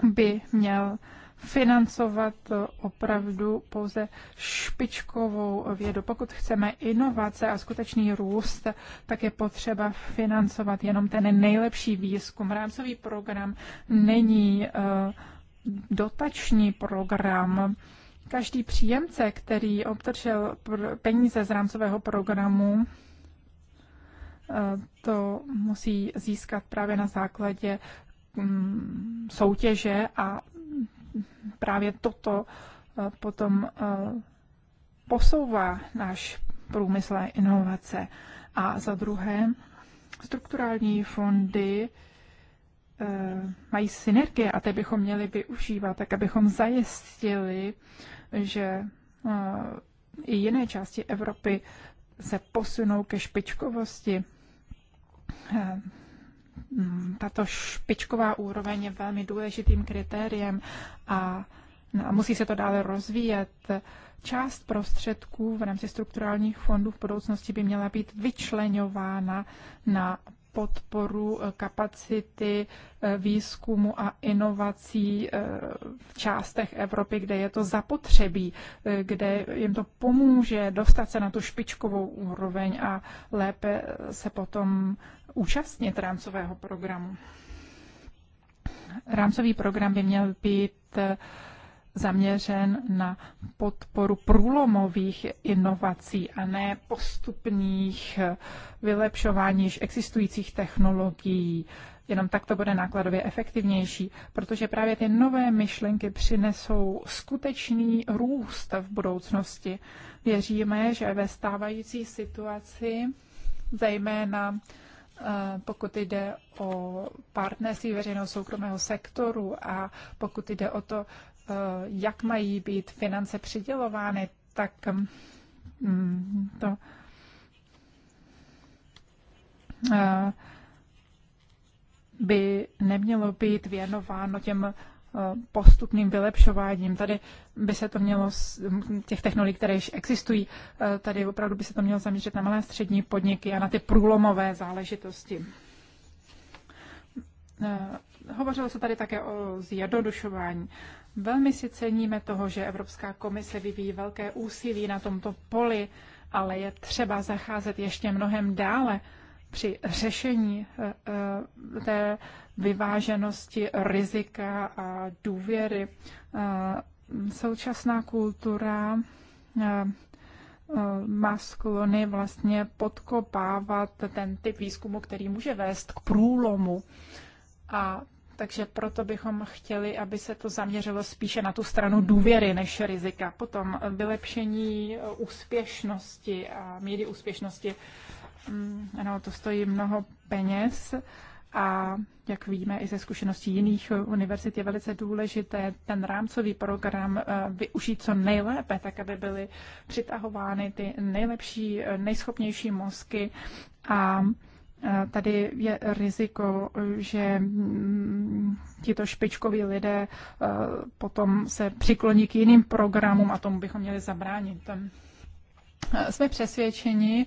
by měl financovat opravdu pouze špičkovou vědu. Pokud chceme inovace a skutečný růst, tak je potřeba financovat jenom ten nejlepší výzkum. Rámcový program není eh, dotační program. Každý příjemce, který obdržel peníze z rámcového programu, eh, to musí získat právě na základě mm, soutěže a právě toto eh, potom eh, posouvá náš průmysl a inovace. A za druhé, strukturální fondy eh, mají synergie a ty bychom měli využívat, tak abychom zajistili, že i jiné části Evropy se posunou ke špičkovosti. Mm, tato špičková úroveň je velmi důležitým kritériem no, a musí se to dále rozvíjet. Část prostředků v rámci strukturálních fondů v budoucnosti by měla být vyčleňována na podporu eh, kapacity eh, výzkumu a inovací eh, v částech Evropy, kde je to zapotřebí, kde jim to pomůže dostat se na tu špičkovou úroveň a lépe se potom účastnit rámcového programu. Rámcový program by měl být eh, zaměřen na podporu průlomových inovací a ne postupných eh, vylepšování již existujících technologií. Jenom tak to bude nákladově efektivnější, protože právě ty nové myšlenky přinesou skutečný růst v budoucnosti. Věříme, že ve stávající situaci, zejména Eh, pokud jde o partnerství veřejného soukromého sektoru a pokud jde o to, eh, jak mají být finance přidělovány, tak mm, to eh, by nemělo být věnováno těm postupným vylepšováním. Tady by se to mělo, těch technologií, které již existují, eh, tady opravdu by se to mělo zaměřit na malé střední podniky a na ty průlomové záležitosti. Eh, hovořilo se tady také o zjednodušování. Velmi si ceníme toho, že Evropská komise vyvíjí velké úsilí na tomto poli, ale je třeba zacházet ještě mnohem dále při řešení eh, té vyváženosti rizika a důvěry. Eh, současná kultura eh, má sklony vlastně podkopávat ten typ výzkumu, který může vést k průlomu. A takže proto bychom chtěli, aby se to zaměřilo spíše na tu stranu důvěry než rizika. Potom vylepšení úspěšnosti a míry úspěšnosti Mm, ano, to stojí mnoho peněz a jak víme i ze zkušeností jiných eh, univerzit je velice důležité ten rámcový program eh, využít co nejlépe, tak aby byly přitahovány ty nejlepší, eh, nejschopnější mozky a Tady je riziko, že mm, tito špičkoví lidé potom se přikloní k jiným programům a tomu bychom měli zabránit. Jsme přesvědčeni,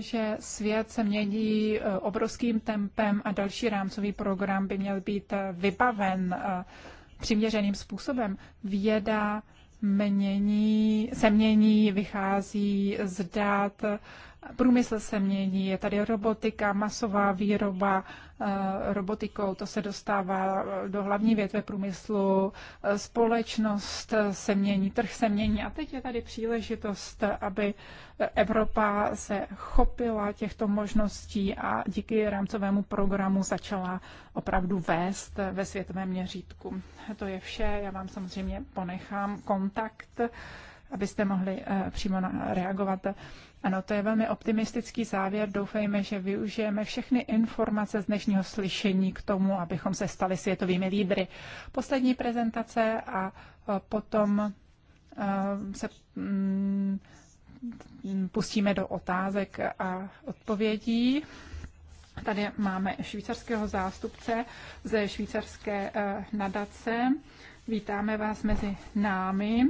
že svět se mění eh, obrovským tempem a další rámcový program by měl být eh, vybaven eh, přiměřeným způsobem. Věda mění, se mění, vychází z dat, průmysl se mění, je tady robotika, masová výroba, Eh, robotikou. To se dostává eh, do hlavní větve průmyslu, eh, společnost se mění, trh se mění. A teď je tady příležitost, aby Evropa se chopila těchto možností a díky rámcovému programu začala opravdu vést ve světovém měřítku. To je vše. Já vám samozřejmě ponechám kontakt abyste mohli přímo reagovat. Ano, to je velmi optimistický závěr. Doufejme, že využijeme všechny informace z dnešního slyšení k tomu, abychom se stali světovými lídry. Poslední prezentace a e, potom e, se mm, pustíme do otázek a odpovědí. Tady máme švýcarského zástupce ze švýcarské e, nadace. Vítáme vás mezi námi.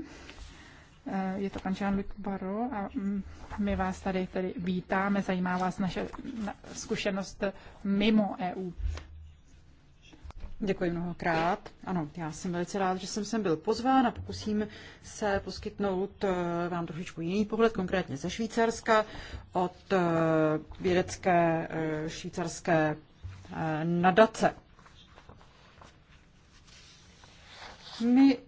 Eh, je to pan Jean-Luc Baro a mm, my vás tady, tady vítáme. Zajímá vás naše zkušenost mimo EU. Děkuji mnohokrát. Ano, já jsem velice rád, že jsem sem byl pozván a pokusím se poskytnout eh, vám trošičku jiný pohled, konkrétně ze Švýcarska, od eh, vědecké švýcarské nadace. My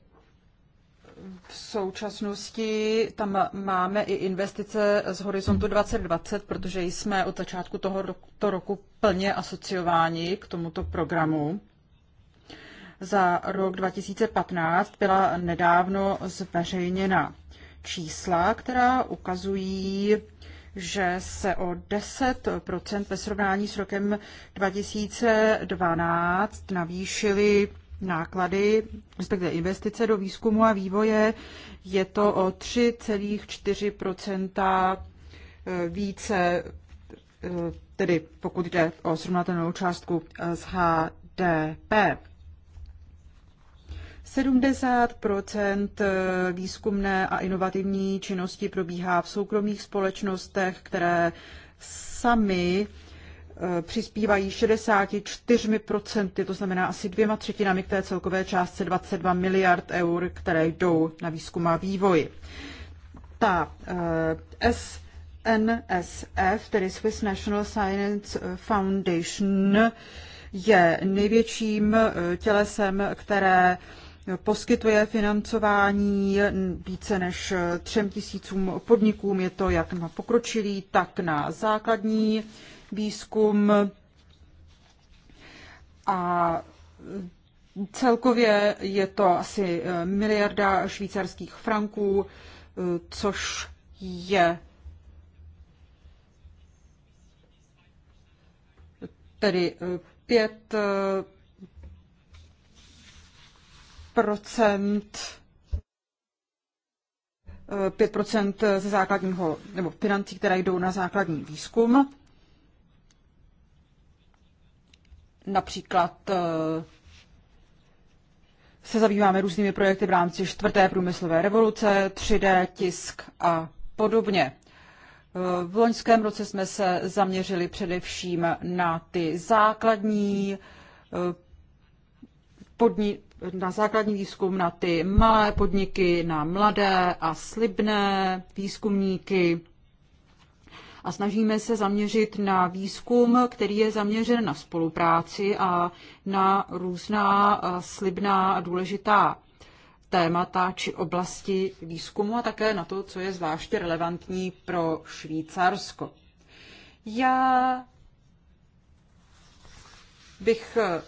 v současnosti tam máme i investice z horizontu 2020, protože jsme od začátku tohoto roku plně asociováni k tomuto programu. Za rok 2015 byla nedávno zveřejněna čísla, která ukazují, že se o 10 ve srovnání s rokem 2012 navýšily náklady, respektive investice do výzkumu a vývoje, je to o 3,4 eh, více, eh, tedy pokud jde o srovnatelnou částku eh, z HDP. 70 výzkumné a inovativní činnosti probíhá v soukromých společnostech, které sami Eh, přispívají 64%, to znamená asi dvěma třetinami k té celkové částce 22 miliard eur, které jdou na výzkum a vývoj. Ta eh, SNSF, tedy Swiss National Science Foundation, je největším eh, tělesem, které poskytuje financování více než třem tisícům podnikům. Je to jak na pokročilý, tak na základní výzkum a celkově je to asi eh, miliarda švýcarských franků, eh, což je tedy 5 eh, procent 5 ze základního, nebo financí, které jdou na základní výzkum. Například eh, se zabýváme různými projekty v rámci čtvrté průmyslové revoluce, 3D, tisk a podobně. Eh, v loňském roce jsme se zaměřili především na ty základní eh, podni- na základní výzkum, na ty malé podniky, na mladé a slibné výzkumníky a snažíme se zaměřit na výzkum, který je zaměřen na spolupráci a na různá eh, slibná a důležitá témata či oblasti výzkumu a také na to, co je zvláště relevantní pro Švýcarsko. Já bych eh,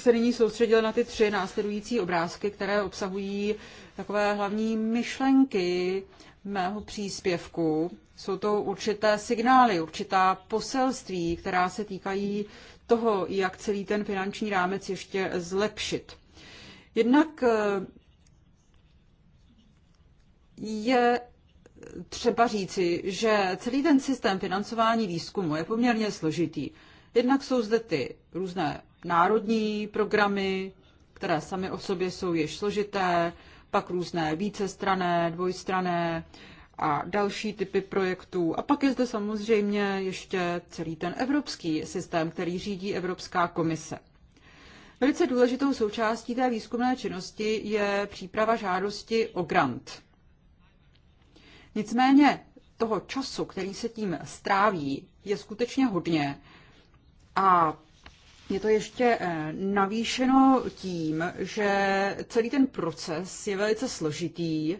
se nyní soustředil na ty tři následující obrázky, které obsahují takové hlavní myšlenky mého příspěvku. Jsou to určité signály, určitá poselství, která se týkají toho, jak celý ten finanční rámec ještě zlepšit. Jednak eh, je třeba říci, že celý ten systém financování výzkumu je poměrně složitý. Jednak jsou zde ty různé národní programy, které sami o sobě jsou již složité, pak různé vícestrané, dvojstrané, a další typy projektů. A pak je zde samozřejmě ještě celý ten evropský systém, který řídí Evropská komise. Velice důležitou součástí té výzkumné činnosti je příprava žádosti o grant. Nicméně toho času, který se tím stráví, je skutečně hodně a je to ještě eh, navýšeno tím, že celý ten proces je velice složitý,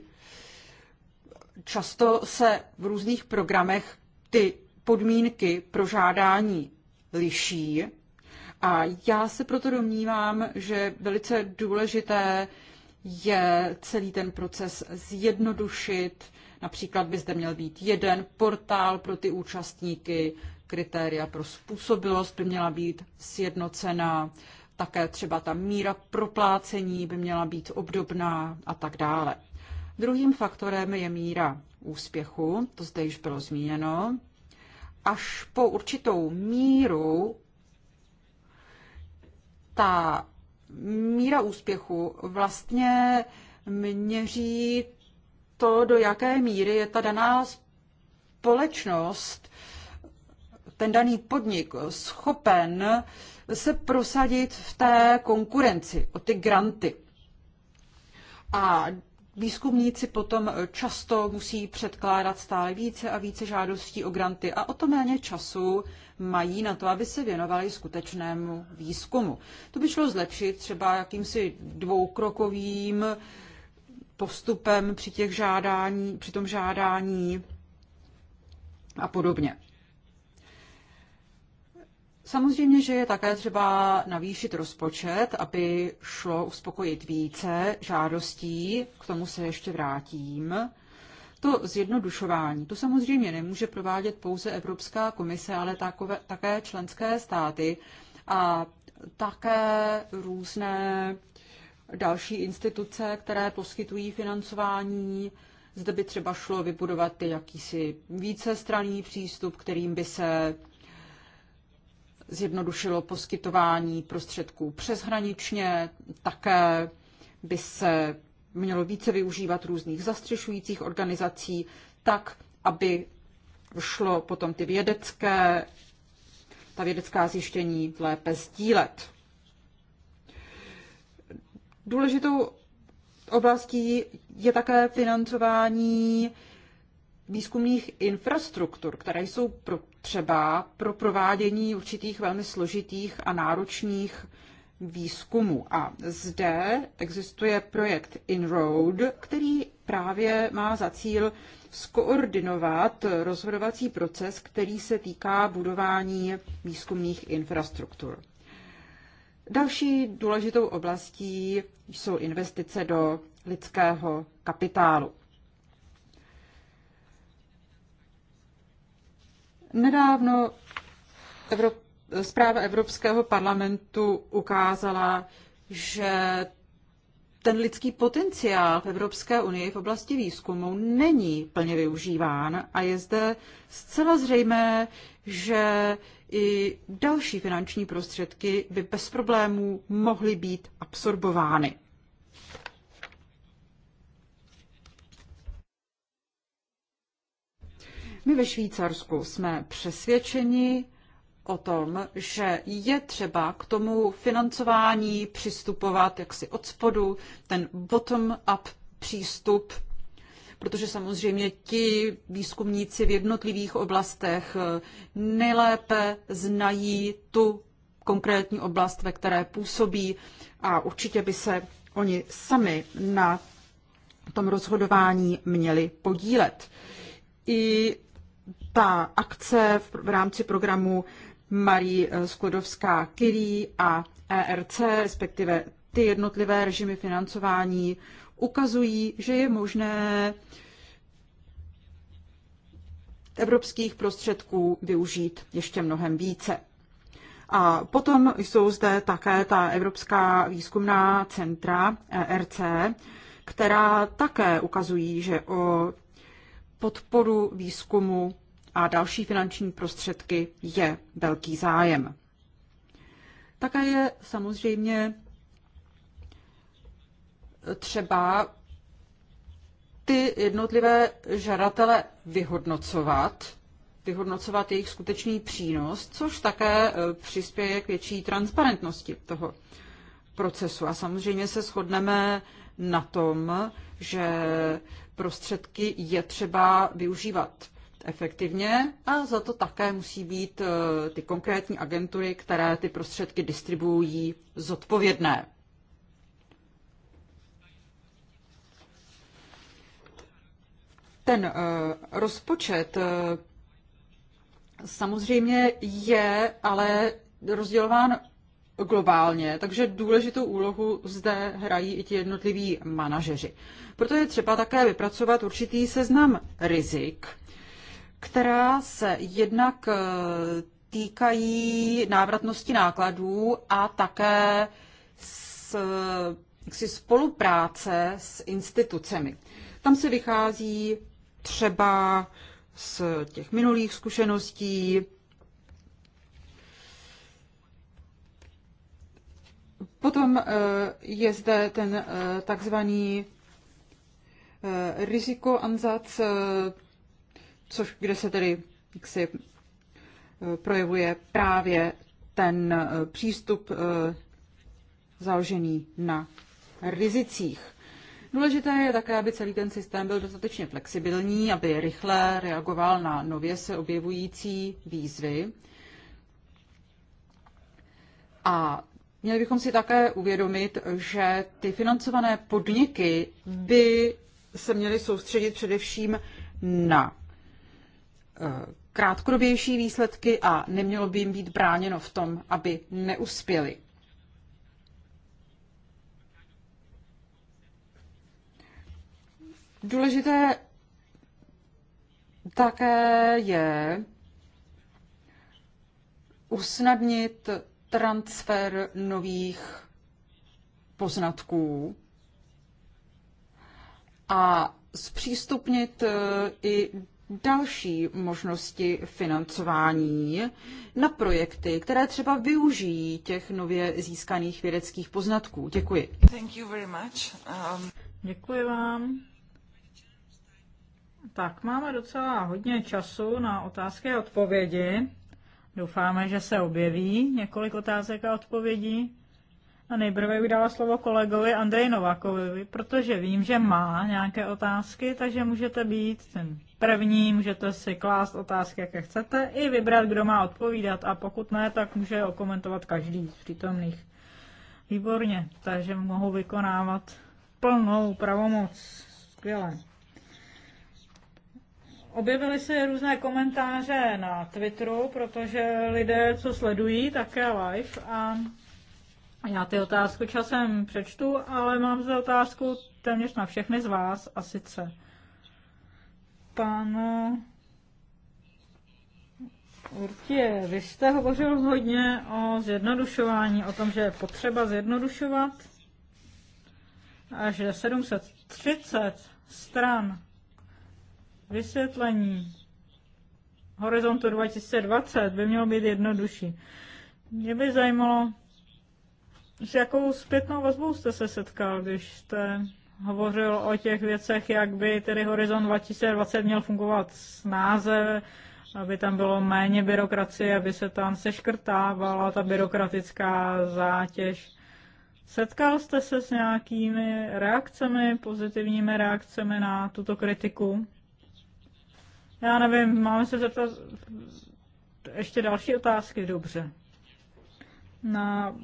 často se v různých programech ty podmínky pro žádání liší. A já se proto domnívám, že velice důležité je celý ten proces zjednodušit. Například by zde měl být jeden portál pro ty účastníky, kritéria pro způsobilost by měla být sjednocena, také třeba ta míra proplácení by měla být obdobná a tak dále. Druhým faktorem je míra úspěchu, to zde již bylo zmíněno. Až po určitou míru ta míra úspěchu vlastně měří to, do jaké míry je ta daná společnost, ten daný podnik schopen se prosadit v té konkurenci o ty granty. A Výzkumníci potom často musí předkládat stále více a více žádostí o granty a o to méně času mají na to, aby se věnovali skutečnému výzkumu. To by šlo zlepšit třeba jakýmsi dvoukrokovým postupem při, těch žádání, při tom žádání a podobně. Samozřejmě, že je také třeba navýšit rozpočet, aby šlo uspokojit více žádostí, k tomu se ještě vrátím. To zjednodušování, to samozřejmě nemůže provádět pouze Evropská komise, ale takové, také členské státy a také různé další instituce, které poskytují financování. Zde by třeba šlo vybudovat jakýsi vícestranný přístup, kterým by se zjednodušilo poskytování prostředků přeshraničně, také by se mělo více využívat různých zastřešujících organizací, tak, aby šlo potom ty vědecké, ta vědecká zjištění lépe sdílet. Důležitou oblastí je také financování výzkumných infrastruktur, které jsou pro, třeba pro provádění určitých velmi složitých a náročných výzkumu. A zde existuje projekt InRoad, který právě má za cíl skoordinovat rozhodovací proces, který se týká budování výzkumných infrastruktur. Další důležitou oblastí jsou investice do lidského kapitálu. Nedávno Evrop, zpráva Evropského parlamentu ukázala, že ten lidský potenciál v Evropské unii v oblasti výzkumu není plně využíván a je zde zcela zřejmé, že i další finanční prostředky by bez problémů mohly být absorbovány. My ve Švýcarsku jsme přesvědčeni o tom, že je třeba k tomu financování přistupovat jaksi od spodu, ten bottom-up přístup, protože samozřejmě ti výzkumníci v jednotlivých oblastech eh, nejlépe znají tu konkrétní oblast, ve které působí a určitě by se oni sami na tom rozhodování měli podílet. I ta akce v, v rámci programu Marí Skodovská Kyrí a ERC, respektive ty jednotlivé režimy financování, ukazují, že je možné evropských prostředků využít ještě mnohem více. A potom jsou zde také ta Evropská výzkumná centra ERC, která také ukazují, že o podporu výzkumu a další finanční prostředky je velký zájem. Také je samozřejmě třeba ty jednotlivé žadatele vyhodnocovat, vyhodnocovat jejich skutečný přínos, což také e, přispěje k větší transparentnosti toho procesu. A samozřejmě se shodneme na tom, že prostředky je třeba využívat efektivně a za to také musí být eh, ty konkrétní agentury, které ty prostředky distribuují, zodpovědné. Ten eh, rozpočet eh, samozřejmě je ale rozdělován globálně, takže důležitou úlohu zde hrají i ti jednotliví manažeři. Proto je třeba také vypracovat určitý seznam rizik, která se jednak eh, týkají návratnosti nákladů a také s, jaksi spolupráce s institucemi. Tam se vychází třeba z těch minulých zkušeností, Potom eh, je zde ten eh, takzvaný rizikoansatz, což kde se tedy jaksi eh, projevuje právě ten eh, přístup eh, založený na rizicích. Důležité je také, aby celý ten systém byl dostatečně flexibilní, aby rychle reagoval na nově se objevující výzvy. A měli bychom si také uvědomit, že ty financované podniky by se měly soustředit především na Eh, krátkodobější výsledky a nemělo by jim být bráněno v tom, aby neuspěli. Důležité také je usnadnit transfer nových poznatků a zpřístupnit eh, i další možnosti financování na projekty, které třeba využijí těch nově získaných vědeckých poznatků. Děkuji. Thank you very much. Um... Děkuji vám. Tak, máme docela hodně času na otázky a odpovědi. Doufáme, že se objeví několik otázek a odpovědí. A nejprve bych dala slovo kolegovi Andreji Novákovi, protože vím, že má nějaké otázky, takže můžete být ten první, můžete si klást otázky, jaké chcete, i vybrat, kdo má odpovídat. A pokud ne, tak může okomentovat každý z přítomných. Výborně, takže mohu vykonávat plnou pravomoc. Skvěle. Objevily se různé komentáře na Twitteru, protože lidé, co sledují, také live a já ty otázku časem přečtu, ale mám zde otázku téměř na všechny z vás a sice pan eh, Určitě, vy jste hovořil hodně o zjednodušování, o tom, že je potřeba zjednodušovat a že 730 stran vysvětlení horizontu 2020 by mělo být jednodušší. Mě by zajímalo, s jakou zpětnou vazbou jste se setkal, když jste hovořil o těch věcech, jak by tedy Horizon 2020 měl fungovat s snáze, aby tam bylo méně byrokracie, aby se tam seškrtávala ta byrokratická zátěž. Setkal jste se s nějakými reakcemi, pozitivními reakcemi na tuto kritiku? Já nevím, máme se zeptat ještě další otázky, dobře. Na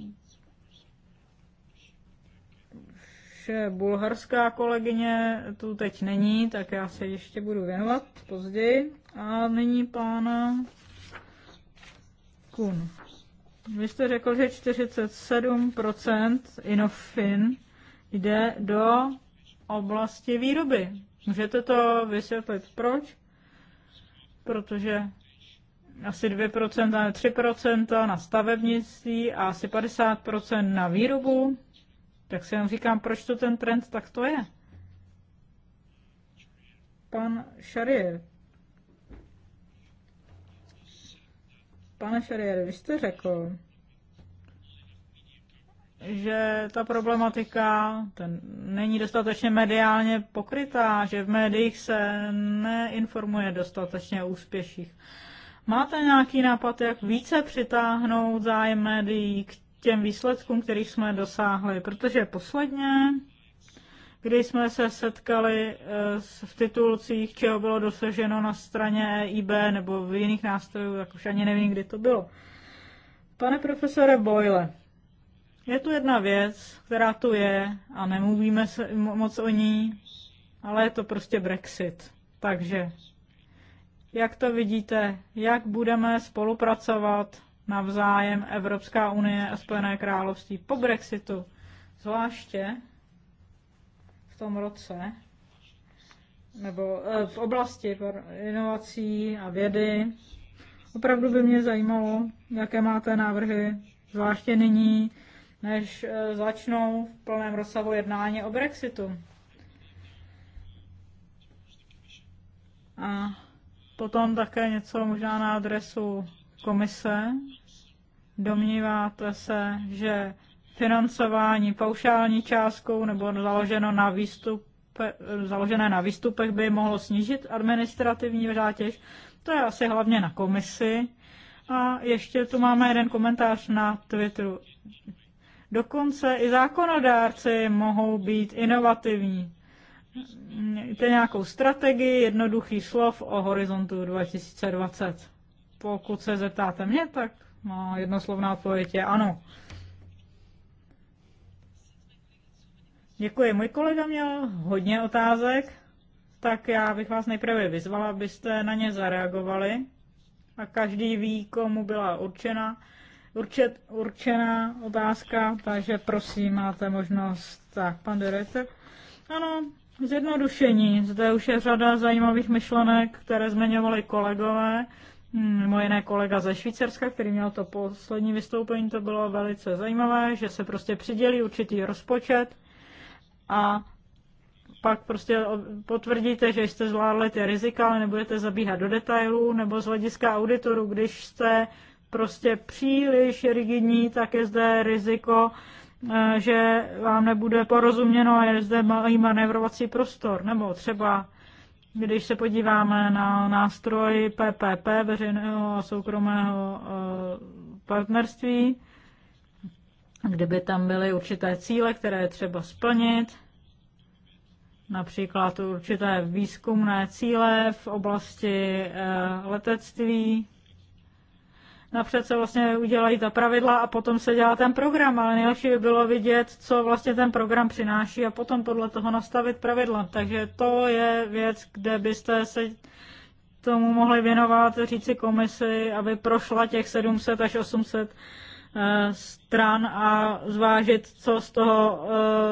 naše bulharská kolegyně tu teď není, tak já se ještě budu věnovat později. A nyní pána Kun. Vy jste řekl, že 47% Inofin jde do oblasti výroby. Můžete to vysvětlit proč? Protože asi 2%, 3% na stavebnictví a asi 50% na výrobu tak si jenom říkám, proč to ten trend takto je. Pan Šarier. Pane Šarier, vy jste řekl, že ta problematika ten, není dostatečně mediálně pokrytá, že v médiích se neinformuje dostatečně o úspěších. Máte nějaký nápad, jak více přitáhnout zájem médií k těm výsledkům, který jsme dosáhli, protože posledně, kdy jsme se setkali eh, v titulcích, čeho bylo dosaženo na straně EIB nebo v jiných nástrojů, tak už ani nevím, kdy to bylo. Pane profesore Boyle, je tu jedna věc, která tu je a nemluvíme se moc o ní, ale je to prostě Brexit. Takže, jak to vidíte, jak budeme spolupracovat navzájem Evropská unie a Spojené království po Brexitu, zvláště v tom roce, nebo eh, v oblasti inovací a vědy. Opravdu by mě zajímalo, jaké máte návrhy, zvláště nyní, než eh, začnou v plném rozsahu jednání o Brexitu. A potom také něco možná na adresu komise. Domníváte se, že financování paušální částkou nebo založeno na výstup, založené na výstupech by mohlo snížit administrativní zátěž. To je asi hlavně na komisi. A ještě tu máme jeden komentář na Twitteru. Dokonce i zákonodárci mohou být inovativní. Mějte nějakou strategii jednoduchých slov o horizontu 2020. Pokud se zeptáte mě, tak má jednoslovná odpověď je ano. Děkuji. Můj kolega měl hodně otázek, tak já bych vás nejprve vyzvala, abyste na ně zareagovali. A každý ví, komu byla určena, určet, určená otázka, takže prosím, máte možnost. Tak, pan direktor. Ano, zjednodušení. Zde už je řada zajímavých myšlenek, které zmiňovali kolegové. Hmm, moje jiné kolega ze Švýcarska, který měl to poslední vystoupení, to bylo velice zajímavé, že se prostě přidělí určitý rozpočet a pak prostě potvrdíte, že jste zvládli ty rizika, ale nebudete zabíhat do detailů, nebo z hlediska auditoru, když jste prostě příliš rigidní, tak je zde riziko, eh, že vám nebude porozuměno a je zde malý manévrovací prostor, nebo třeba když se podíváme na nástroj PPP, veřejného a soukromého eh, partnerství, kdyby tam byly určité cíle, které je třeba splnit, například určité výzkumné cíle v oblasti eh, letectví, napřed no se vlastně udělají ta pravidla a potom se dělá ten program, ale nejlepší by bylo vidět, co vlastně ten program přináší a potom podle toho nastavit pravidla. Takže to je věc, kde byste se tomu mohli věnovat, říci komisi, aby prošla těch 700 až 800 eh, stran a zvážit, co z toho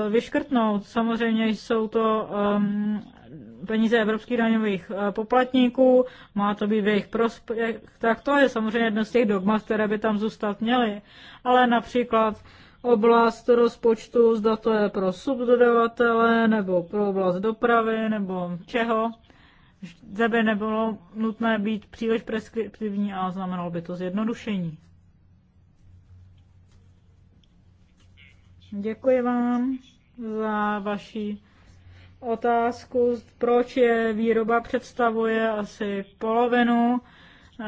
eh, vyškrtnout. Samozřejmě jsou to ehm, peníze evropských daňových eh, poplatníků, má to být v jejich prospěch, tak to je samozřejmě jedno z těch dogmat, které by tam zůstat měly. Ale například oblast rozpočtu, zda to je pro subdodavatele, nebo pro oblast dopravy, nebo čeho, zde by nebylo nutné být příliš preskriptivní a znamenalo by to zjednodušení. Děkuji vám za vaši otázku, proč je výroba představuje asi polovinu eh,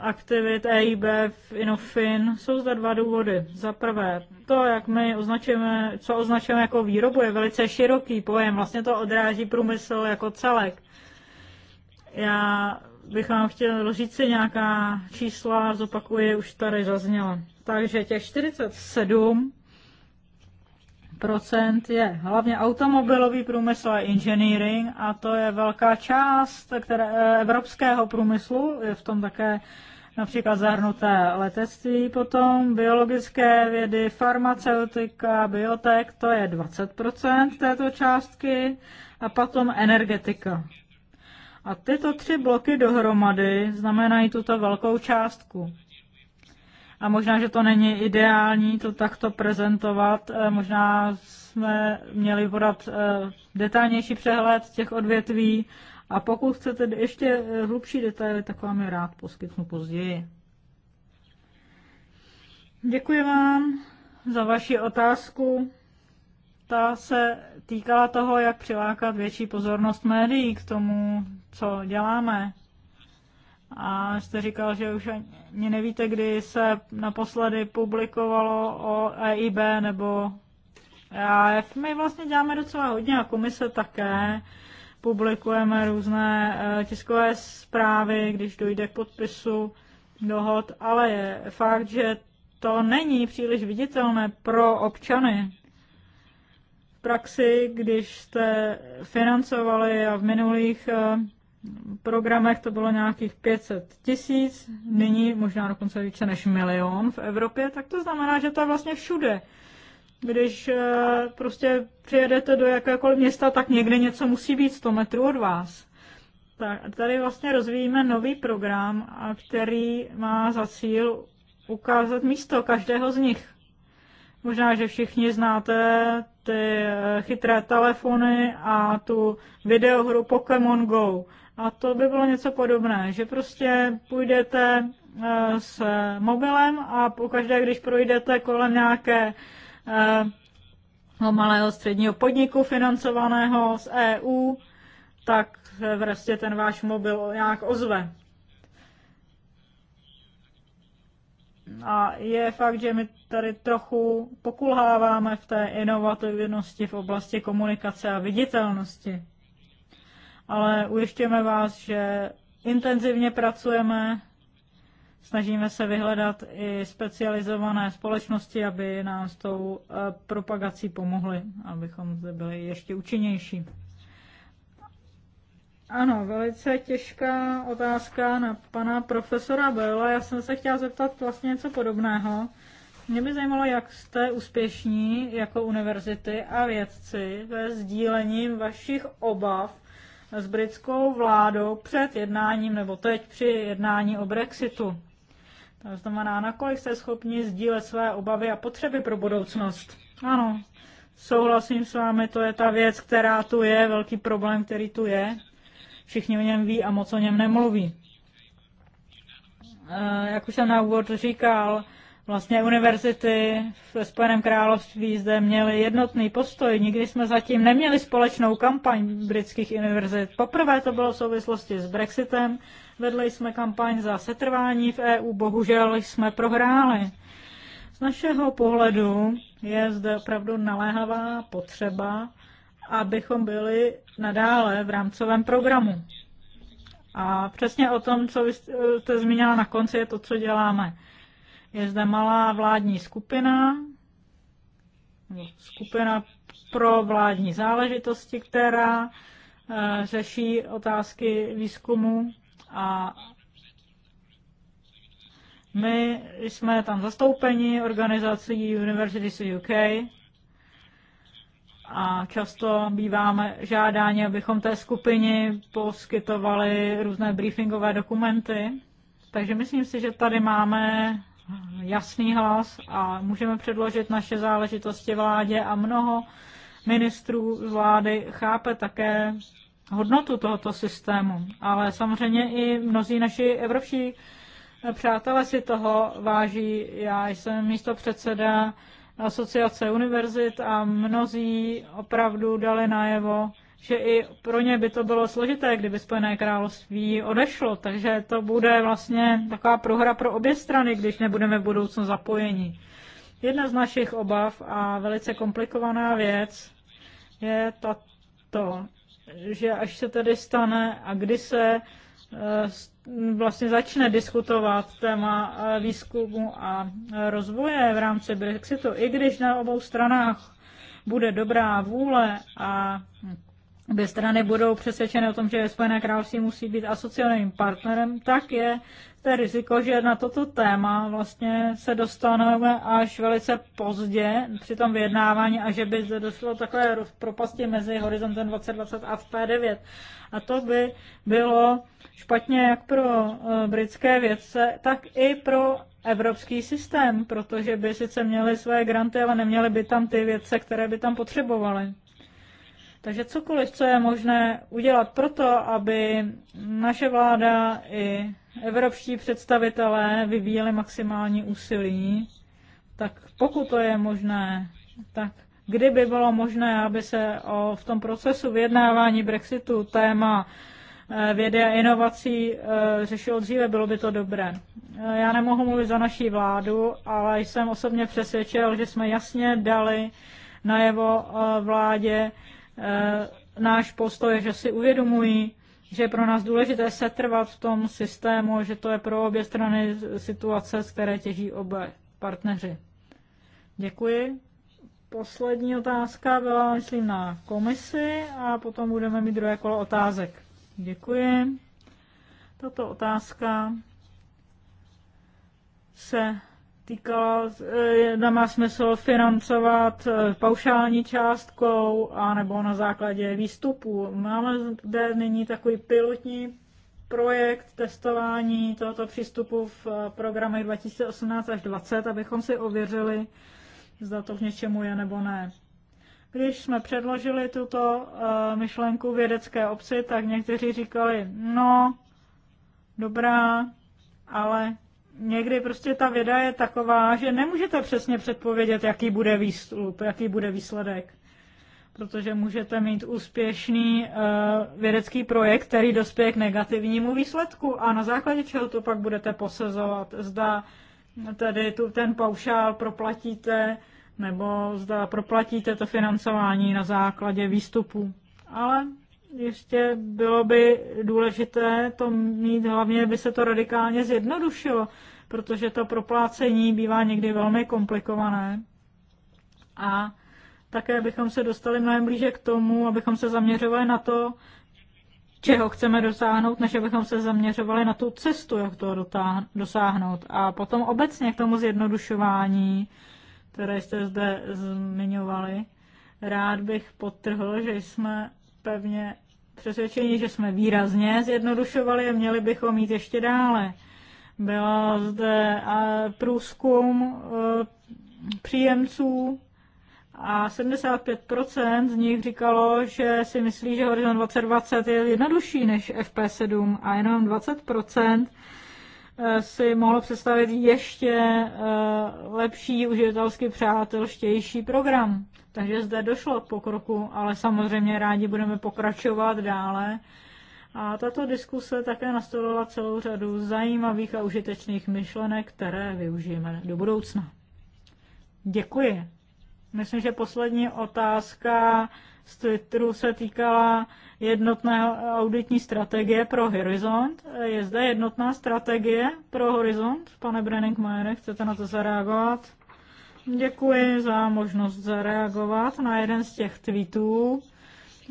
aktivit EIB v Inofin. Jsou zde dva důvody. Za prvé, to, jak my označujeme, co označujeme jako výrobu, je velice široký pojem. Vlastně to odráží průmysl jako celek. Já bych vám chtěl říct si nějaká čísla, zopakuji, už tady zazněla. Takže těch 47 Procent je hlavně automobilový průmysl a engineering a to je velká část které, eh, evropského průmyslu, je v tom také například zahrnuté letectví, potom biologické vědy, farmaceutika, biotek, to je 20% této částky a potom energetika. A tyto tři bloky dohromady znamenají tuto velkou částku. A možná, že to není ideální to takto prezentovat. Eh, možná jsme měli podat eh, detailnější přehled těch odvětví. A pokud chcete ještě eh, hlubší detaily, tak vám je rád poskytnu později. Děkuji vám za vaši otázku. Ta se týkala toho, jak přilákat větší pozornost médií k tomu, co děláme. A jste říkal, že už ani nevíte, kdy se naposledy publikovalo o EIB nebo EAF. My vlastně děláme docela hodně a komise také. Publikujeme různé e, tiskové zprávy, když dojde k podpisu dohod, ale je fakt, že to není příliš viditelné pro občany. V praxi, když jste financovali a v minulých e, programech to bylo nějakých 500 tisíc, nyní možná dokonce více než milion v Evropě, tak to znamená, že to je vlastně všude. Když eh, prostě přijedete do jakékoliv města, tak někde něco musí být 100 metrů od vás. Tak tady vlastně rozvíjíme nový program, který má za cíl ukázat místo každého z nich. Možná, že všichni znáte ty eh, chytré telefony a tu videohru Pokémon Go. A to by bylo něco podobné, že prostě půjdete eh, s mobilem a pokaždé, když projdete kolem nějaké eh, malého středního podniku financovaného z EU, tak se vlastně ten váš mobil nějak ozve. A je fakt, že my tady trochu pokulháváme v té inovativnosti v oblasti komunikace a viditelnosti ale ujišťujeme vás, že intenzivně pracujeme, snažíme se vyhledat i specializované společnosti, aby nám s tou eh, propagací pomohly, abychom zde byli ještě účinnější. Ano, velice těžká otázka na pana profesora Bela. Já jsem se chtěla zeptat vlastně něco podobného. Mě by zajímalo, jak jste úspěšní jako univerzity a vědci ve sdílení vašich obav s britskou vládou před jednáním nebo teď při jednání o Brexitu. To znamená, nakolik jste schopni sdílet své obavy a potřeby pro budoucnost. Ano, souhlasím s vámi, to je ta věc, která tu je, velký problém, který tu je. Všichni o něm ví a moc o něm nemluví. Eh, jak už jsem na úvod říkal, Vlastně univerzity ve Spojeném království zde měly jednotný postoj. Nikdy jsme zatím neměli společnou kampaň britských univerzit. Poprvé to bylo v souvislosti s Brexitem. Vedli jsme kampaň za setrvání v EU. Bohužel jsme prohráli. Z našeho pohledu je zde opravdu naléhavá potřeba, abychom byli nadále v rámcovém programu. A přesně o tom, co eh, jste zmínila na konci, je to, co děláme. Je zde malá vládní skupina, skupina pro vládní záležitosti, která eh, řeší otázky výzkumu a my jsme tam zastoupeni organizací Universities UK a často býváme žádáni, abychom té skupině poskytovali různé briefingové dokumenty. Takže myslím si, že tady máme jasný hlas a můžeme předložit naše záležitosti vládě a mnoho ministrů z vlády chápe také hodnotu tohoto systému. Ale samozřejmě i mnozí naši evropští přátelé si toho váží. Já jsem místo předseda asociace univerzit a mnozí opravdu dali najevo, že i pro ně by to bylo složité, kdyby Spojené království odešlo, takže to bude vlastně taková prohra pro obě strany, když nebudeme v budoucnu zapojení. Jedna z našich obav a velice komplikovaná věc je tato, že až se tedy stane a kdy se eh, vlastně začne diskutovat téma eh, výzkumu a rozvoje v rámci Brexitu, i když na obou stranách bude dobrá vůle a obě strany budou přesvědčeny o tom, že Spojené království musí být asociovaným partnerem, tak je to riziko, že na toto téma vlastně se dostaneme až velice pozdě při tom vyjednávání a že by zde došlo takové propasti mezi horizontem 2020 a v P9. A to by bylo špatně jak pro eh, britské vědce, tak i pro evropský systém, protože by sice měli své granty, ale neměli by tam ty vědce, které by tam potřebovali. Takže cokoliv, co je možné udělat proto, aby naše vláda i evropští představitelé vyvíjeli maximální úsilí, tak pokud to je možné, tak kdyby bylo možné, aby se o, v tom procesu vyjednávání Brexitu téma eh, vědy a inovací eh, řešilo dříve, bylo by to dobré. Eh, já nemohu mluvit za naší vládu, ale jsem osobně přesvědčil, že jsme jasně dali najevo vládě, Eh, náš postoj, že si uvědomují, že je pro nás důležité setrvat v tom systému, že to je pro obě strany situace, z které těží oba partneři. Děkuji. Poslední otázka byla, myslím, na komisi a potom budeme mít druhé kolo otázek. Děkuji. Tato otázka se týkala, jedna eh, má smysl financovat eh, paušální částkou a nebo na základě výstupů. Máme zde nyní takový pilotní projekt testování tohoto přístupu v eh, programech 2018 až 2020, abychom si ověřili, zda to k něčemu je nebo ne. Když jsme předložili tuto myšlenku vědecké obci, tak někteří říkali, no, dobrá, ale někdy prostě ta věda je taková, že nemůžete přesně předpovědět, jaký bude výstup, jaký bude výsledek. Protože můžete mít úspěšný uh, vědecký projekt, který dospěje k negativnímu výsledku a na základě čeho to pak budete posezovat. Zda tedy tu, ten paušál proplatíte nebo zda proplatíte to financování na základě výstupu. Ale ještě bylo by důležité to mít, hlavně by se to radikálně zjednodušilo, protože to proplácení bývá někdy velmi komplikované. A také bychom se dostali mnohem blíže k tomu, abychom se zaměřovali na to, čeho chceme dosáhnout, než abychom se zaměřovali na tu cestu, jak to dosáhnout. A potom obecně k tomu zjednodušování, které jste zde zmiňovali, rád bych potrhl, že jsme pevně přesvědčení, že jsme výrazně zjednodušovali a měli bychom jít ještě dále. Byla zde průzkum e, příjemců a 75% z nich říkalo, že si myslí, že Horizon 2020 je jednodušší než FP7 a jenom 20% e, si mohlo představit ještě e, lepší, uživatelsky přátelštější program. Takže zde došlo k pokroku, ale samozřejmě rádi budeme pokračovat dále a tato diskuse také nastolila celou řadu zajímavých a užitečných myšlenek, které využijeme do budoucna. Děkuji. Myslím, že poslední otázka z Twitteru se týkala jednotné auditní strategie pro Horizont. Je zde jednotná strategie pro Horizont? Pane Mayere, chcete na to zareagovat? Děkuji za možnost zareagovat na jeden z těch tweetů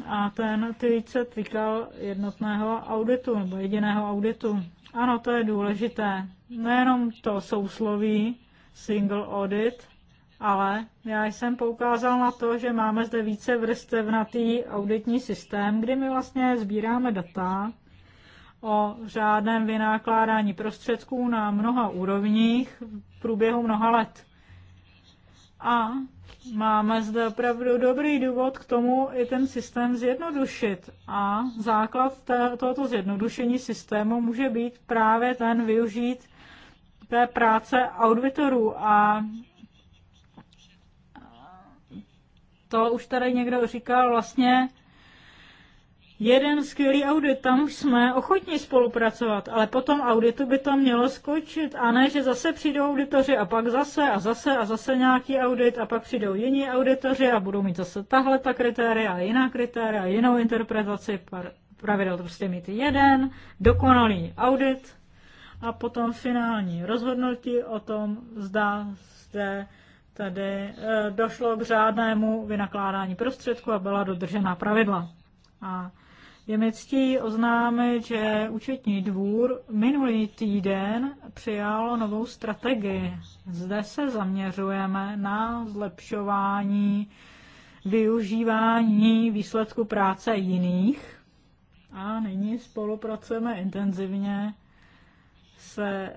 a ten ty se týkal jednotného auditu nebo jediného auditu. Ano, to je důležité. Nejenom to sousloví single audit, ale já jsem poukázal na to, že máme zde více vrstevnatý auditní systém, kdy my vlastně sbíráme data o řádném vynakládání prostředků na mnoha úrovních v průběhu mnoha let. A máme zde opravdu dobrý důvod k tomu i ten systém zjednodušit. A základ tohoto zjednodušení systému může být právě ten využít té práce auditorů a to už tady někdo říkal, vlastně jeden skvělý audit, tam jsme ochotni spolupracovat, ale potom auditu by to mělo skočit a ne, že zase přijdou auditoři a pak zase a zase a zase nějaký audit a pak přijdou jiní auditoři a budou mít zase tahle ta kritéria a jiná kritéria a jinou interpretaci pravidel. Prostě mít jeden dokonalý audit a potom finální rozhodnutí o tom, zda se tady eh, došlo k řádnému vynakládání prostředku a byla dodržena pravidla. A je mi ctí oznámit, že účetní dvůr minulý týden přijal novou strategii. Zde se zaměřujeme na zlepšování využívání výsledku práce jiných a nyní spolupracujeme intenzivně se e,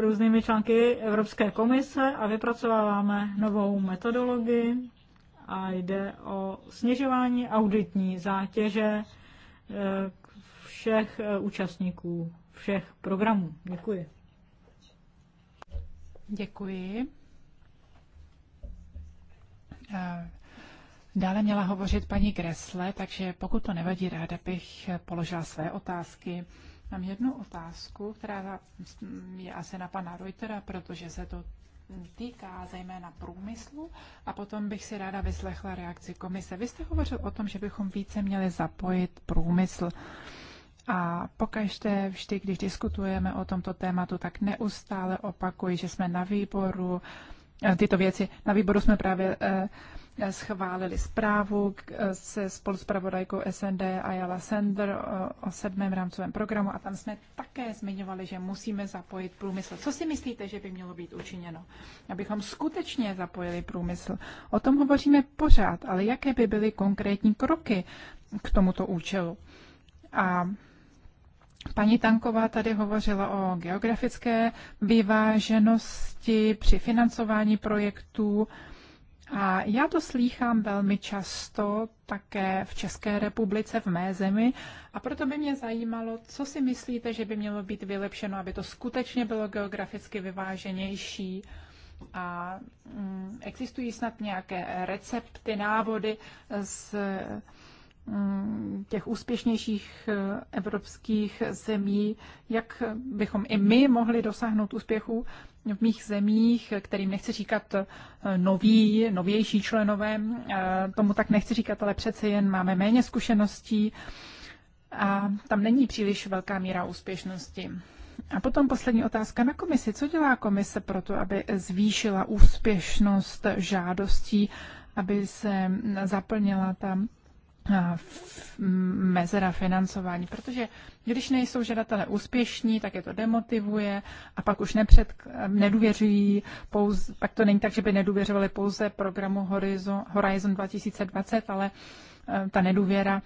různými články Evropské komise a vypracováváme novou metodologii a jde o snižování auditní zátěže eh, všech eh, účastníků, všech programů. Děkuji. Děkuji. Eh, dále měla hovořit paní Gresle, takže pokud to nevadí, ráda bych položila své otázky. Mám jednu otázku, která je asi na pana Reutera, protože se to týká zejména průmyslu a potom bych si ráda vyslechla reakci komise. Vy jste hovořil o tom, že bychom více měli zapojit průmysl. A pokaždé vždy, když diskutujeme o tomto tématu, tak neustále opakuji, že jsme na výboru, eh, tyto věci, na výboru jsme právě eh, schválili zprávu eh, se spoluspravodajkou SND Ayala Sender eh, o sedmém rámcovém programu a tam jsme také zmiňovali, že musíme zapojit průmysl. Co si myslíte, že by mělo být učiněno? Abychom skutečně zapojili průmysl. O tom hovoříme pořád, ale jaké by byly konkrétní kroky k tomuto účelu? A Paní Tanková tady hovořila o geografické vyváženosti při financování projektů. A já to slýchám velmi často také v České republice, v mé zemi, a proto by mě zajímalo, co si myslíte, že by mělo být vylepšeno, aby to skutečně bylo geograficky vyváženější. A mm, existují snad nějaké recepty, návody z Mm, těch úspěšnějších eh, evropských zemí, jak bychom i my mohli dosáhnout úspěchu v mých zemích, kterým nechci říkat eh, noví, novější členové, eh, tomu tak nechci říkat, ale přece jen máme méně zkušeností a tam není příliš velká míra úspěšnosti. A potom poslední otázka na komisi. Co dělá komise pro to, aby zvýšila úspěšnost žádostí, aby se zaplnila tam mezera financování, protože když nejsou žadatelé úspěšní, tak je to demotivuje a pak už nepřed, nedůvěřují pouze, pak to není tak, že by nedůvěřovali pouze programu Horizon, Horizon 2020, ale eh, ta nedůvěra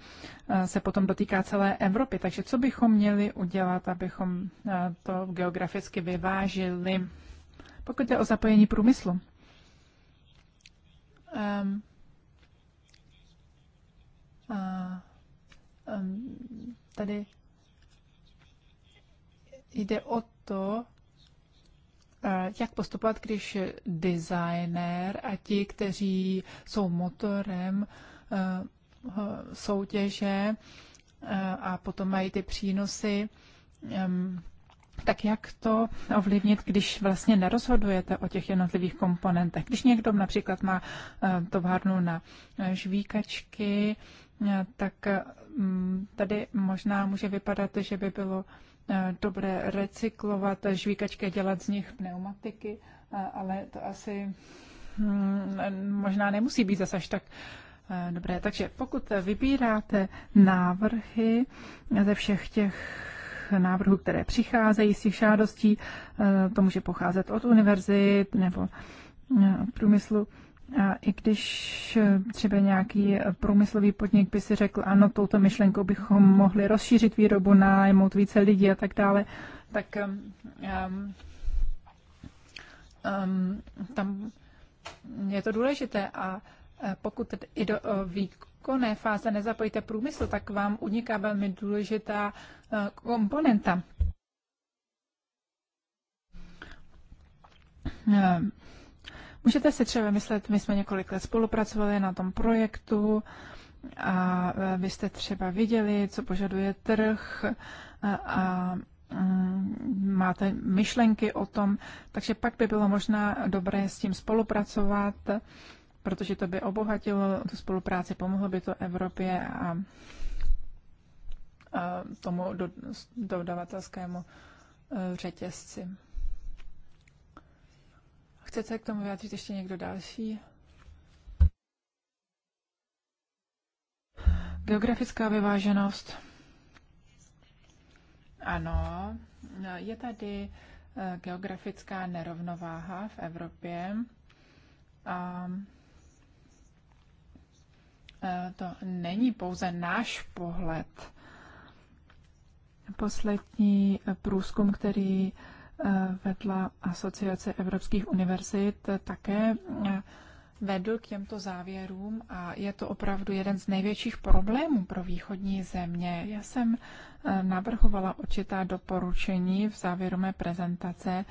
eh, se potom dotýká celé Evropy. Takže co bychom měli udělat, abychom eh, to geograficky vyvážili, pokud je o zapojení průmyslu? Um, tady jde o to, e, jak postupovat, když designér a ti, kteří jsou motorem e, soutěže e, a potom mají ty přínosy, tak jak to ovlivnit, když vlastně nerozhodujete o těch jednotlivých komponentech? Když někdo například má továrnu na žvíkačky Eh, tak eh, mm, tady možná může vypadat, že by bylo eh, dobré recyklovat žvíkačky a dělat z nich pneumatiky, ale to asi mm, možná nemusí být zase až tak dobré. Takže pokud vybíráte návrhy ze všech těch návrhů, které přicházejí z těch žádostí, to může pocházet od univerzit nebo průmyslu, a i když eh, třeba nějaký eh, průmyslový podnik by si řekl, ano, touto myšlenkou bychom mohli rozšířit výrobu, najmout více lidí a tak dále, tak um, um, tam je to důležité a eh, pokud i do výkonné fáze nezapojíte průmysl, tak vám uniká velmi důležitá komponenta. Um Můžete si třeba myslet, my jsme několik let spolupracovali na tom projektu a e, vy jste třeba viděli, co požaduje trh a, a mm, máte myšlenky o tom, takže pak by bylo možná dobré s tím spolupracovat, protože to by obohatilo tu spolupráci, pomohlo by to Evropě a, a tomu do, dodavatelskému e, řetězci. Chcete k tomu vyjádřit ještě někdo další? Geografická vyváženost. Ano, je tady eh, geografická nerovnováha v Evropě. A eh, to není pouze náš pohled. Poslední eh, průzkum, který Eh, vedla Asociace evropských univerzit, eh, také eh, vedl k těmto závěrům a je to opravdu jeden z největších problémů pro východní země. Já jsem navrhovala určitá doporučení v závěru mé prezentace,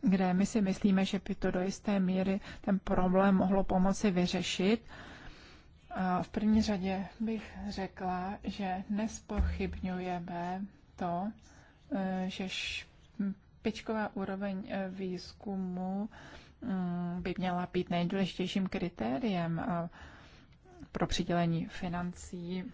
kde my si myslíme, že by to do jisté míry ten problém mohlo pomoci vyřešit. A v první řadě bych řekla, že nespochybňujeme to, že špičková úroveň eh, výzkumu mm, by měla být nejdůležitějším kritériem eh, pro přidělení financí.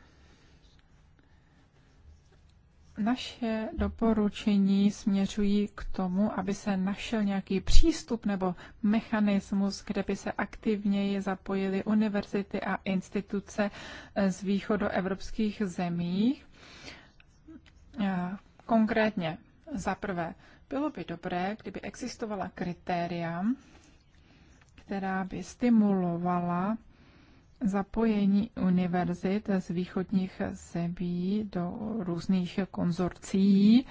Naše doporučení směřují k tomu, aby se našel nějaký přístup nebo mechanismus, kde by se aktivněji zapojily univerzity a instituce eh, z východoevropských zemí. Konkrétně za prvé bylo by dobré, kdyby existovala kritéria, která by stimulovala zapojení univerzit z východních zemí do různých konzorcí,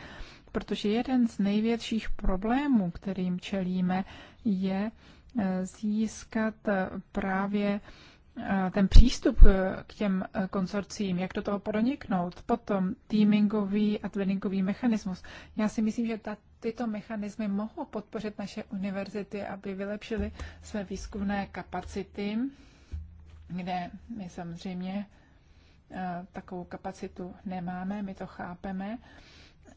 protože jeden z největších problémů, kterým čelíme, je eh, získat právě Eh, ten přístup eh, k těm eh, konsorcím, jak do toho proniknout, potom teamingový a twinningový mechanismus. Já si myslím, že ta, tyto mechanismy mohou podpořit naše univerzity, aby vylepšily své výzkumné kapacity, kde my samozřejmě takovou kapacitu nemáme, my to chápeme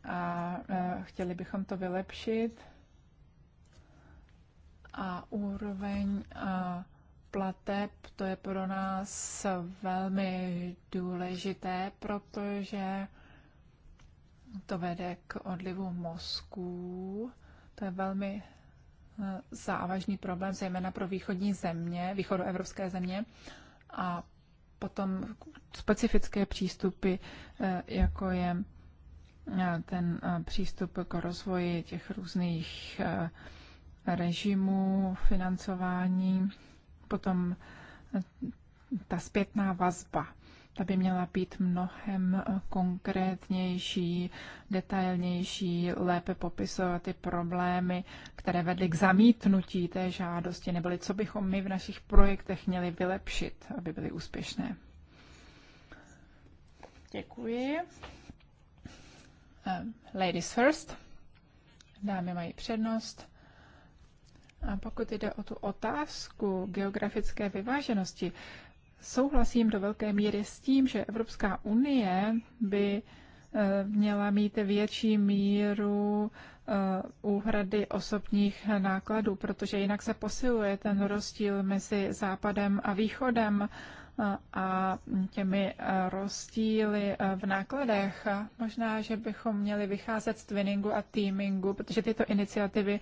a chtěli bychom to vylepšit. A úroveň a plateb, to je pro nás velmi důležité, protože to vede k odlivu mozků. To je velmi eh, závažný problém, zejména pro východní země, východoevropské země. A potom specifické přístupy, eh, jako je eh, ten přístup k rozvoji těch různých režimů financování Potom eh, ta zpětná vazba, ta by měla být mnohem eh, konkrétnější, detailnější, lépe popisovat ty problémy, které vedly k zamítnutí té žádosti, neboli co bychom my v našich projektech měli vylepšit, aby byly úspěšné. Děkuji. Um, ladies first. Dámy mají přednost. A pokud jde o tu otázku geografické vyváženosti, souhlasím do velké míry s tím, že Evropská unie by eh, měla mít větší míru eh, úhrady osobních nákladů, protože jinak se posiluje ten rozdíl mezi západem a východem eh, a těmi rozdíly v nákladech. Možná, že bychom měli vycházet z twinningu a teamingu, protože tyto iniciativy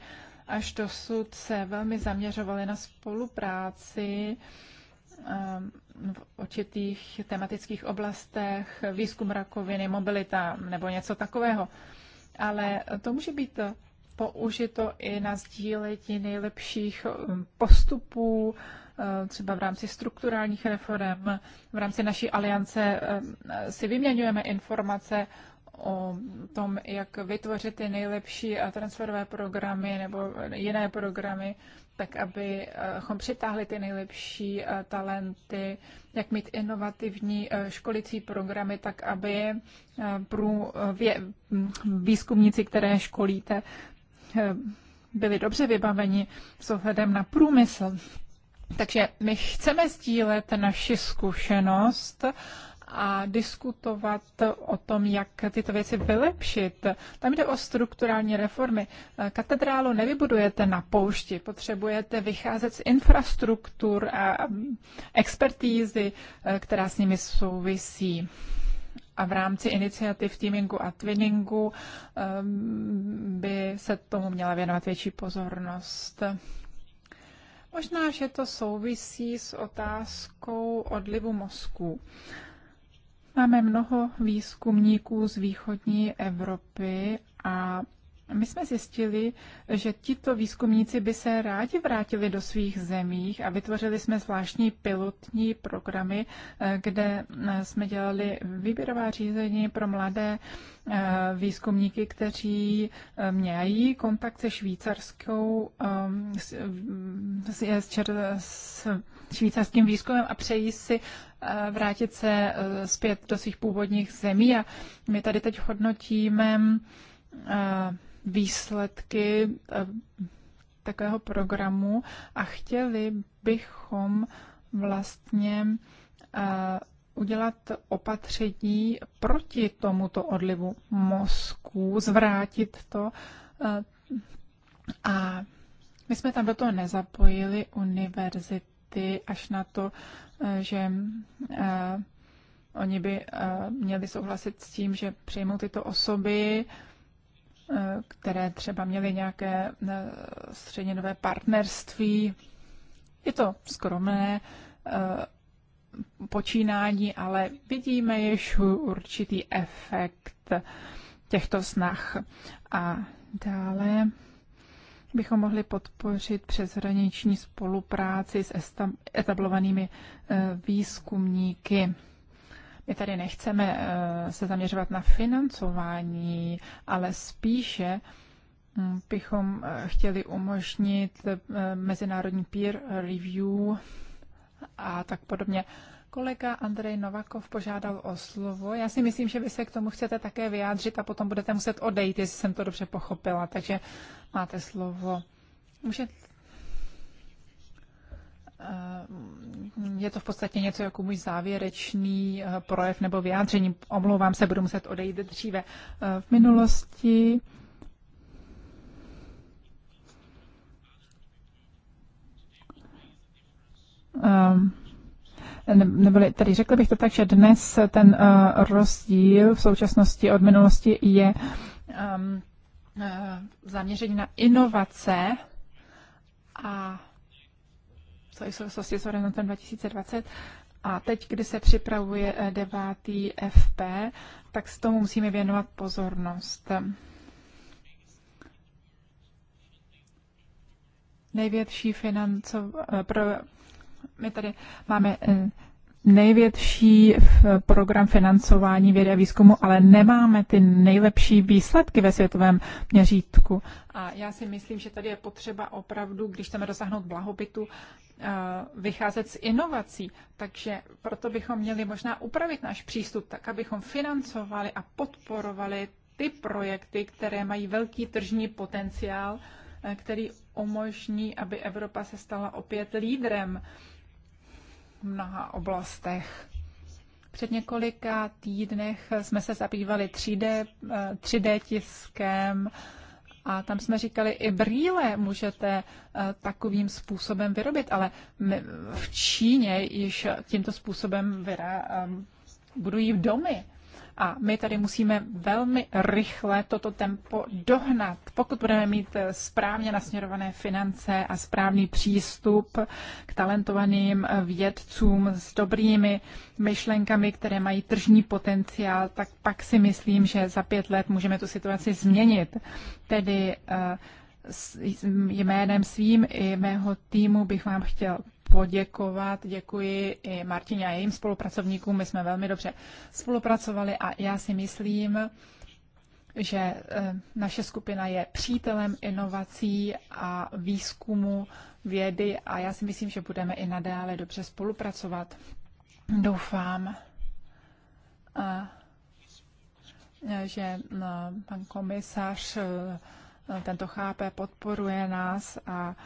až dosud se velmi zaměřovali na spolupráci ehm, v určitých tematických oblastech, výzkum rakoviny, mobilita nebo něco takového. Ale to může být použito i na sdílení nejlepších ehm, postupů, ehm, třeba v rámci strukturálních reform, v rámci naší aliance si vyměňujeme informace o tom, jak vytvořit ty nejlepší a transferové programy nebo jiné programy, tak abychom přitáhli ty nejlepší eh, talenty, jak mít inovativní eh, školicí programy, tak aby eh, pro hm, výzkumníci, které školíte, byli dobře vybaveni s ohledem na průmysl. Takže my chceme sdílet naši zkušenost a diskutovat o tom, jak tyto věci vylepšit. Tam jde o strukturální reformy. Katedrálu nevybudujete na poušti, potřebujete vycházet z infrastruktur a expertízy, která s nimi souvisí. A v rámci iniciativ teamingu a twinningu ehm, by se tomu měla věnovat větší pozornost. Možná, že to souvisí s otázkou odlivu mozku. Máme mnoho výzkumníků z východní Evropy a my jsme zjistili, že tito výzkumníci by se rádi vrátili do svých zemích a vytvořili jsme zvláštní pilotní programy, eh, kde eh, jsme dělali výběrová řízení pro mladé eh, výzkumníky, kteří mějí kontakt se švýcarskou, s, s, s, švýcarským výzkumem a přejí si eh, vrátit se eh, zpět do svých původních zemí. A my tady teď hodnotíme eh, výsledky takového programu a chtěli bychom vlastně udělat opatření proti tomuto odlivu mozku, zvrátit to. A my jsme tam do toho nezapojili univerzity ty až na to, eh, že eh, oni by eh, měli souhlasit s tím, že přijmou tyto osoby, které třeba měly nějaké středněnové partnerství. Je to skromné počínání, ale vidíme ještě určitý efekt těchto snah. A dále bychom mohli podpořit přeshraniční spolupráci s etablovanými eh, výzkumníky. My tady nechceme eh, se zaměřovat na financování, ale spíše hm, bychom eh, chtěli umožnit mezinárodní peer review a tak podobně. Kolega Andrej Novakov požádal o slovo. Já si myslím, že vy se k tomu chcete také vyjádřit a potom budete muset odejít, jestli jsem to dobře pochopila. Takže Máte slovo. Můžete eh, je to v podstatě něco jako můj závěrečný eh, projev nebo vyjádření. Omlouvám se, budu muset odejít dříve. Eh, v minulosti ehm, nebyli, tady řekl bych to tak, že dnes ten rozdíl v současnosti od minulosti je ehm, Eh, zaměření na inovace a co je v souvislosti s Horizontem 2020. A teď, kdy se připravuje eh, devátý FP, tak s tomu musíme věnovat pozornost. Největší financov... Eh, pro... My tady máme největší program financování vědy a výzkumu, ale nemáme ty nejlepší výsledky ve světovém měřítku. A já si myslím, že tady je potřeba opravdu, když chceme dosáhnout blahobytu, eh, vycházet z inovací. Takže proto bychom měli možná upravit náš přístup tak, abychom financovali a podporovali ty projekty, které mají velký tržní potenciál, eh, který umožní, aby Evropa se stala opět lídrem mnoha oblastech. Před několika týdnech jsme se zabývali 3D, 3D eh, tiskem a tam jsme říkali, i brýle můžete eh, takovým způsobem vyrobit, ale v Číně již tímto způsobem vyrá, eh, budují domy. A my tady musíme velmi rychle toto tempo dohnat. Pokud budeme mít eh, správně nasměrované finance a správný přístup k talentovaným eh, vědcům s dobrými myšlenkami, které mají tržní potenciál, tak pak si myslím, že za pět let můžeme tu situaci změnit. Tedy eh, jménem svým i mého týmu bych vám chtěl poděkovat. Děkuji i Martině a jejím spolupracovníkům. My jsme velmi dobře spolupracovali a já si myslím, že eh, naše skupina je přítelem inovací a výzkumu vědy a já si myslím, že budeme i nadále dobře spolupracovat. Doufám, a, eh, že eh, pan komisař tento chápe, podporuje nás a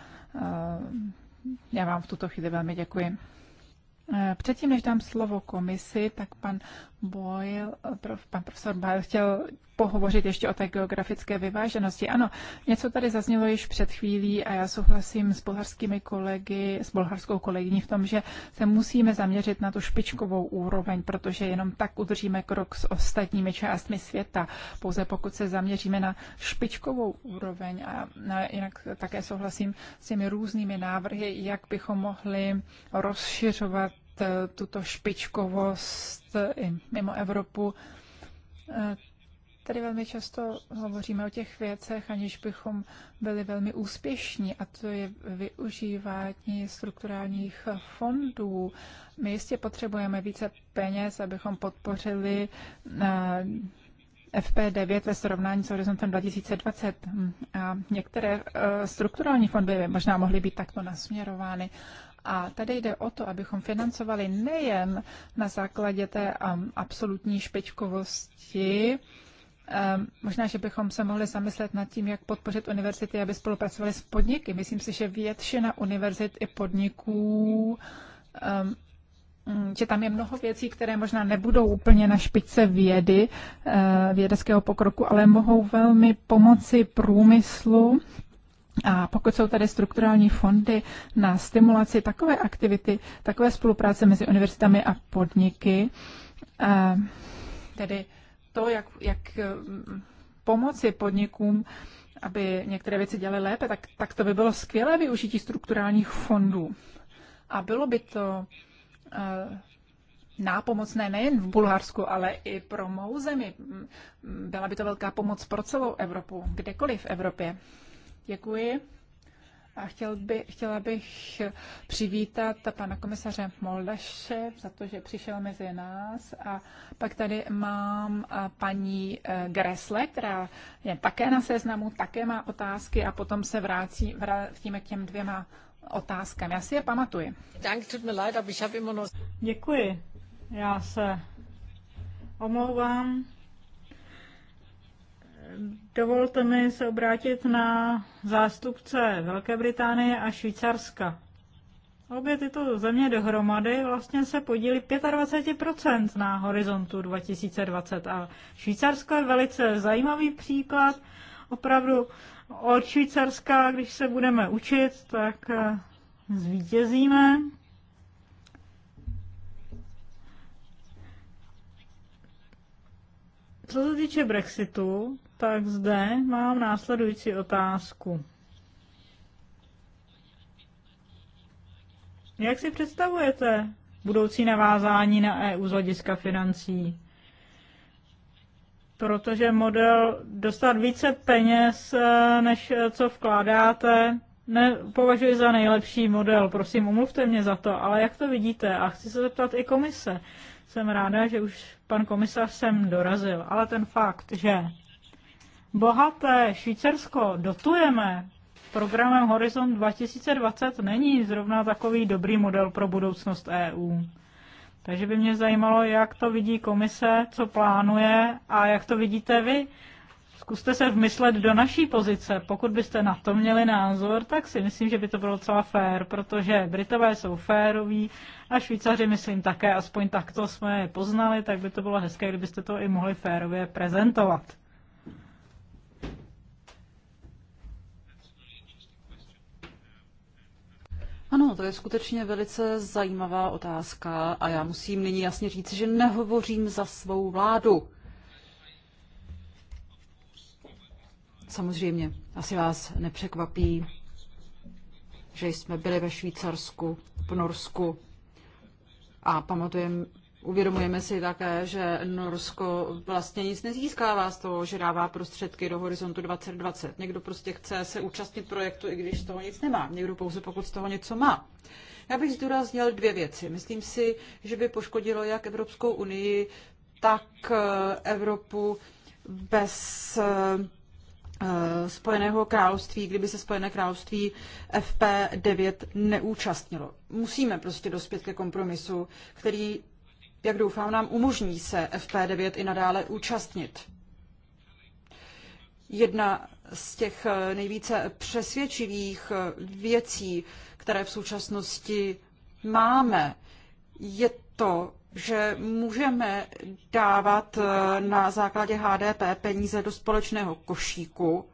já vám v tuto chvíli velmi děkuji. Eh, předtím, než dám slovo komisi, tak pan Boyle, prof, pan profesor Boyle chtěl pohovořit ještě o té geografické vyváženosti. Ano, něco tady zaznělo již před chvílí a já souhlasím s bulharskými kolegy, s bulharskou kolegyní v tom, že se musíme zaměřit na tu špičkovou úroveň, protože jenom tak udržíme krok s ostatními částmi světa. Pouze pokud se zaměříme na špičkovou úroveň a na, jinak také souhlasím s těmi různými návrhy, jak bychom mohli rozšiřovat Eh, tuto špičkovost i mimo Evropu. Eh, tady velmi často hovoříme o těch věcech, aniž bychom byli velmi úspěšní, a to je využívání strukturálních fondů. My jistě potřebujeme více peněz, abychom podpořili eh, FP9 ve srovnání s horizontem 2020. A některé strukturální fondy by možná mohly být takto nasměrovány. A tady jde o to, abychom financovali nejen na základě té um, absolutní špičkovosti, um, Možná, že bychom se mohli zamyslet nad tím, jak podpořit univerzity, aby spolupracovali s podniky. Myslím si, že většina univerzit i podniků um, že tam je mnoho věcí, které možná nebudou úplně na špičce vědy, uh, vědeckého pokroku, ale mohou velmi pomoci průmyslu a pokud jsou tady strukturální fondy na stimulaci takové aktivity, takové spolupráce mezi univerzitami a podniky, eh, tedy to, jak, jak mm, pomoci podnikům, aby některé věci dělaly lépe, tak, tak to by bylo skvělé využití strukturálních fondů. A bylo by to eh, nápomocné nejen v Bulharsku, ale i pro mou zemi. Mm, byla by to velká pomoc pro celou Evropu, kdekoliv v Evropě. Děkuji. A chtěl by, chtěla bych přivítat pana komisaře Moldaše za to, že přišel mezi nás. A pak tady mám paní e, Gresle, která je také na seznamu, také má otázky a potom se vrátí, vrátíme k těm dvěma otázkám. Já si je pamatuji. Děkuji. Já se omlouvám. Dovolte mi se obrátit na zástupce Velké Británie a Švýcarska. Obě tyto země dohromady vlastně se podílí 25% na horizontu 2020 a Švýcarsko je velice zajímavý příklad. Opravdu od Švýcarska, když se budeme učit, tak eh, zvítězíme. Co se týče Brexitu, tak zde mám následující otázku. Jak si představujete budoucí navázání na EU z hlediska financí? Protože model dostat více peněz, eh, než eh, co vkládáte, nepovažuji za nejlepší model. Prosím, omluvte mě za to, ale jak to vidíte? A chci se zeptat i komise. Jsem ráda, že už pan komisař sem dorazil, ale ten fakt, že bohaté Švýcarsko dotujeme programem Horizon 2020, není zrovna takový dobrý model pro budoucnost EU. Takže by mě zajímalo, jak to vidí komise, co plánuje a jak to vidíte vy. Zkuste se vmyslet do naší pozice. Pokud byste na to měli názor, tak si myslím, že by to bylo docela fér, protože Britové jsou féroví a Švýcaři, myslím, také, aspoň takto jsme je poznali, tak by to bylo hezké, kdybyste to i mohli férově prezentovat. Ano, to je skutečně velice zajímavá otázka a já musím nyní jasně říct, že nehovořím za svou vládu. Samozřejmě, asi vás nepřekvapí, že jsme byli ve Švýcarsku, v Norsku a pamatujeme Uvědomujeme si také, že Norsko vlastně nic nezískává z toho, že dává prostředky do horizontu 2020. Někdo prostě chce se účastnit projektu, i když z toho nic nemá. Někdo pouze pokud z toho něco má. Já bych zdůraznil dvě věci. Myslím si, že by poškodilo jak Evropskou unii, tak eh, Evropu bez eh, eh, Spojeného království, kdyby se Spojené království FP9 neúčastnilo. Musíme prostě dospět ke kompromisu, který jak doufám, nám umožní se FP9 i nadále účastnit. Jedna z těch eh, nejvíce přesvědčivých eh, věcí, které v současnosti máme, je to, že můžeme dávat eh, na základě HDP peníze do společného košíku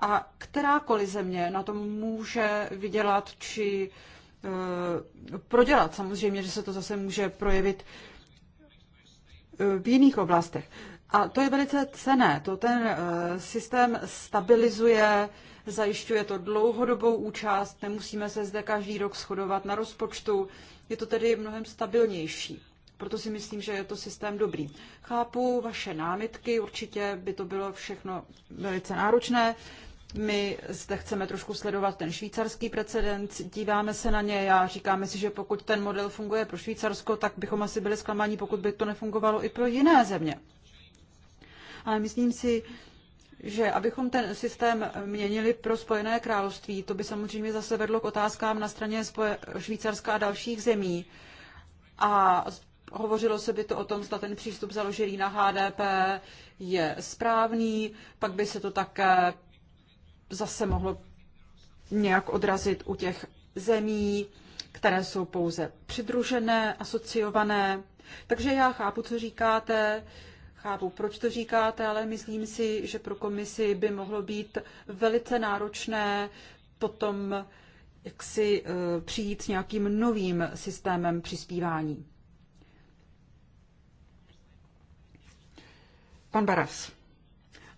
a kterákoliv země na tom může vydělat či prodělat. Samozřejmě, že se to zase může projevit v jiných oblastech. A to je velice cené. To ten eh, systém stabilizuje, zajišťuje to dlouhodobou účast, nemusíme se zde každý rok shodovat na rozpočtu, je to tedy mnohem stabilnější. Proto si myslím, že je to systém dobrý. Chápu vaše námitky, určitě by to bylo všechno velice náročné. My zde chceme trošku sledovat ten švýcarský precedent, díváme se na něj a říkáme si, že pokud ten model funguje pro Švýcarsko, tak bychom asi byli zklamáni, pokud by to nefungovalo i pro jiné země. Ale myslím si, že abychom ten systém měnili pro Spojené království, to by samozřejmě zase vedlo k otázkám na straně spoje, Švýcarska a dalších zemí. A hovořilo se by to o tom, zda ten přístup založený na HDP je správný, pak by se to také zase mohlo nějak odrazit u těch zemí, které jsou pouze přidružené, asociované. Takže já chápu, co říkáte, chápu, proč to říkáte, ale myslím si, že pro komisi by mohlo být velice náročné potom jak si eh, přijít s nějakým novým systémem přispívání. Pan Baras.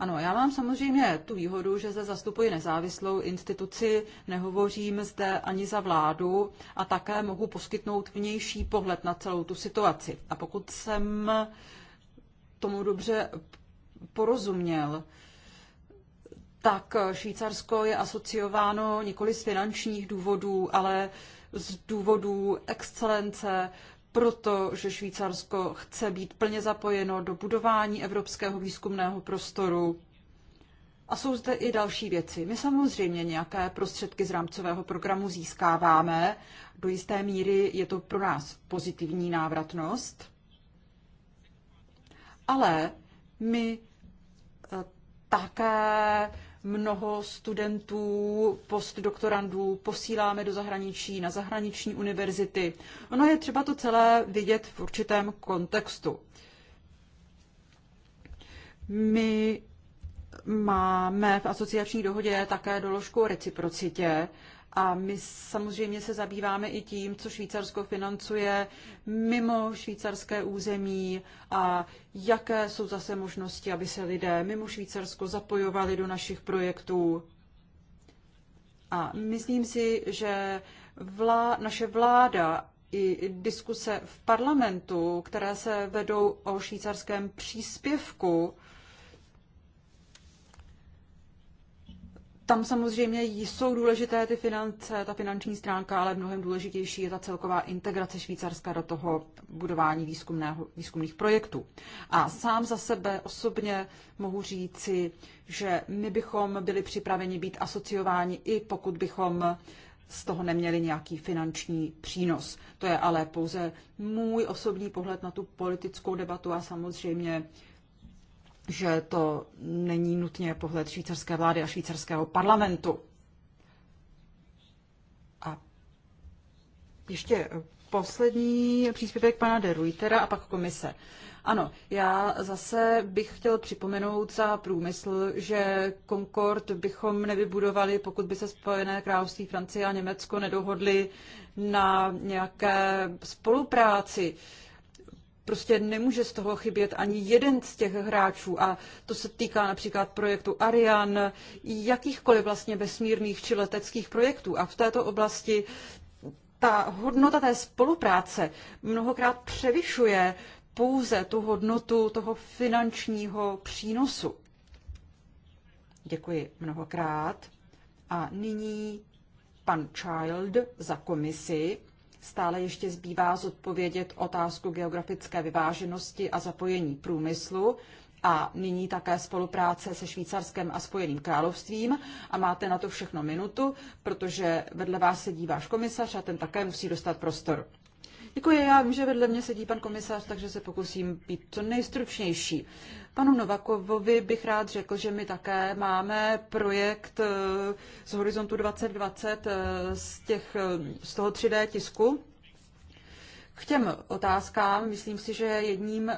Ano, já mám samozřejmě tu výhodu, že zde zastupuji nezávislou instituci, nehovořím zde ani za vládu a také mohu poskytnout vnější pohled na celou tu situaci. A pokud jsem tomu dobře porozuměl, tak Švýcarsko je asociováno nikoli z finančních důvodů, ale z důvodů excelence, protože Švýcarsko chce být plně zapojeno do budování evropského výzkumného prostoru. A jsou zde i další věci. My samozřejmě nějaké prostředky z rámcového programu získáváme. Do jisté míry je to pro nás pozitivní návratnost. Ale my eh, také mnoho studentů, postdoktorandů posíláme do zahraničí, na zahraniční univerzity. Ono je třeba to celé vidět v určitém kontextu. My máme v asociační dohodě také doložku o reciprocitě a my samozřejmě se zabýváme i tím, co Švýcarsko financuje mimo švýcarské území a jaké jsou zase možnosti, aby se lidé mimo Švýcarsko zapojovali do našich projektů. A myslím si, že vlá, naše vláda i diskuse v parlamentu, které se vedou o švýcarském příspěvku, Tam samozřejmě jsou důležité ty finance, ta finanční stránka, ale mnohem důležitější je ta celková integrace Švýcarska do toho budování výzkumného, výzkumných projektů. A sám za sebe osobně mohu říci, že my bychom byli připraveni být asociováni, i pokud bychom z toho neměli nějaký finanční přínos. To je ale pouze můj osobní pohled na tu politickou debatu a samozřejmě že to není nutně pohled švýcarské vlády a švýcarského parlamentu. A ještě poslední příspěvek pana de Ruitera a pak komise. Ano, já zase bych chtěl připomenout za průmysl, že Concord bychom nevybudovali, pokud by se Spojené království, Francie a Německo nedohodli na nějaké spolupráci. Uh, prostě nemůže z toho chybět ani jeden z těch hráčů a to se týká například projektu Ariane, jakýchkoliv vlastně vesmírných či leteckých projektů a v této oblasti ta hodnota té spolupráce mnohokrát převyšuje pouze tu hodnotu toho finančního přínosu. Děkuji mnohokrát. A nyní pan Child za komisi. Stále ještě zbývá zodpovědět otázku geografické vyváženosti a zapojení průmyslu a nyní také spolupráce se Švýcarskem a Spojeným královstvím. A máte na to všechno minutu, protože vedle vás sedí váš komisař a ten také musí dostat prostor. Děkuji, já vím, že vedle mě sedí pan komisař, takže se pokusím být co nejstručnější. Panu Novakovovi bych rád řekl, že my také máme projekt eh, z Horizontu 2020 eh, z, těch, eh, z toho 3D tisku. K těm otázkám, myslím si, že jedním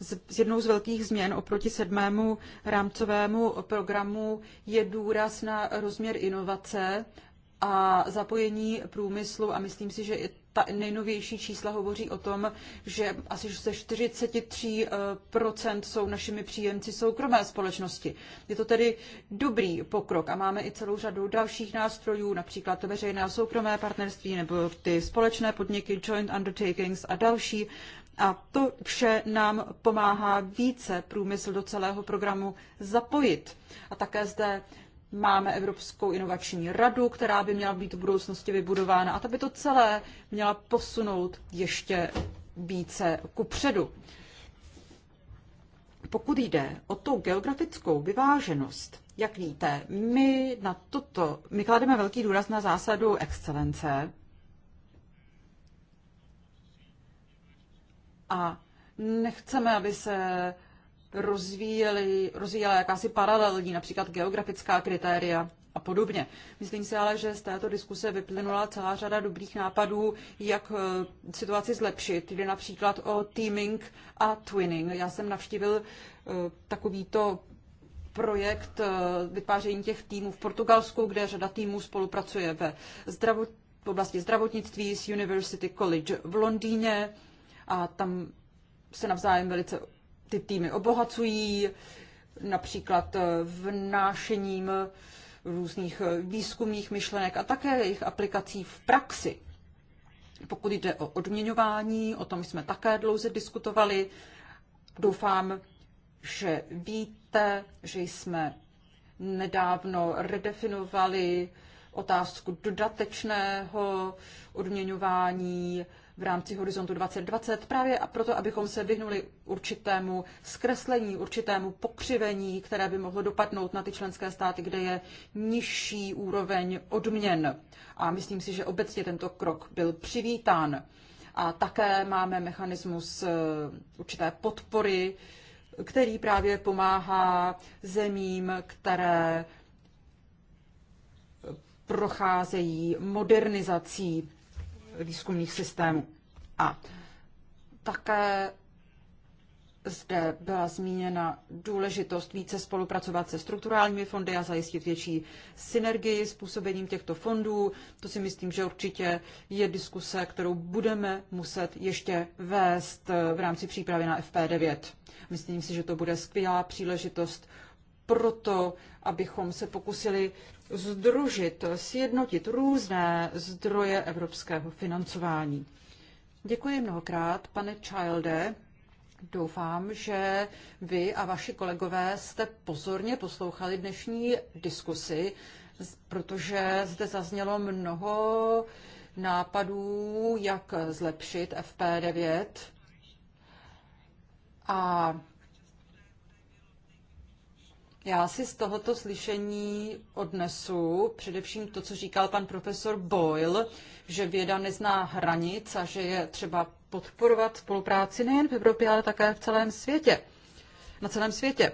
z, jednou z velkých změn oproti sedmému rámcovému programu je důraz na rozměr inovace a zapojení průmyslu a myslím si, že i ta nejnovější čísla hovoří o tom, že asi ze 43% eh, jsou našimi příjemci soukromé společnosti. Je to tedy dobrý pokrok a máme i celou řadu dalších nástrojů, například to veřejné a soukromé partnerství nebo ty společné podniky, joint undertakings a další. A to vše nám pomáhá více průmysl do celého programu zapojit. A také zde Máme Evropskou inovační radu, která by měla být v budoucnosti vybudována a ta by to celé měla posunout ještě více ku předu. Pokud jde o tu geografickou vyváženost, jak víte, my na toto, my klademe velký důraz na zásadu excelence a nechceme, aby se rozvíjeli, rozvíjela jakási paralelní, například geografická kritéria a podobně. Myslím si ale, že z této diskuse vyplynula celá řada dobrých nápadů, jak eh, situaci zlepšit. Jde například o teaming a twinning. Já jsem navštívil eh, takovýto projekt eh, vytváření těch týmů v Portugalsku, kde řada týmů spolupracuje ve zdravot, v oblasti zdravotnictví s University College v Londýně a tam se navzájem velice ty týmy obohacují, například eh, vnášením eh, různých eh, výzkumných myšlenek a také jejich aplikací v praxi. Pokud jde o odměňování, o tom jsme také dlouze diskutovali. Doufám, že víte, že jsme nedávno redefinovali otázku dodatečného odměňování, v rámci Horizontu 2020, právě a proto, abychom se vyhnuli určitému zkreslení, určitému pokřivení, které by mohlo dopadnout na ty členské státy, kde je nižší úroveň odměn. A myslím si, že obecně tento krok byl přivítán. A také máme mechanismus eh, určité podpory, který právě pomáhá zemím, které procházejí modernizací výzkumných systémů. A také zde byla zmíněna důležitost více spolupracovat se strukturálními fondy a zajistit větší synergii s působením těchto fondů. To si myslím, že určitě je diskuse, kterou budeme muset ještě vést eh, v rámci přípravy na FP9. Myslím si, že to bude skvělá příležitost pro to, abychom se pokusili združit, sjednotit různé zdroje evropského financování. Děkuji mnohokrát, pane Childe. Doufám, že vy a vaši kolegové jste pozorně poslouchali dnešní diskusi, protože zde zaznělo mnoho nápadů, jak zlepšit FP9. A já si z tohoto slyšení odnesu především to, co říkal pan profesor Boyle, že věda nezná hranic a že je třeba podporovat spolupráci nejen v Evropě, ale také v celém světě. Na celém světě.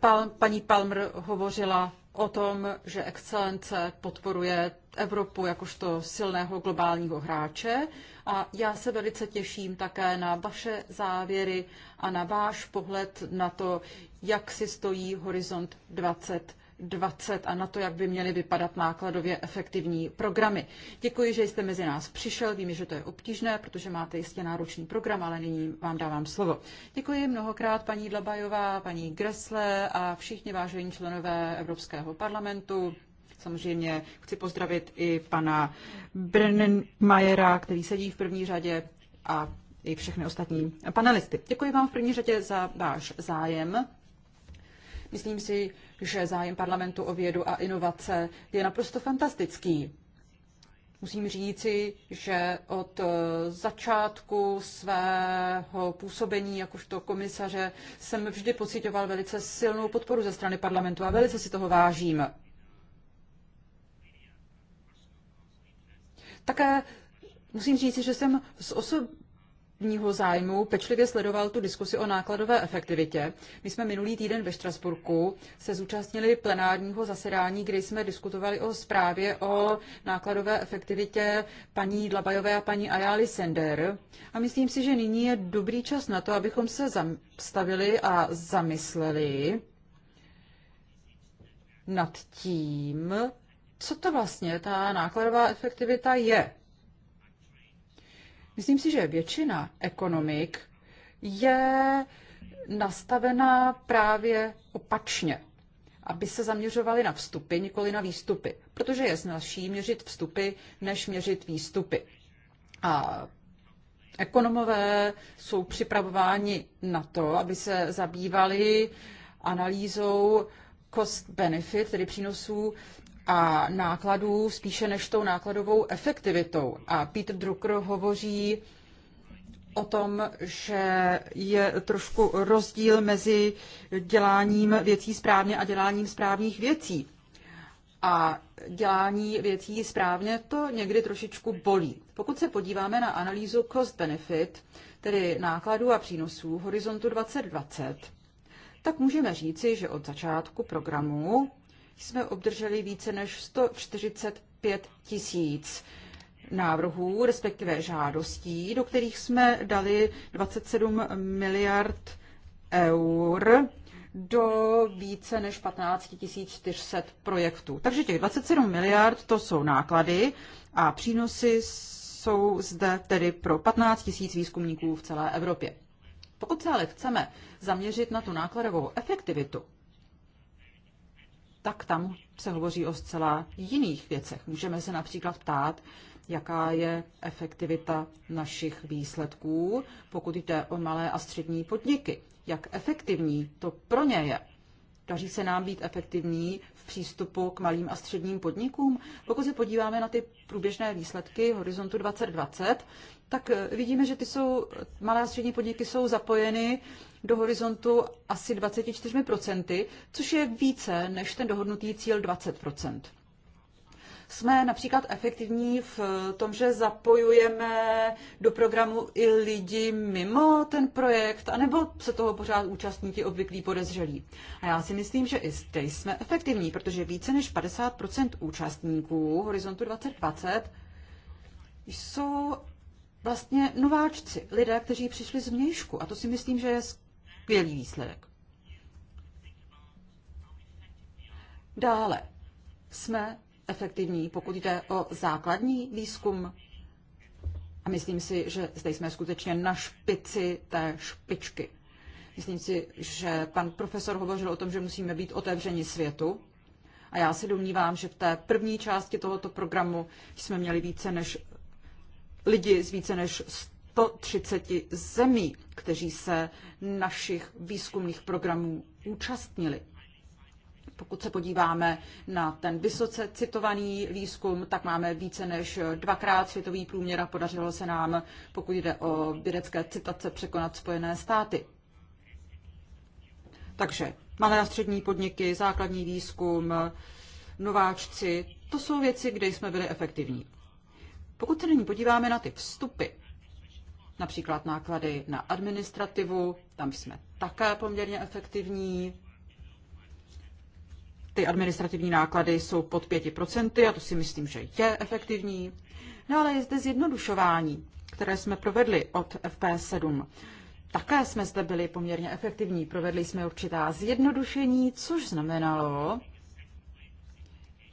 Pal, paní Palmer hovořila o tom, že excelence podporuje Evropu jakožto silného globálního hráče a já se velice těším také na vaše závěry a na váš pohled na to, jak si stojí Horizont 20 2020 a na to, jak by měly vypadat nákladově efektivní programy. Děkuji, že jste mezi nás přišel. Vím, že to je obtížné, protože máte jistě náročný program, ale nyní vám dávám slovo. Děkuji mnohokrát paní Dlabajová, paní Gresle a všichni vážení členové Evropského parlamentu. Samozřejmě chci pozdravit i pana Brennmajera, který sedí v první řadě a i všechny ostatní panelisty. Děkuji vám v první řadě za váš zájem Myslím si, že zájem parlamentu o vědu a inovace je naprosto fantastický. Musím říci, že od eh, začátku svého působení jakožto komisaře jsem vždy pocitoval velice silnou podporu ze strany parlamentu a velice si toho vážím. Také musím říci, že jsem z osob vního zájmu pečlivě sledoval tu diskusi o nákladové efektivitě. My jsme minulý týden ve Štrasburku se zúčastnili plenárního zasedání, kdy jsme diskutovali o zprávě o nákladové efektivitě paní Dlabajové a paní Ayali Sender. A myslím si, že nyní je dobrý čas na to, abychom se zastavili a zamysleli nad tím, co to vlastně ta nákladová efektivita je. Myslím si, že většina ekonomik je nastavená právě opačně, aby se zaměřovali na vstupy, nikoli na výstupy, protože je snažší měřit vstupy, než měřit výstupy. A ekonomové jsou připravováni na to, aby se zabývali analýzou cost-benefit, tedy přínosů a nákladů spíše než tou nákladovou efektivitou. A Peter Drucker hovoří o tom, že je trošku rozdíl mezi děláním věcí správně a děláním správných věcí. A dělání věcí správně to někdy trošičku bolí. Pokud se podíváme na analýzu cost-benefit, tedy nákladů a přínosů Horizontu 2020, tak můžeme říci, že od začátku programu jsme obdrželi více než 145 tisíc návrhů, respektive žádostí, do kterých jsme dali 27 miliard eur do více než 15 400 projektů. Takže těch 27 miliard to jsou náklady a přínosy jsou zde tedy pro 15 000 výzkumníků v celé Evropě. Pokud se ale chceme zaměřit na tu nákladovou efektivitu, tak tam se hovoří o zcela jiných věcech. Můžeme se například ptát, jaká je efektivita našich výsledků, pokud jde o malé a střední podniky. Jak efektivní to pro ně je? Daří se nám být efektivní v přístupu k malým a středním podnikům? Pokud se podíváme na ty průběžné výsledky Horizontu 2020, tak vidíme, že ty jsou, malé a střední podniky jsou zapojeny do horizontu asi 24%, což je více než ten dohodnutý cíl 20%. Jsme například efektivní v tom, že zapojujeme do programu i lidi mimo ten projekt, anebo se toho pořád účastní ti obvyklí podezřelí. A já si myslím, že i zde jsme efektivní, protože více než 50% účastníků Horizontu 2020 jsou vlastně nováčci, lidé, kteří přišli z mějšku. A to si myslím, že je skvělý výsledek. Dále jsme efektivní, pokud jde o základní výzkum. A myslím si, že zde jsme skutečně na špici té špičky. Myslím si, že pan profesor hovořil o tom, že musíme být otevřeni světu. A já si domnívám, že v té první části tohoto programu jsme měli více než lidi z více než 130 zemí, kteří se našich výzkumných programů účastnili. Pokud se podíváme na ten vysoce citovaný výzkum, tak máme více než dvakrát světový průměr a podařilo se nám, pokud jde o vědecké citace, překonat Spojené státy. Takže malé a střední podniky, základní výzkum, nováčci, to jsou věci, kde jsme byli efektivní. Pokud se nyní podíváme na ty vstupy, například náklady na administrativu, tam jsme také poměrně efektivní. Ty administrativní náklady jsou pod 5% a to si myslím, že je efektivní. No ale je zde zjednodušování, které jsme provedli od FP7. Také jsme zde byli poměrně efektivní, provedli jsme určitá zjednodušení, což znamenalo,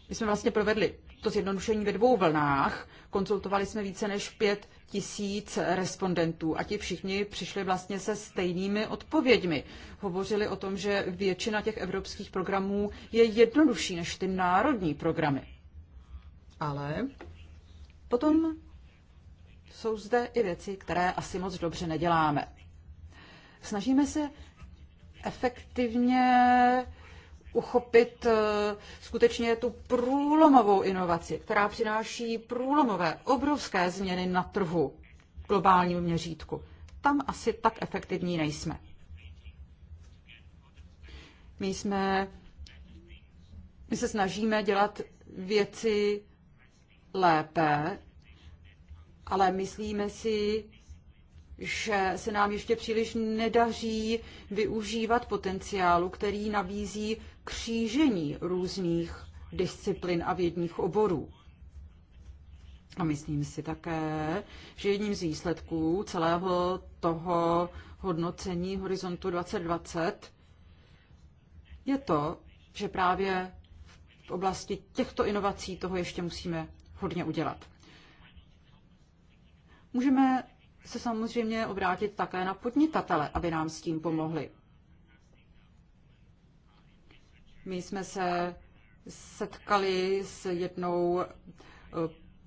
my jsme vlastně provedli to zjednodušení ve dvou vlnách, konzultovali jsme více než pět tisíc respondentů a ti všichni přišli vlastně se stejnými odpověďmi. Hovořili o tom, že většina těch evropských programů je jednodušší než ty národní programy. Ale potom jsou zde i věci, které asi moc dobře neděláme. Snažíme se efektivně uchopit eh, skutečně tu průlomovou inovaci, která přináší průlomové, obrovské změny na trhu v globálním měřítku. Tam asi tak efektivní nejsme. My jsme, my se snažíme dělat věci lépe, ale myslíme si, že se nám ještě příliš nedaří využívat potenciálu, který nabízí křížení různých disciplin a vědních oborů. A myslím si také, že jedním z výsledků celého toho hodnocení Horizontu 2020 je to, že právě v oblasti těchto inovací toho ještě musíme hodně udělat. Můžeme se samozřejmě obrátit také na podnikatele, aby nám s tím pomohli. My jsme se setkali s jednou eh,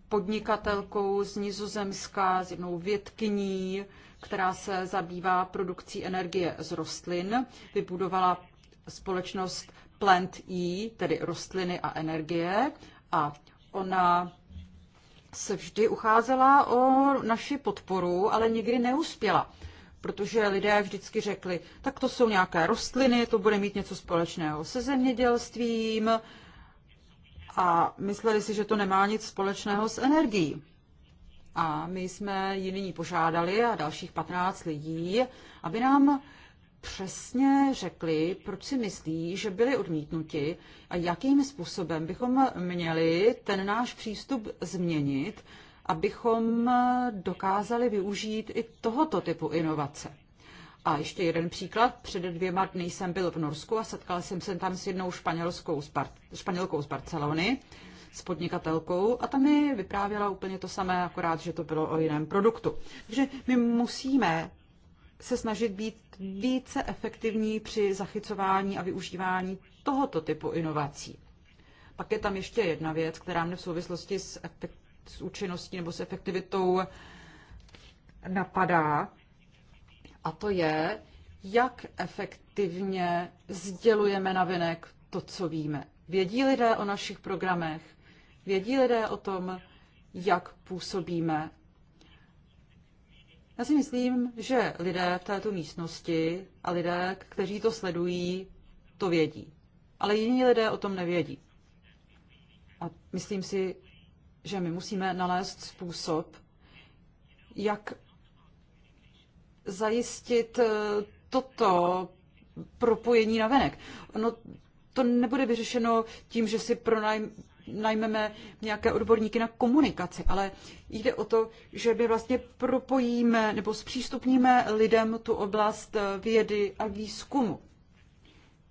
podnikatelkou z Nizozemska, s jednou vědkyní, která se zabývá produkcí energie z rostlin. Vybudovala společnost Plant E, tedy rostliny a energie. A ona se vždy ucházela o naši podporu, ale nikdy neuspěla protože lidé vždycky řekli, tak to jsou nějaké rostliny, to bude mít něco společného se zemědělstvím a mysleli si, že to nemá nic společného s energií. A my jsme ji nyní požádali a dalších 15 lidí, aby nám přesně řekli, proč si myslí, že byli odmítnuti a jakým způsobem bychom měli ten náš přístup změnit, abychom dokázali využít i tohoto typu inovace. A ještě jeden příklad. Před dvěma dny jsem byl v Norsku a setkal jsem se tam s jednou španělskou z španělkou z Barcelony, s podnikatelkou a tam mi vyprávěla úplně to samé, akorát, že to bylo o jiném produktu. Takže my musíme se snažit být více efektivní při zachycování a využívání tohoto typu inovací. Pak je tam ještě jedna věc, která mě v souvislosti s efekt s účinností nebo s efektivitou napadá. A to je, jak efektivně sdělujeme na venek to, co víme. Vědí lidé o našich programech, vědí lidé o tom, jak působíme. Já si myslím, že lidé v této místnosti a lidé, kteří to sledují, to vědí. Ale jiní lidé o tom nevědí. A myslím si, že my musíme nalézt způsob, jak zajistit eh, toto propojení na venek. No, to nebude vyřešeno tím, že si pronajm, nějaké odborníky na komunikaci, ale jde o to, že my vlastně propojíme nebo zpřístupníme lidem tu oblast eh, vědy a výzkumu.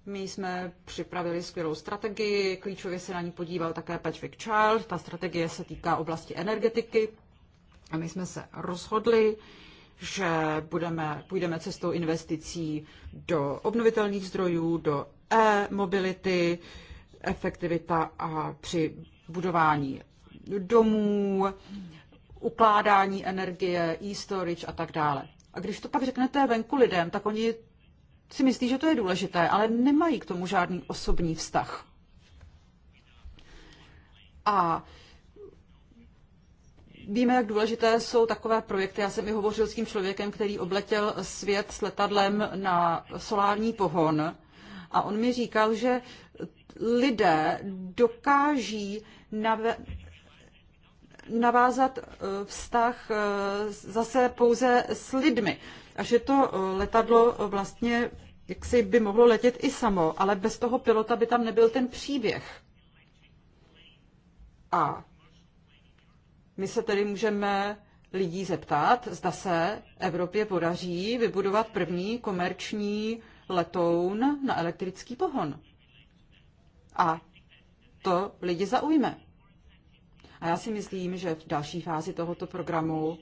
My jsme připravili skvělou strategii, klíčově se na ní podíval také Patrick Child. Ta strategie se týká oblasti energetiky. A my jsme se rozhodli, že budeme, půjdeme cestou investicí do obnovitelných zdrojů, do e-mobility, efektivita a při budování domů, ukládání energie, e-storage a tak dále. A když to pak řeknete venku lidem, tak oni si myslí, že to je důležité, ale nemají k tomu žádný osobní vztah. A víme, jak důležité jsou takové projekty. Já jsem i hovořil s tím člověkem, který obletěl svět s letadlem na solární pohon. A on mi říkal, že lidé dokáží navázat eh, vztah eh, zase pouze s lidmi a že to eh, letadlo eh, vlastně jaksi by mohlo letět i samo, ale bez toho pilota by tam nebyl ten příběh. A my se tedy můžeme lidí zeptat, zda se Evropě podaří vybudovat první komerční letoun na elektrický pohon. A to lidi zaujme. A já si myslím, že v další fázi tohoto programu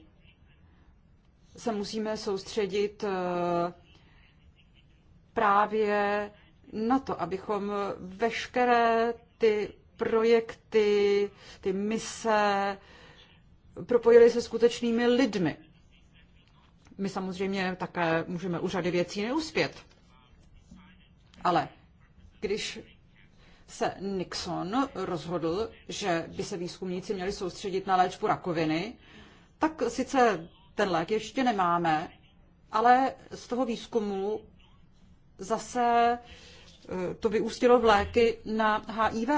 se musíme soustředit eh, právě na to, abychom veškeré ty projekty, ty mise propojili se skutečnými lidmi. My samozřejmě také můžeme u řady věcí neuspět. Ale když se Nixon rozhodl, že by se výzkumníci měli soustředit na léčbu rakoviny, tak sice ten lék ještě nemáme, ale z toho výzkumu zase eh, to vyústilo v léky na HIV.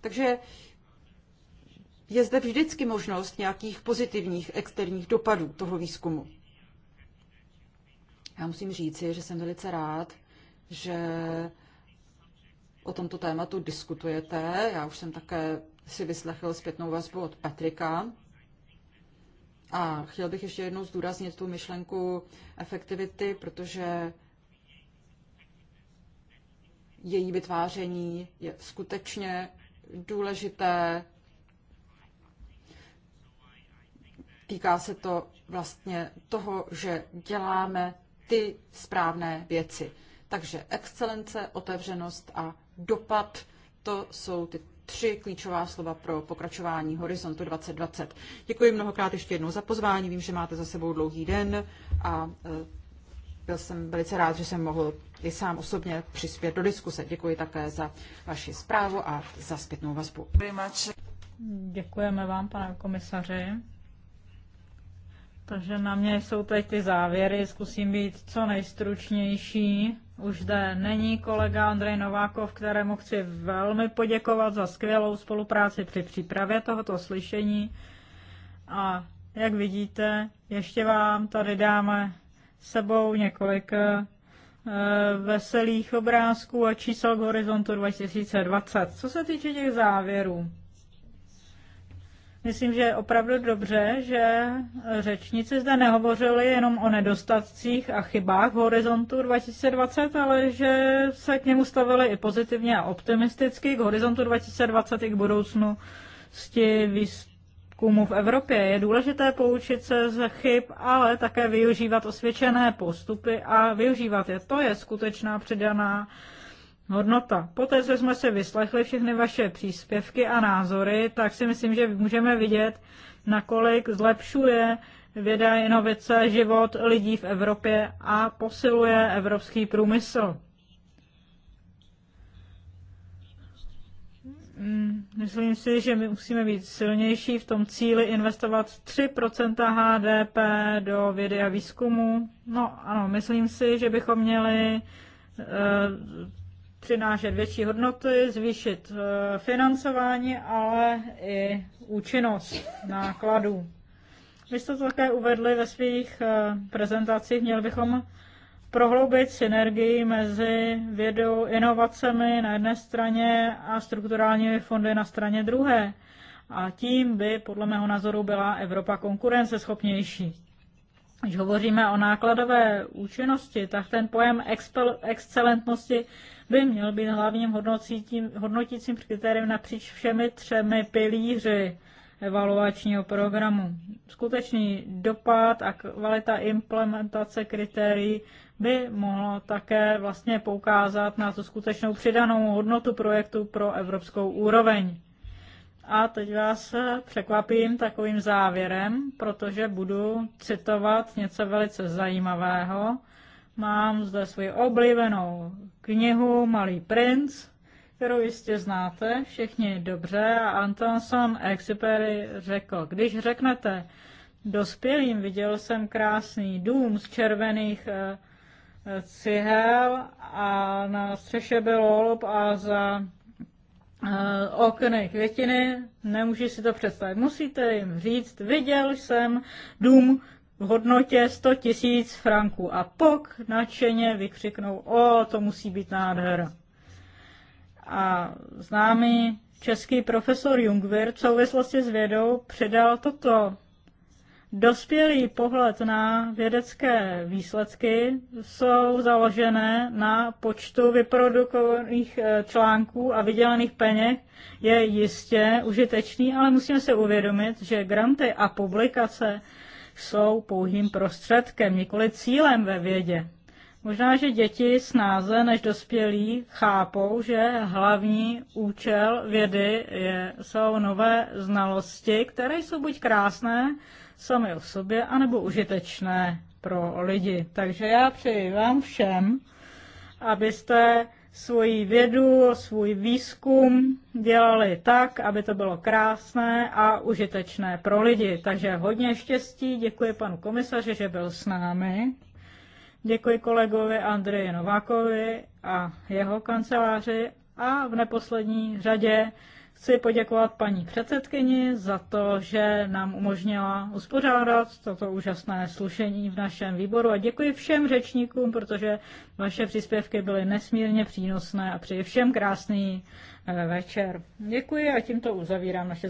Takže je zde vždycky možnost nějakých pozitivních externích dopadů toho výzkumu. Já musím říci, že jsem velice rád, že o tomto tématu diskutujete. Já už jsem také si vyslechl zpětnou vazbu od Patrika, a chtěl bych ještě jednou zdůraznit tu myšlenku efektivity, protože její vytváření je skutečně důležité. Týká se to vlastně toho, že děláme ty správné věci. Takže excelence, otevřenost a dopad, to jsou ty tři klíčová slova pro pokračování Horizontu 2020. Děkuji mnohokrát ještě jednou za pozvání, vím, že máte za sebou dlouhý den a e, byl jsem velice rád, že jsem mohl i sám osobně přispět do diskuse. Děkuji také za vaši zprávu a za zpětnou vazbu. Děkujeme vám, pane komisaři. Takže na mě jsou teď ty závěry, zkusím být co nejstručnější. Už zde není kolega Andrej Novákov, kterému chci velmi poděkovat za skvělou spolupráci při přípravě tohoto slyšení. A jak vidíte, ještě vám tady dáme sebou několik eh, veselých obrázků a čísel k horizontu 2020. Co se týče těch závěrů, Myslím, že je opravdu dobře, že řečníci zde nehovořili jenom o nedostatcích a chybách v horizontu 2020, ale že se k němu stavili i pozitivně a optimisticky k horizontu 2020 i k budoucnosti výzkumu v Evropě. Je důležité poučit se ze chyb, ale také využívat osvědčené postupy a využívat je. To je skutečná přidaná hodnota. Poté, co jsme se vyslechli všechny vaše příspěvky a názory, tak si myslím, že můžeme vidět, nakolik zlepšuje věda inovace život lidí v Evropě a posiluje evropský průmysl. Hmm, myslím si, že my musíme být silnější v tom cíli investovat 3 HDP do vědy a výzkumu. No ano, myslím si, že bychom měli eh, přinášet větší hodnoty, zvýšit eh, financování, ale i účinnost nákladů. Vy jste to také uvedli ve svých eh, prezentacích, měli bychom prohloubit synergii mezi vědou, inovacemi na jedné straně a strukturálními fondy na straně druhé. A tím by podle mého názoru byla Evropa konkurenceschopnější. Když hovoříme o nákladové účinnosti, tak ten pojem excelentnosti by měl být hlavním hodnotícím, hodnotícím kritériem napříč všemi třemi pilíři evaluačního programu. Skutečný dopad a kvalita implementace kritérií by mohla také vlastně poukázat na tu skutečnou přidanou hodnotu projektu pro evropskou úroveň. A teď vás překvapím takovým závěrem, protože budu citovat něco velice zajímavého Mám zde svoji oblíbenou knihu Malý princ, kterou jistě znáte všichni dobře a Antonson Exupery řekl, když řeknete dospělým, viděl jsem krásný dům z červených eh, cihel a na střeše byl lop a za eh, okny květiny, nemůžeš si to představit. Musíte jim říct, viděl jsem dům v hodnotě 100 tisíc franků. A pok nadšeně vykřiknou, o, to musí být nádhera. A známý český profesor Jungwirth v souvislosti s vědou předal toto. Dospělý pohled na vědecké výsledky jsou založené na počtu vyprodukovaných e, článků a vydělaných peněz. Je jistě užitečný, ale musíme se uvědomit, že granty a publikace jsou pouhým prostředkem, nikoli cílem ve vědě. Možná, že děti snáze než dospělí chápou, že hlavní účel vědy je, jsou nové znalosti, které jsou buď krásné sami o sobě, anebo užitečné pro lidi. Takže já přeji vám všem, abyste svoji vědu, svůj výzkum dělali tak, aby to bylo krásné a užitečné pro lidi. Takže hodně štěstí, děkuji panu komisaři, že byl s námi. Děkuji kolegovi Andreji Novákovi a jeho kanceláři a v neposlední řadě Chci poděkovat paní předsedkyni za to, že nám umožnila uspořádat toto úžasné slušení v našem výboru a děkuji všem řečníkům, protože vaše příspěvky byly nesmírně přínosné a přeji všem krásný eh, večer. Děkuji a tímto uzavírám naše